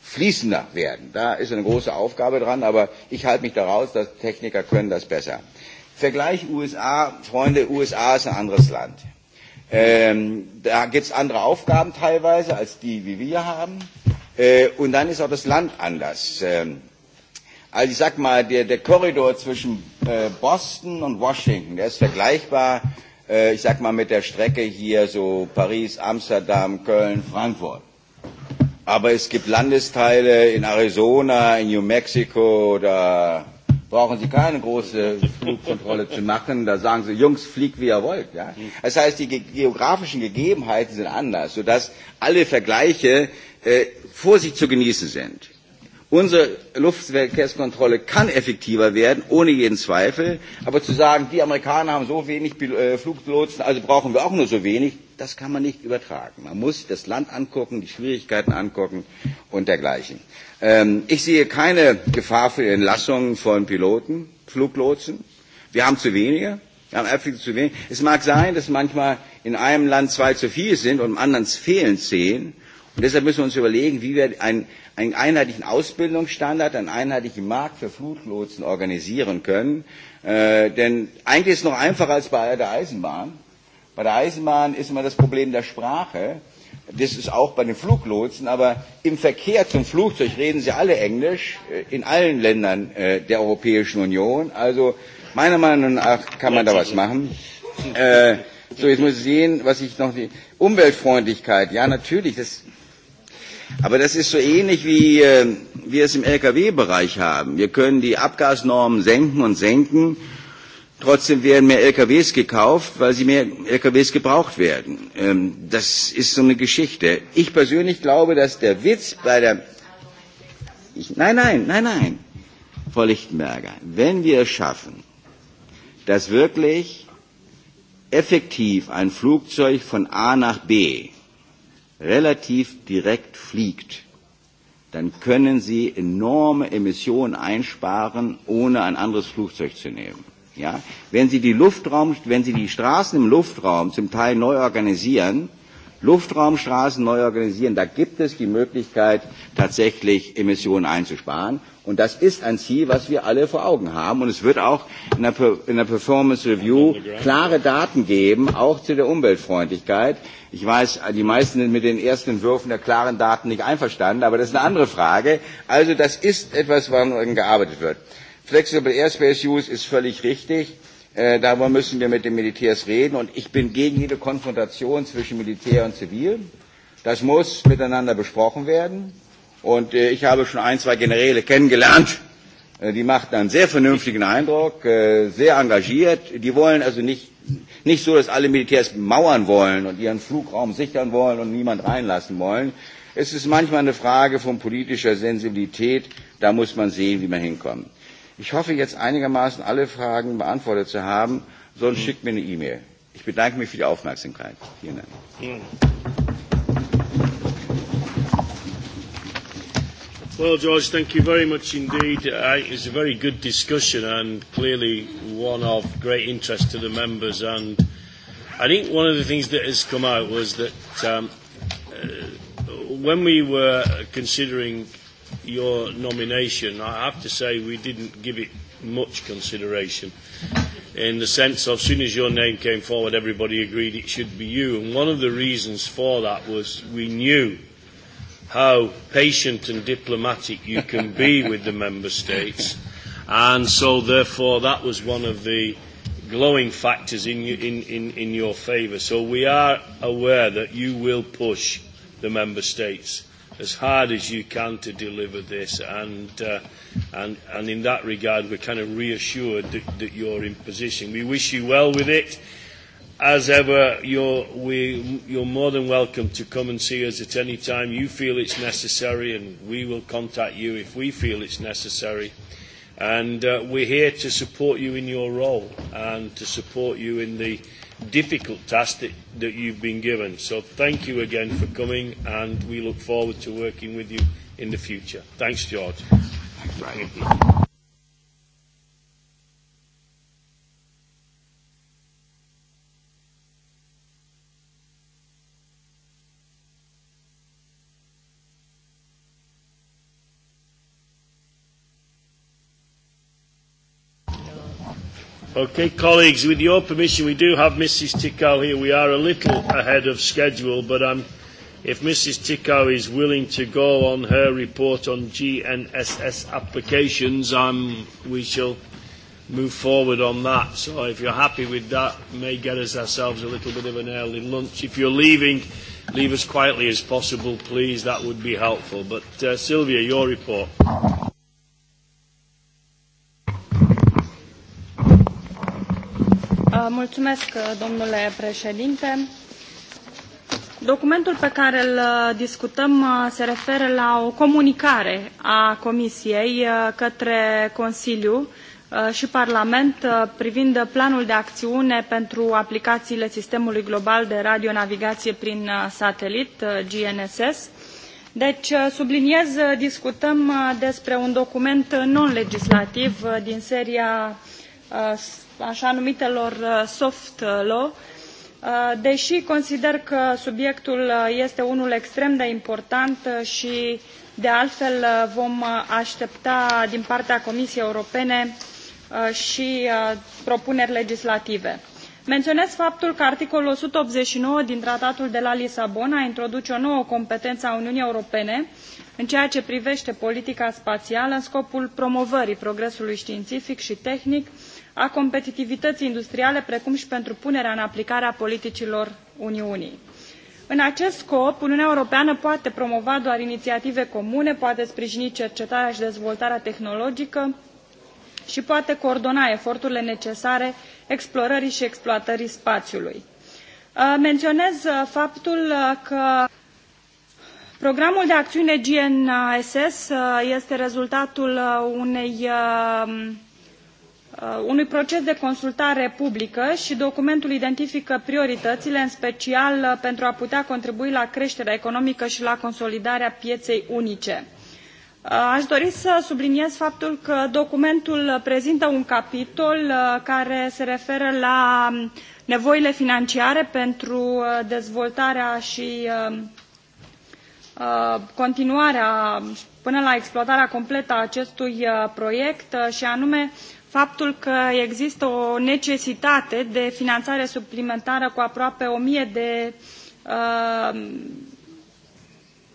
S5: fließender werden. Da ist eine große Aufgabe dran, aber ich halte mich daraus, dass Techniker können das besser. Vergleich USA, Freunde, USA ist ein anderes Land. Ähm, da gibt es andere Aufgaben teilweise als die, wie wir haben. Äh, und dann ist auch das Land anders. Ähm, also ich sag mal, der, der Korridor zwischen äh, Boston und Washington, der ist vergleichbar, äh, ich sag mal, mit der Strecke hier so Paris, Amsterdam, Köln, Frankfurt. Aber es gibt Landesteile in Arizona, in New Mexico, da brauchen Sie keine große Flugkontrolle zu machen. Da sagen Sie, Jungs, fliegt wie ihr wollt. Ja? Das heißt, die ge geografischen Gegebenheiten sind anders, sodass alle Vergleiche äh, Vorsicht zu genießen sind. Unsere Luftverkehrskontrolle kann effektiver werden, ohne jeden Zweifel. Aber zu sagen, die Amerikaner haben so wenig äh, Flugpilotsen, also brauchen wir auch nur so wenig, das kann man nicht übertragen. Man muss das Land angucken, die Schwierigkeiten angucken und dergleichen. Ähm, ich sehe keine Gefahr für Entlassungen von Piloten, Fluglotsen. Wir haben zu wenige. Wir haben einfach zu wenig. Es mag sein, dass manchmal in einem Land zwei zu viel sind und im anderen fehlen zehn. Und deshalb müssen wir uns überlegen, wie wir einen, einen einheitlichen Ausbildungsstandard, einen einheitlichen Markt für Flutlotsen organisieren können. Äh, denn eigentlich ist es noch einfacher als bei der Eisenbahn. Bei der Eisenbahn ist immer das Problem der Sprache. Das ist auch bei den Fluglotsen, aber im Verkehr zum Flugzeug reden sie alle Englisch äh, in allen Ländern äh, der Europäischen Union. Also meiner Meinung nach kann man da was machen. Äh, so, jetzt muss ich sehen, was ich noch die Umweltfreundlichkeit. Ja, natürlich, das Aber das ist so ähnlich, wie äh, wir es im Lkw-Bereich haben. Wir können die Abgasnormen senken und senken. Trotzdem werden mehr LKWs gekauft, weil sie mehr LKWs gebraucht werden. Ähm, das ist so eine Geschichte. Ich persönlich glaube, dass der Witz bei der... Ich, nein, nein, nein, nein, Frau Lichtenberger. Wenn wir es schaffen, dass wirklich effektiv ein Flugzeug von A nach B relativ direkt fliegt, dann können Sie enorme Emissionen einsparen, ohne ein anderes Flugzeug zu nehmen. Ja? Wenn Sie die Luftraum, wenn Sie die Straßen im Luftraum zum Teil neu organisieren, äh, Luftraumstraßen neu organisieren. Da gibt es die Möglichkeit, tatsächlich Emissionen einzusparen. Und das ist ein Ziel, was wir alle vor Augen haben. Und es wird auch in der, in der Performance Review klare Daten geben, auch zu der Umweltfreundlichkeit. Ich weiß, die meisten sind mit den ersten Entwürfen der klaren Daten nicht einverstanden, aber das ist eine andere Frage. Also das ist etwas, woran gearbeitet wird. Flexible Airspace Use ist völlig richtig. Äh, darüber müssen wir mit den Militärs reden. Und ich bin gegen jede Konfrontation zwischen Militär und Zivil. Das muss miteinander besprochen werden. Und äh, ich habe schon ein, zwei Generäle kennengelernt. Äh, die machten einen sehr vernünftigen Eindruck, äh, sehr engagiert. Die wollen also nicht, nicht so, dass alle Militärs mauern wollen und ihren Flugraum sichern wollen und niemand reinlassen wollen. Es ist manchmal eine Frage von politischer Sensibilität. Da muss man sehen, wie man hinkommt. Ich hoffe, jetzt einigermaßen alle Fragen beantwortet zu haben. Sonst schickt mir eine E-Mail. Ich bedanke mich für die Aufmerksamkeit. Vielen Dank.
S1: Vielen Dank. Well, George, thank you very much indeed. I, uh, it's a very good discussion and clearly one of great interest to the members. And I think one of the things that has come out was that um, uh, when we were considering your nomination, I have to say we didn't give it much consideration in the sense of as soon as your name came forward, everybody agreed it should be you. And one of the reasons for that was we knew how patient and diplomatic you can be with the member states. And so, therefore, that was one of the glowing factors in, in, in, in your favour. So we are aware that you will push the member states as hard as you can to deliver this. And, uh, and, and in that regard, we're kind of reassured that, that you're in position. We wish you well with it. As ever, you're, we, you're more than welcome to come and see us at any time you feel it's necessary, and we will contact you if we feel it's necessary. And uh, we're here to support you in your role and to support you in the uh, difficult task that, that you've been given. So thank you again for coming, and we look forward to working with you in the future. Thanks, George. Thanks, Brian. Thank you. Okay, colleagues, with your permission, we do have Mrs. Tikau here. We are a little ahead of schedule, but um, if Mrs. Tikau is willing to go on her report on GNSS applications, um, we shall move forward on that. So if you're happy with that, may get us ourselves a little bit of an early lunch. If you're leaving, leave as quietly as possible, please. That would be helpful. But uh, Sylvia, your report.
S9: Mulțumesc, domnule președinte. Documentul pe care îl uh, discutăm uh, se referă la o comunicare a Comisiei uh, către Consiliu și Parlament privind planul de acțiune pentru aplicațiile sistemului global de radionavigație prin satelit, GNSS. Deci, subliniez, discutăm despre un document non-legislativ din seria uh, Uh, așa numitelor uh, soft uh, law, deși consider că subiectul este unul extrem de important și de altfel vom aștepta din partea Comisiei Europene și propuneri legislative. Menționez faptul că articolul 189 din Tratatul de la Lisabona introduce o nouă competență a Uniunii Europene în ceea ce privește politica spațială în scopul promovării progresului științific și tehnic, a competitivității industriale, precum și pentru punerea în aplicare a politicilor Uniunii. În acest scop, Uniunea Europeană poate promova doar inițiative comune, poate sprijini cercetarea și dezvoltarea tehnologică și poate coordona eforturile necesare explorării și exploatării spațiului. Uh, menționez uh, faptul uh, că programul de acțiune GNSS este rezultatul unei Uh, unui proces de consultare publică și documentul identifică prioritățile, în special uh, pentru a putea contribui la creșterea economică și la consolidarea pieței unice. Uh, aș dori să subliniez faptul că documentul prezintă un capitol care se referă la um, nevoile financiare pentru dezvoltarea și um, continuarea până la exploatarea completă a acestui proiect și anume faptul că există o necesitate de finanțare suplimentară cu aproape 1000 de uh,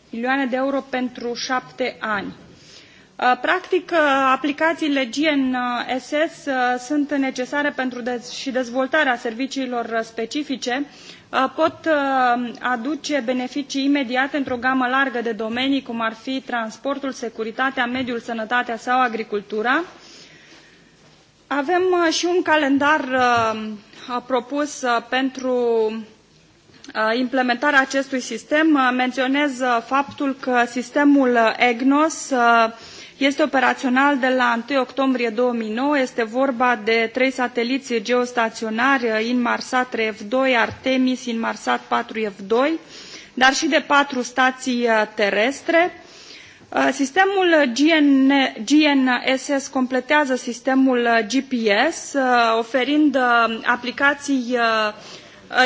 S9: milioane de euro pentru șapte ani. Uh, practic, uh, aplicațiile GNSS uh, sunt necesare pentru dez- și dezvoltarea serviciilor specifice, pot aduce beneficii imediate într-o gamă largă de domenii, cum ar fi transportul, securitatea, mediul, sănătatea sau agricultura, Avem uh, și un calendar uh, propus uh, pentru implementarea acestui sistem. Menționez faptul că sistemul EGNOS este operațional de la 1 octombrie 2009. Este vorba de trei sateliți geostaționari, Inmarsat 3F2, Artemis, Inmarsat 4F2, dar și de patru stații terestre Uh, sistemul GN, e, GNSS completează sistemul uh, GPS, uh, oferind aplicații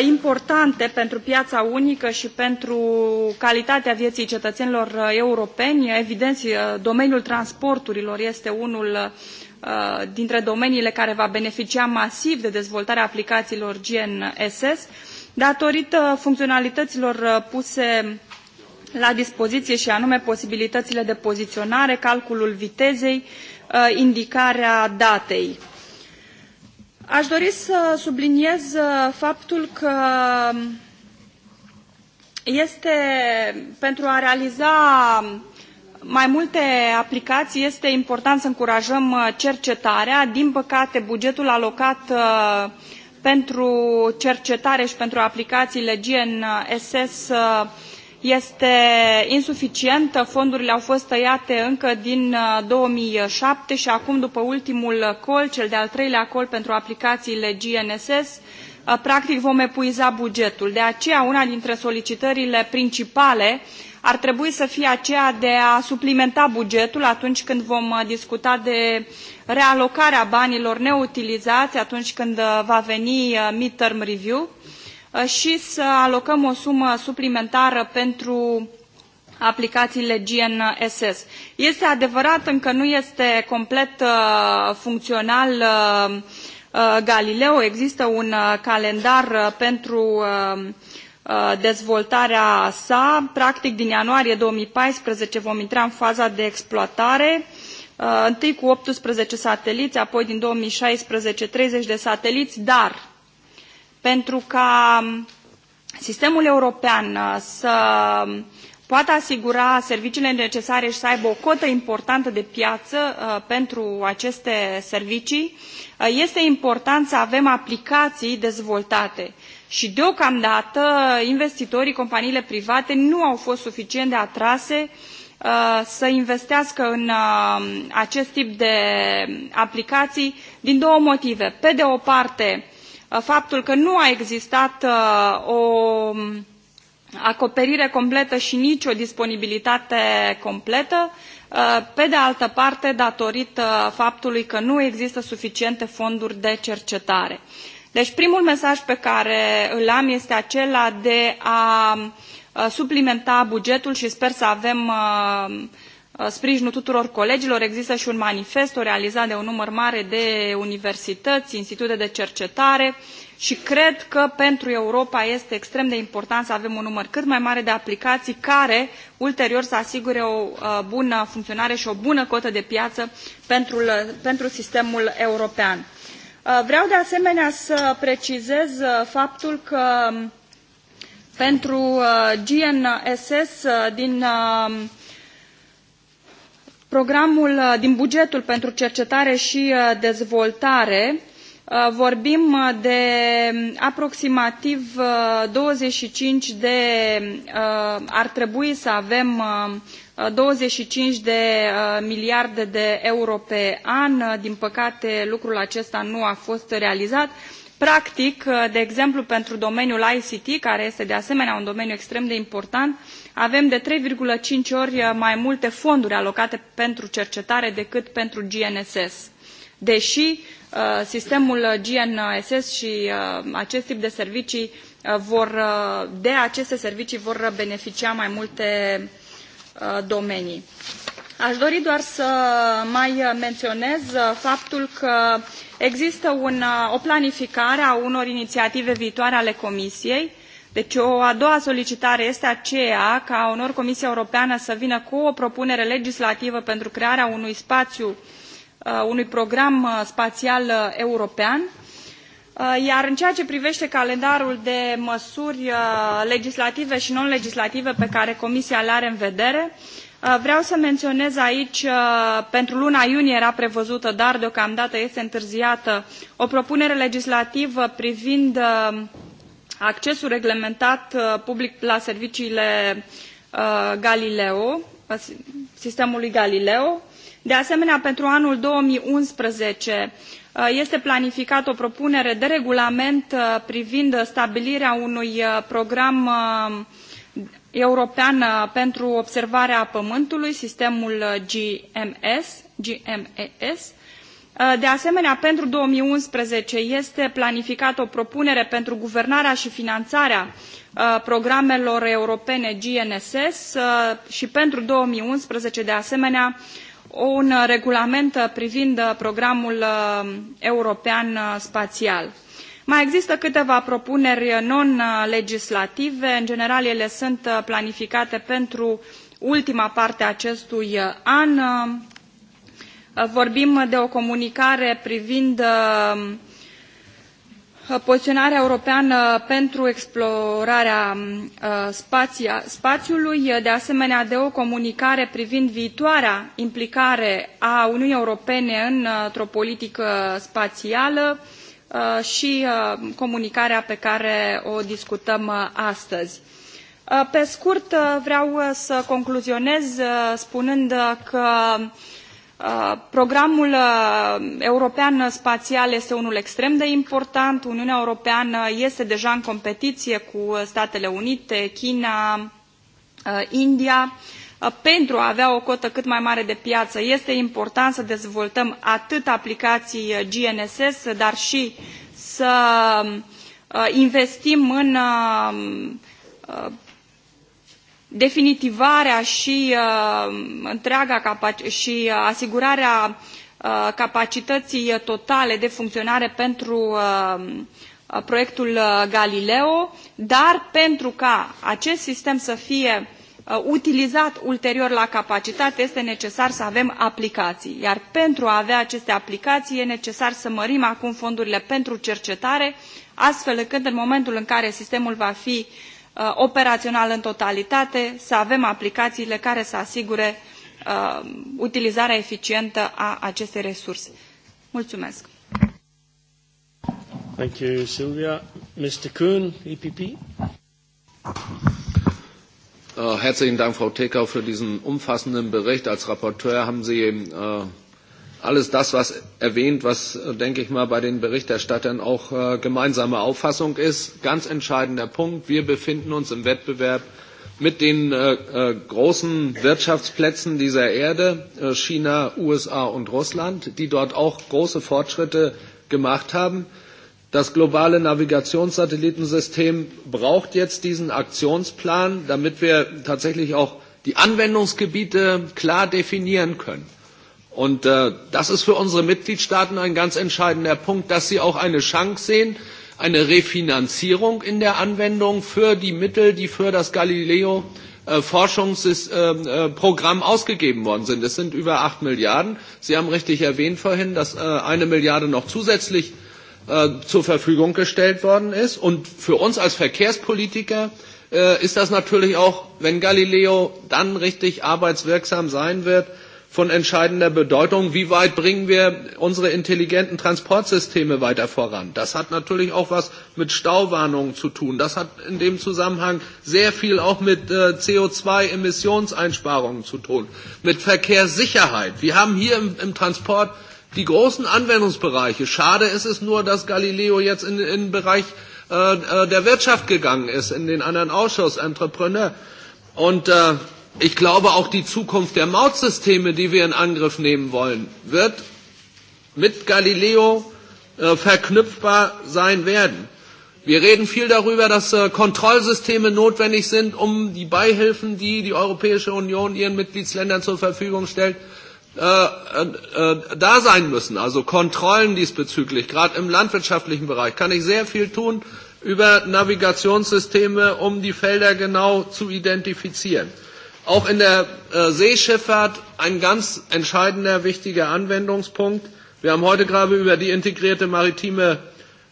S9: importante pentru piața unică și pentru calitatea vieții cetățenilor europeni. Evident, domeniul transporturilor este unul dintre domeniile care va beneficia masiv de dezvoltarea aplicațiilor GNSS, datorită funcționalităților puse la dispoziție și anume posibilitățile de poziționare, calculul vitezei, uh, indicarea datei. Aș dori să subliniez uh, faptul că este pentru a realiza mai multe aplicații este important să încurajăm uh, cercetarea. Din păcate, bugetul alocat pentru cercetare și pentru aplicațiile GNSS este insuficientă fondurile au fost tăiate încă din uh, două mii șapte și acum după ultimul col cel de al treilea col pentru aplicațiile gnss uh, practic vom epuiza bugetul. de aceea una dintre solicitările principale ar trebui să fie aceea de a suplimenta bugetul atunci când vom uh, discuta de realocarea banilor neutilizați atunci când va veni mid term review și să alocăm o sumă suplimentară pentru aplicațiile GNSS. Este adevărat, încă nu este complet funcțional Galileo, există un calendar pentru dezvoltarea sa. Practic, din ianuarie 2014 vom intra în faza de exploatare, întâi cu 18 sateliți, apoi din 2016 30 de sateliți, dar pentru ca sistemul european uh, să poată asigura serviciile necesare și să aibă o cotă importantă de piață uh, pentru aceste servicii, uh, este important să avem aplicații dezvoltate. Și deocamdată investitorii, companiile private nu au fost suficient de atrase să investească în acest tip de aplicații din două motive. Pe de o parte, Uh, faptul că nu a existat uh, o um, acoperire completă și nici o disponibilitate completă uh, pe de altă parte datorită faptului că nu există suficiente fonduri de cercetare. deci primul mesaj pe care îl am este acela de a suplimenta bugetul și sper să avem uh, Uh, sprijinul tuturor colegilor există și un manifest realizat de un număr mare de universități institute de cercetare și cred că pentru europa este extrem de important să avem un număr cât mai mare de aplicații care ulterior să asigure o uh, bună funcționare și o bună cotă de piață pentru, pentru sistemul european. Uh, vreau de asemenea să precizez faptul că um, pentru GNSS din programul, uh, din bugetul pentru cercetare și uh, dezvoltare uh, vorbim de aproximativ 25 de, ar trebui să avem 25 de miliarde de euro pe an. Din păcate, lucrul acesta nu a fost realizat. Practic, de exemplu, pentru domeniul ICT, care este de asemenea un domeniu extrem de important, avem de trei cinci ori uh, mai multe fonduri alocate pentru cercetare decât pentru gnss deși uh, sistemul uh, GNSS și acest tip de servicii vor, de aceste servicii vor beneficia mai multe domenii. Aș dori doar să mai menționez faptul că există un, o planificare a unor inițiative viitoare ale Comisiei uh, Deci o a doua solicitare este aceea ca onor Comisia Europeană să vină cu o propunere legislativă pentru crearea unui spațiu, uh, unui program uh, spațial uh, european. Iar în ceea ce privește calendarul de măsuri legislative și non-legislative pe care Comisia le are în vedere, Vreau să menționez aici, pentru luna iunie era prevăzută, dar deocamdată este întârziată, o propunere legislativă privind accesul reglementat uh, public la serviciile uh, Galileo, uh, sistemului Galileo. De asemenea, pentru anul 2011 este planificată o propunere de regulament privind stabilirea unui program european pentru observarea Pământului, sistemul GMS, GMES, Uh, de asemenea, pentru 2011 este planificată o propunere pentru guvernarea și finanțarea uh, programelor europene GNSS uh, și pentru 2011, de asemenea, un regulament privind programul european spațial. Mai există câteva propuneri non-legislative, în general ele sunt planificate pentru ultima parte a acestui an, Uh, vorbim de o comunicare privind uh, poziționarea europeană pentru explorarea um, uh, spația, spațiului, de asemenea de o comunicare privind viitoarea implicare a Uniunii Europene într-o politică spațială și comunicarea pe care o discutăm astăzi. Pe scurt, vreau să concluzionez spunând că Uh, programul uh, european spațial este unul extrem de important. Uniunea Europeană este deja în competiție cu Statele Unite, China, uh, India. Pentru a avea o cotă cât mai mare de piață, este important să dezvoltăm atât aplicații GNSS, dar și să investim în definitivarea și uh, întreaga și uh, asigurarea uh, capacității totale de funcționare pentru uh, uh proiectul uh, Galileo, dar pentru ca acest sistem să fie utilizat ulterior la capacitate este necesar să avem aplicații iar pentru a avea aceste aplicații e necesar să mărim acum fondurile pentru cercetare astfel încât în momentul în care sistemul va fi uh, Uh, operațional în totalitate, să avem aplicațiile care să asigure uh, utilizarea eficientă a acestei resurse. Mulțumesc!
S1: Thank you, Silvia. Mr. Kuhn, EPP.
S13: Uh, herzlichen Dank, Frau Tekau, für diesen umfassenden Bericht. Als Rapporteur haben Sie äh, alles das, was erwähnt, was, äh, denke ich mal, bei den Berichterstattern auch äh, gemeinsame Auffassung ist. Ganz entscheidender Punkt. Wir befinden uns im Wettbewerb mit den äh, äh, großen Wirtschaftsplätzen dieser Erde, äh, China, USA und Russland, die dort auch große Fortschritte gemacht haben. Das globale Navigationssatellitensystem braucht jetzt diesen Aktionsplan, damit wir tatsächlich auch die Anwendungsgebiete klar definieren können. Und äh, das ist für unsere Mitgliedstaaten ein ganz entscheidender Punkt, dass sie auch eine Chance sehen, eine Refinanzierung in der Anwendung für die Mittel, die für das Galileo äh, Forschungsprogramm ähm, äh, ausgegeben worden sind. Es sind über acht Milliarden. Sie haben richtig erwähnt vorhin, dass äh, eine Milliarde noch zusätzlich äh, zur Verfügung gestellt worden ist. Und für uns als Verkehrspolitiker äh, ist das natürlich auch, wenn Galileo dann richtig arbeitswirksam sein wird, äh, von entscheidender Bedeutung. Wie weit bringen wir unsere intelligenten Transportsysteme weiter voran? Das hat natürlich auch was mit Stauwarnungen zu tun. Das hat in dem Zusammenhang sehr viel auch mit äh, CO2-Emissionseinsparungen zu tun, mit Verkehrssicherheit. Wir haben hier im, im Transport die großen Anwendungsbereiche. Schade ist es nur, dass Galileo jetzt in, in den Bereich äh, äh der Wirtschaft gegangen ist, in den anderen Ausschuss, Entrepreneur. Und äh, ich glaube, auch die Zukunft der Mautsysteme, die wir in Angriff nehmen wollen, wird mit Galileo äh, verknüpfbar sein werden. Wir reden viel darüber, dass äh, Kontrollsysteme notwendig sind, um die Beihilfen, die die Europäische Union ihren Mitgliedsländern zur Verfügung stellt, äh, äh, äh da sein müssen. Also Kontrollen diesbezüglich, gerade im landwirtschaftlichen Bereich, kann ich sehr viel tun über Navigationssysteme, um die Felder genau zu identifizieren. Auch in der äh, Seeschifffahrt ein ganz entscheidender, wichtiger Anwendungspunkt. Wir haben heute gerade über die integrierte maritime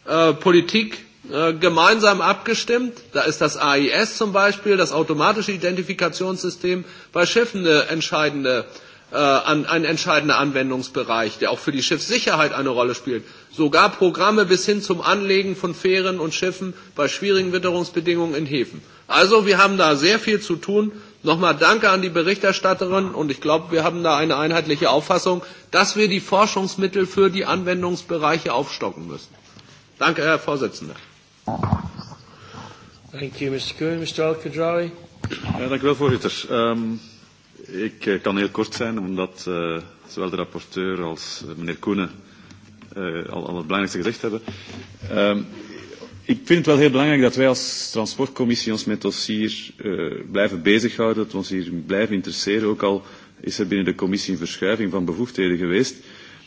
S13: äh, Politik äh, gemeinsam abgestimmt. Da ist das AIS zum Beispiel, das automatische Identifikationssystem bei Schiffen eine entscheidende, äh, an, ein entscheidender Anwendungsbereich, der auch für die Schiffssicherheit eine Rolle spielt. Sogar Programme bis hin zum Anlegen von Fähren und Schiffen bei schwierigen Witterungsbedingungen in Häfen. Also wir haben da sehr viel zu tun Nochmal danke an die Berichterstatterin und ich glaube, wir haben da eine einheitliche Auffassung, dass wir die Forschungsmittel für die Anwendungsbereiche aufstocken müssen. Danke, Herr Vorsitzender.
S1: Thank you, Mr. Kuhn. Mr. Al-Khadrawi.
S13: Ja, dank u wel,
S6: voorzitter. Um, ik uh, kan heel kort zijn, omdat uh, zowel de rapporteur als uh, meneer Koenen uh, al, al het belangrijkste gezegd hebben. Um, Ik vind het wel heel belangrijk dat wij als transportcommissie ons met dossier uh, blijven bezighouden, dat we ons hier blijven interesseren, ook al is er binnen de commissie een verschuiving van bevoegdheden geweest,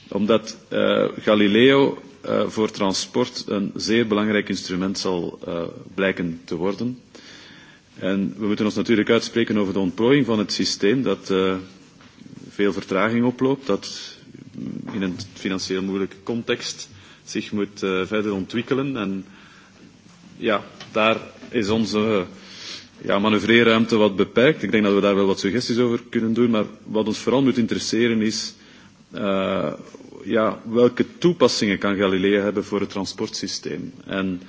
S6: omdat uh, Galileo uh, voor transport een zeer belangrijk instrument zal uh, blijken te worden. En we moeten ons natuurlijk uitspreken over de ontplooiing van het systeem dat uh, veel vertraging oploopt, dat in een financieel moeilijke context zich moet uh, verder ontwikkelen en ja, daar is onze ja, manoeuvreerruimte wat beperkt. Ik denk dat we daar wel wat suggesties over kunnen doen, maar wat ons vooral moet interesseren is uh, ja, welke toepassingen kan Galileo hebben voor het transportsysteem? En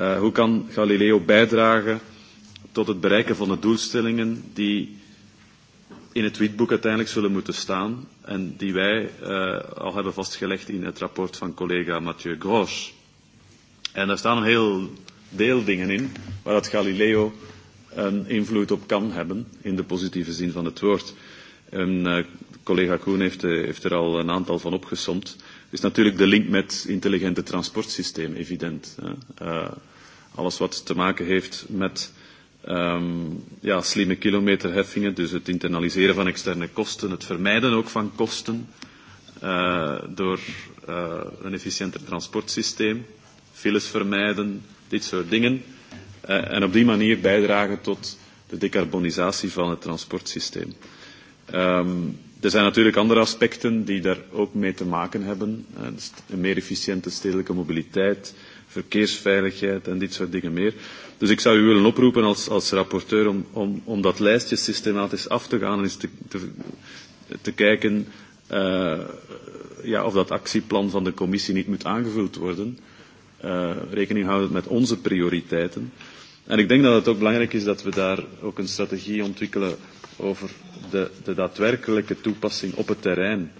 S6: uh, hoe kan Galileo bijdragen tot het bereiken van de doelstellingen die in het witboek uiteindelijk zullen moeten staan en die wij uh, al hebben vastgelegd in het rapport van collega Mathieu Grosch. En daar staan een heel deeldingen in waar dat Galileo een invloed op kan hebben, in de positieve zin van het woord. En, uh, collega Koen heeft, uh, heeft er al een aantal van opgesomd. Is natuurlijk de link met intelligente transportsystemen evident. Hè? Uh, alles wat te maken heeft met um, ja, slimme kilometerheffingen, dus het internaliseren van externe kosten, het vermijden ook van kosten uh, door uh, een efficiënter transportsysteem, files vermijden, uh, dit soort dingen. Uh, en op die manier bijdragen tot de decarbonisatie van het transportsysteem. Um, er zijn natuurlijk andere aspecten die daar ook mee te maken hebben. Uh, een meer efficiënte stedelijke mobiliteit, verkeersveiligheid en dit soort dingen meer. Dus ik zou u willen oproepen als, als rapporteur om, om, om dat lijstje systematisch af te gaan en eens te, te, te kijken uh, ja, of dat actieplan van de commissie niet moet aangevuld worden. Uh, uh, rekening houden met onze prioriteiten. En ik denk dat het ook belangrijk is dat we daar ook een strategie ontwikkelen over de, de daadwerkelijke toepassing op het terrein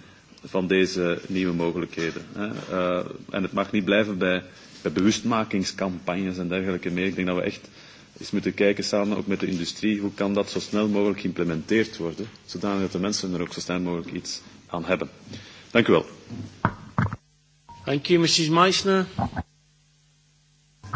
S6: van deze nieuwe mogelijkheden. Hè. Uh, en het mag niet blijven bij, bij bewustmakingscampagnes en dergelijke meer. Ik denk dat we echt eens moeten kijken samen ook met de industrie hoe kan dat zo snel mogelijk geïmplementeerd worden, zodanig dat de mensen er ook zo snel mogelijk iets aan hebben. Dank u wel. Dank u, Mrs. Meissner.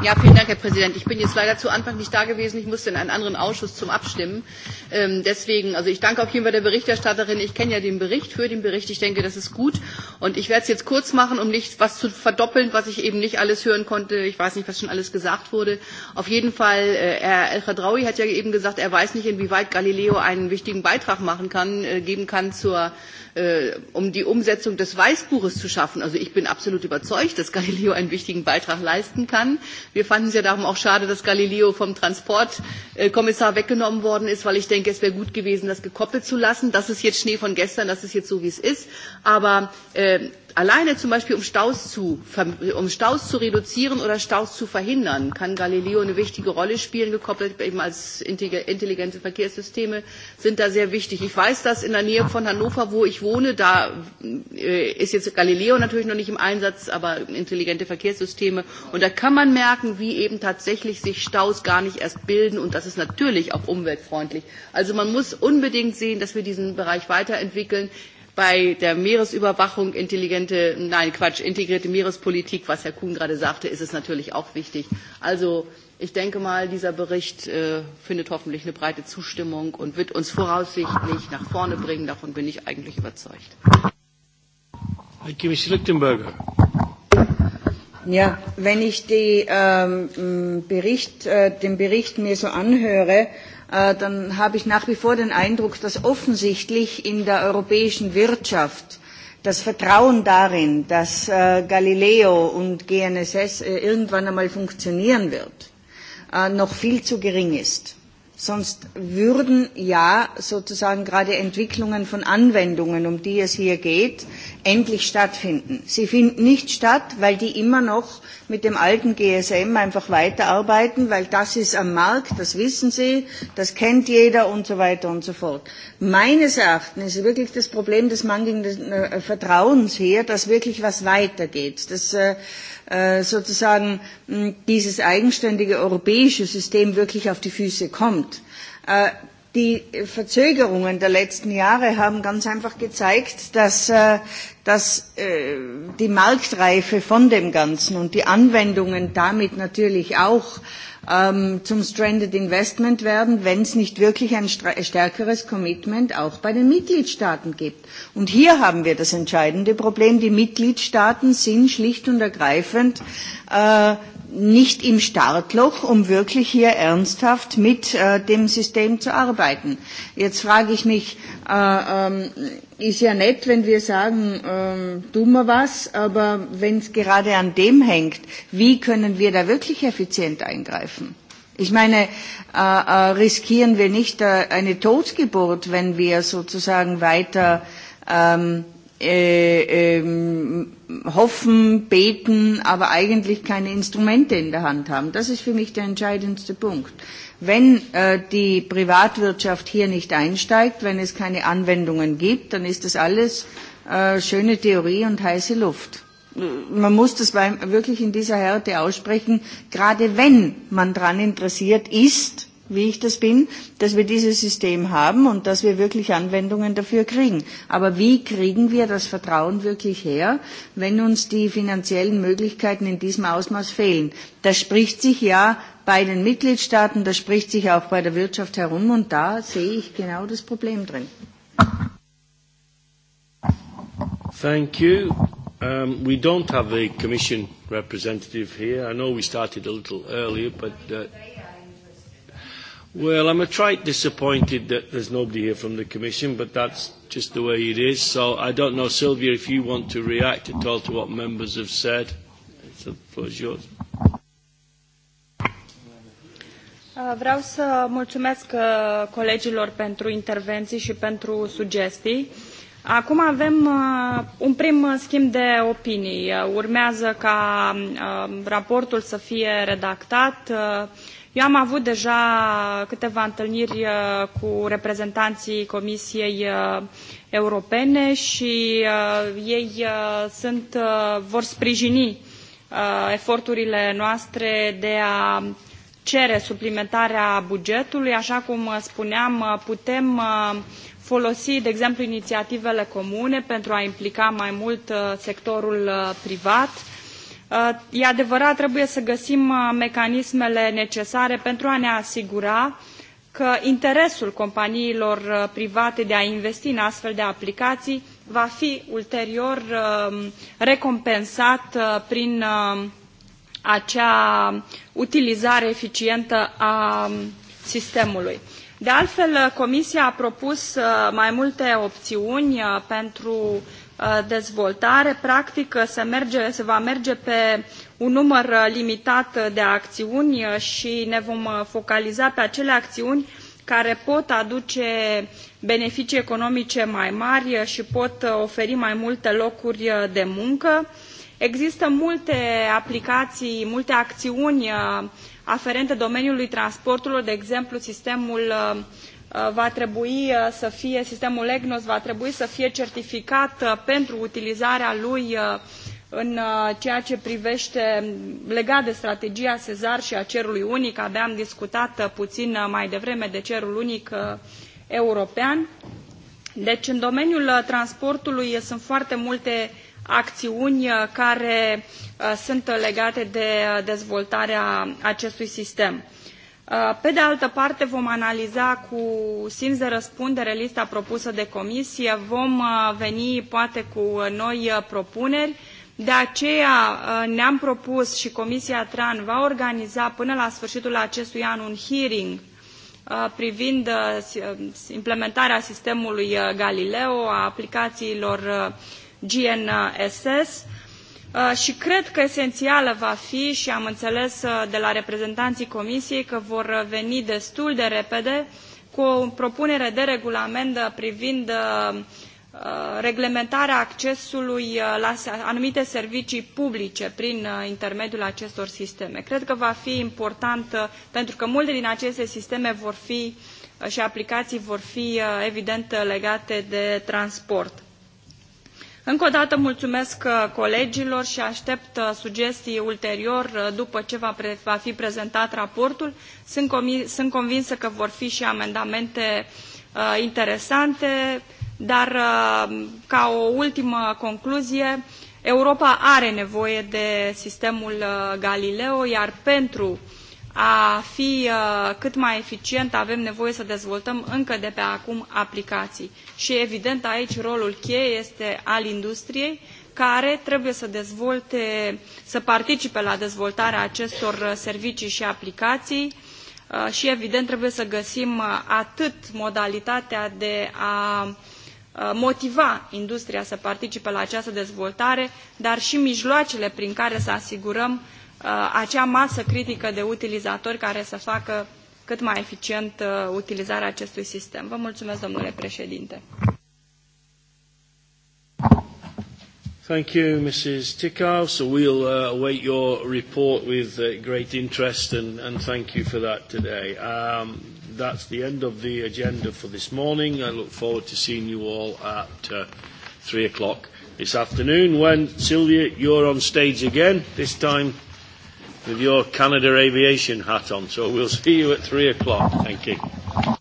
S7: Ja, vielen Dank, Herr Präsident. Ich bin jetzt leider zu Anfang nicht da gewesen. Ich musste in einen anderen Ausschuss zum Abstimmen. Ähm, deswegen, also ich danke auf jeden Fall der Berichterstatterin. Ich kenne ja den Bericht für den Bericht. Ich denke, das ist gut. Und ich werde es jetzt kurz machen, um nicht was zu verdoppeln, was ich eben nicht alles hören konnte. Ich weiß nicht, was schon alles gesagt wurde. Auf jeden Fall, äh, Herr El-Khadraoui hat ja eben gesagt, er weiß nicht, inwieweit Galileo einen wichtigen Beitrag machen kann, äh, geben kann zur äh, um die Umsetzung des Weißbuches zu schaffen. Also ich bin absolut überzeugt, dass Galileo einen wichtigen Beitrag leisten kann. Wir fanden es ja darum auch schade, dass Galileo vom Transportkommissar weggenommen worden ist, weil ich denke, es wäre gut gewesen, das gekoppelt zu lassen. Das ist jetzt Schnee von gestern, das ist jetzt so, wie es ist. Aber äh, alleine zum Beispiel um Staus, zu, um Staus zu reduzieren oder Staus zu verhindern, kann Galileo eine wichtige Rolle spielen, gekoppelt eben als intelligente Verkehrssysteme sind da sehr wichtig. Ich weiß, dass in der Nähe von Hannover, wo ich wohne, da äh, ist jetzt Galileo natürlich noch nicht im Einsatz, aber intelligente Verkehrssysteme. Und da kann man merken, wie eben tatsächlich sich Staus gar nicht erst bilden. Und das ist natürlich auch umweltfreundlich. Also man muss unbedingt sehen, dass wir diesen Bereich weiterentwickeln bei der Meeresüberwachung intelligente, nein Quatsch, integrierte Meerespolitik, was Herr Kuhn gerade sagte, ist es natürlich auch wichtig. Also ich denke mal, dieser Bericht äh, findet hoffentlich eine breite Zustimmung und wird uns voraussichtlich nach vorne bringen. Davon bin ich eigentlich überzeugt.
S1: Danke, Ms. Lichtenberger.
S2: Ja, wenn ich die, ähm, Bericht, äh, den Bericht mir so anhöre, Äh, dann habe ich nach wie vor den Eindruck, dass offensichtlich in der europäischen Wirtschaft das Vertrauen darin, dass äh, Galileo und GNSS äh, irgendwann einmal funktionieren wird, noch viel zu gering ist. Sonst würden ja sozusagen gerade Entwicklungen von Anwendungen, um die es hier geht, endlich stattfinden. Sie finden nicht statt, weil die immer noch mit dem alten GSM einfach weiterarbeiten, weil das ist am Markt, das wissen Sie, das kennt jeder und so weiter und so fort. Meines Erachtens ist wirklich das Problem des mangelnden äh, Vertrauens hier, dass wirklich was weitergeht. Das, äh, Äh, sozusagen mm, dieses eigenständige europäische System wirklich auf die Füße kommt. Äh, die Verzögerungen der letzten Jahre haben ganz einfach gezeigt, dass, äh, dass die Marktreife von dem Ganzen und die Anwendungen damit natürlich auch ähm, zum Stranded Investment werden, wenn es nicht wirklich ein stärkeres Commitment auch bei den Mitgliedstaaten gibt. Und hier haben wir das entscheidende Problem. Die Mitgliedstaaten sind schlicht und ergreifend äh, nicht im Startloch, um wirklich hier ernsthaft mit äh, dem System zu arbeiten. Jetzt frage ich mich, äh, ähm, ist ja nett, wenn wir sagen, äh, tun wir was, aber wenn es gerade an dem hängt, wie können wir da wirklich effizient eingreifen? Ich meine, äh, äh, riskieren wir nicht äh, eine Totgeburt, wenn wir sozusagen weiter ähm, äh, ähm, hoffen, beten, aber eigentlich keine Instrumente in der Hand haben. Das ist für mich der entscheidendste Punkt. Wenn äh, die Privatwirtschaft hier nicht einsteigt, wenn es keine Anwendungen gibt, dann ist das alles äh, schöne Theorie und heiße Luft. Man muss das bei, wirklich in dieser Härte aussprechen, gerade wenn man daran interessiert ist, wie ich das bin, dass wir dieses System haben und dass wir wirklich Anwendungen dafür kriegen. Aber wie kriegen wir das Vertrauen wirklich her, wenn uns die finanziellen Möglichkeiten in diesem Ausmaß fehlen? Das spricht sich ja bei den Mitgliedstaaten, das spricht sich auch bei der Wirtschaft herum und da sehe ich genau das Problem drin.
S1: Thank you. Um, we don't have a Commission representative here. I know we started a little earlier, but uh, Well, I'm a trite disappointed that there's nobody here from the Commission, but that's just the way it is. So I don't know, Sylvia, if you want to react at all to what members have said. The floor is yours.
S9: Uh, vreau să mulțumesc uh, colegilor pentru intervenții și pentru sugestii. Acum avem uh, un prim schimb de opinii. Urmează ca raportul să fie redactat Eu am avut deja câteva întâlniri uh, cu reprezentanții Comisiei uh, Europene și uh, ei sunt, vor sprijini eforturile noastre de a cere suplimentarea bugetului. Așa cum spuneam, putem folosi, de exemplu, inițiativele comune pentru a implica mai mult sectorul privat Uh, e adevărat, trebuie să găsim uh, mecanismele necesare pentru a ne asigura că interesul companiilor uh, private de a investi în astfel de aplicații va fi ulterior um, recompensat prin um, acea utilizare eficientă a um, sistemului. De altfel, Comisia a propus mai multe opțiuni pentru Uh, dezvoltare, practic se, merge, se va merge pe un număr uh, limitat uh, de acțiuni și ne vom focaliza pe acele acțiuni care pot aduce beneficii economice mai mari și pot oferi mai multe locuri de muncă. Există multe aplicații, multe acțiuni aferente domeniului transporturilor, de exemplu sistemul uh, Uh, va trebui uh, să fie, sistemul EGNOS va trebui să fie certificat uh, pentru utilizarea lui în ceea ce privește mm, legat de strategia Sezar și a cerului unic. Abia am discutat puțin mai devreme de cerul unic european. Deci în domeniul transportului sunt foarte multe acțiuni care sunt legate de dezvoltarea acestui sistem. Uh, pe de altă parte, vom analiza cu simț de răspundere lista propusă de comisie, vom uh, veni poate cu noi uh, propuneri. De aceea ne-am propus și Comisia TRAN va organiza până la sfârșitul acestui an un hearing privind implementarea sistemului Galileo, a aplicațiilor GNSS, Uh, și cred că esențială va fi și am înțeles uh, de la reprezentanții Comisiei că vor veni destul de repede cu o propunere de regulament uh, privind reglementarea accesului la anumite servicii publice prin intermediul acestor sisteme. Cred că va fi important pentru că multe din aceste sisteme vor fi și aplicații vor fi evident legate de transport. Încă o dată mulțumesc uh, colegilor și aștept uh, sugestii ulterior uh, după ce va, pre, va fi prezentat raportul. Sunt, comi, sunt convinsă că vor fi și amendamente uh, interesante, dar uh, ca o ultimă concluzie, Europa are nevoie de sistemul uh, Galileo, iar pentru uh, a fi uh, cât mai eficient, avem nevoie să dezvoltăm încă de pe acum aplicații. Și evident aici rolul cheie este al industriei, care trebuie să dezvolte, să participe la dezvoltarea acestor uh, servicii și aplicații uh, și evident trebuie să găsim uh, atât modalitatea de a uh, motiva industria să participe la această dezvoltare, dar și mijloacele prin care să asigurăm uh, Uh, acea masă critică de utilizatori care să facă cât mai eficient uh, utilizarea acestui sistem. Vă mulțumesc, domnule președinte.
S1: Thank you, Mrs. Tickow. So we'll uh, await your report with uh, great interest and, and thank you for that today. Um, that's the end of the agenda for this morning. I look forward to seeing you all at uh, 3 o'clock this afternoon when, Sylvia, you're on stage again, this time with your Canada aviation hat on. So we'll see you at three o'clock. Thank you.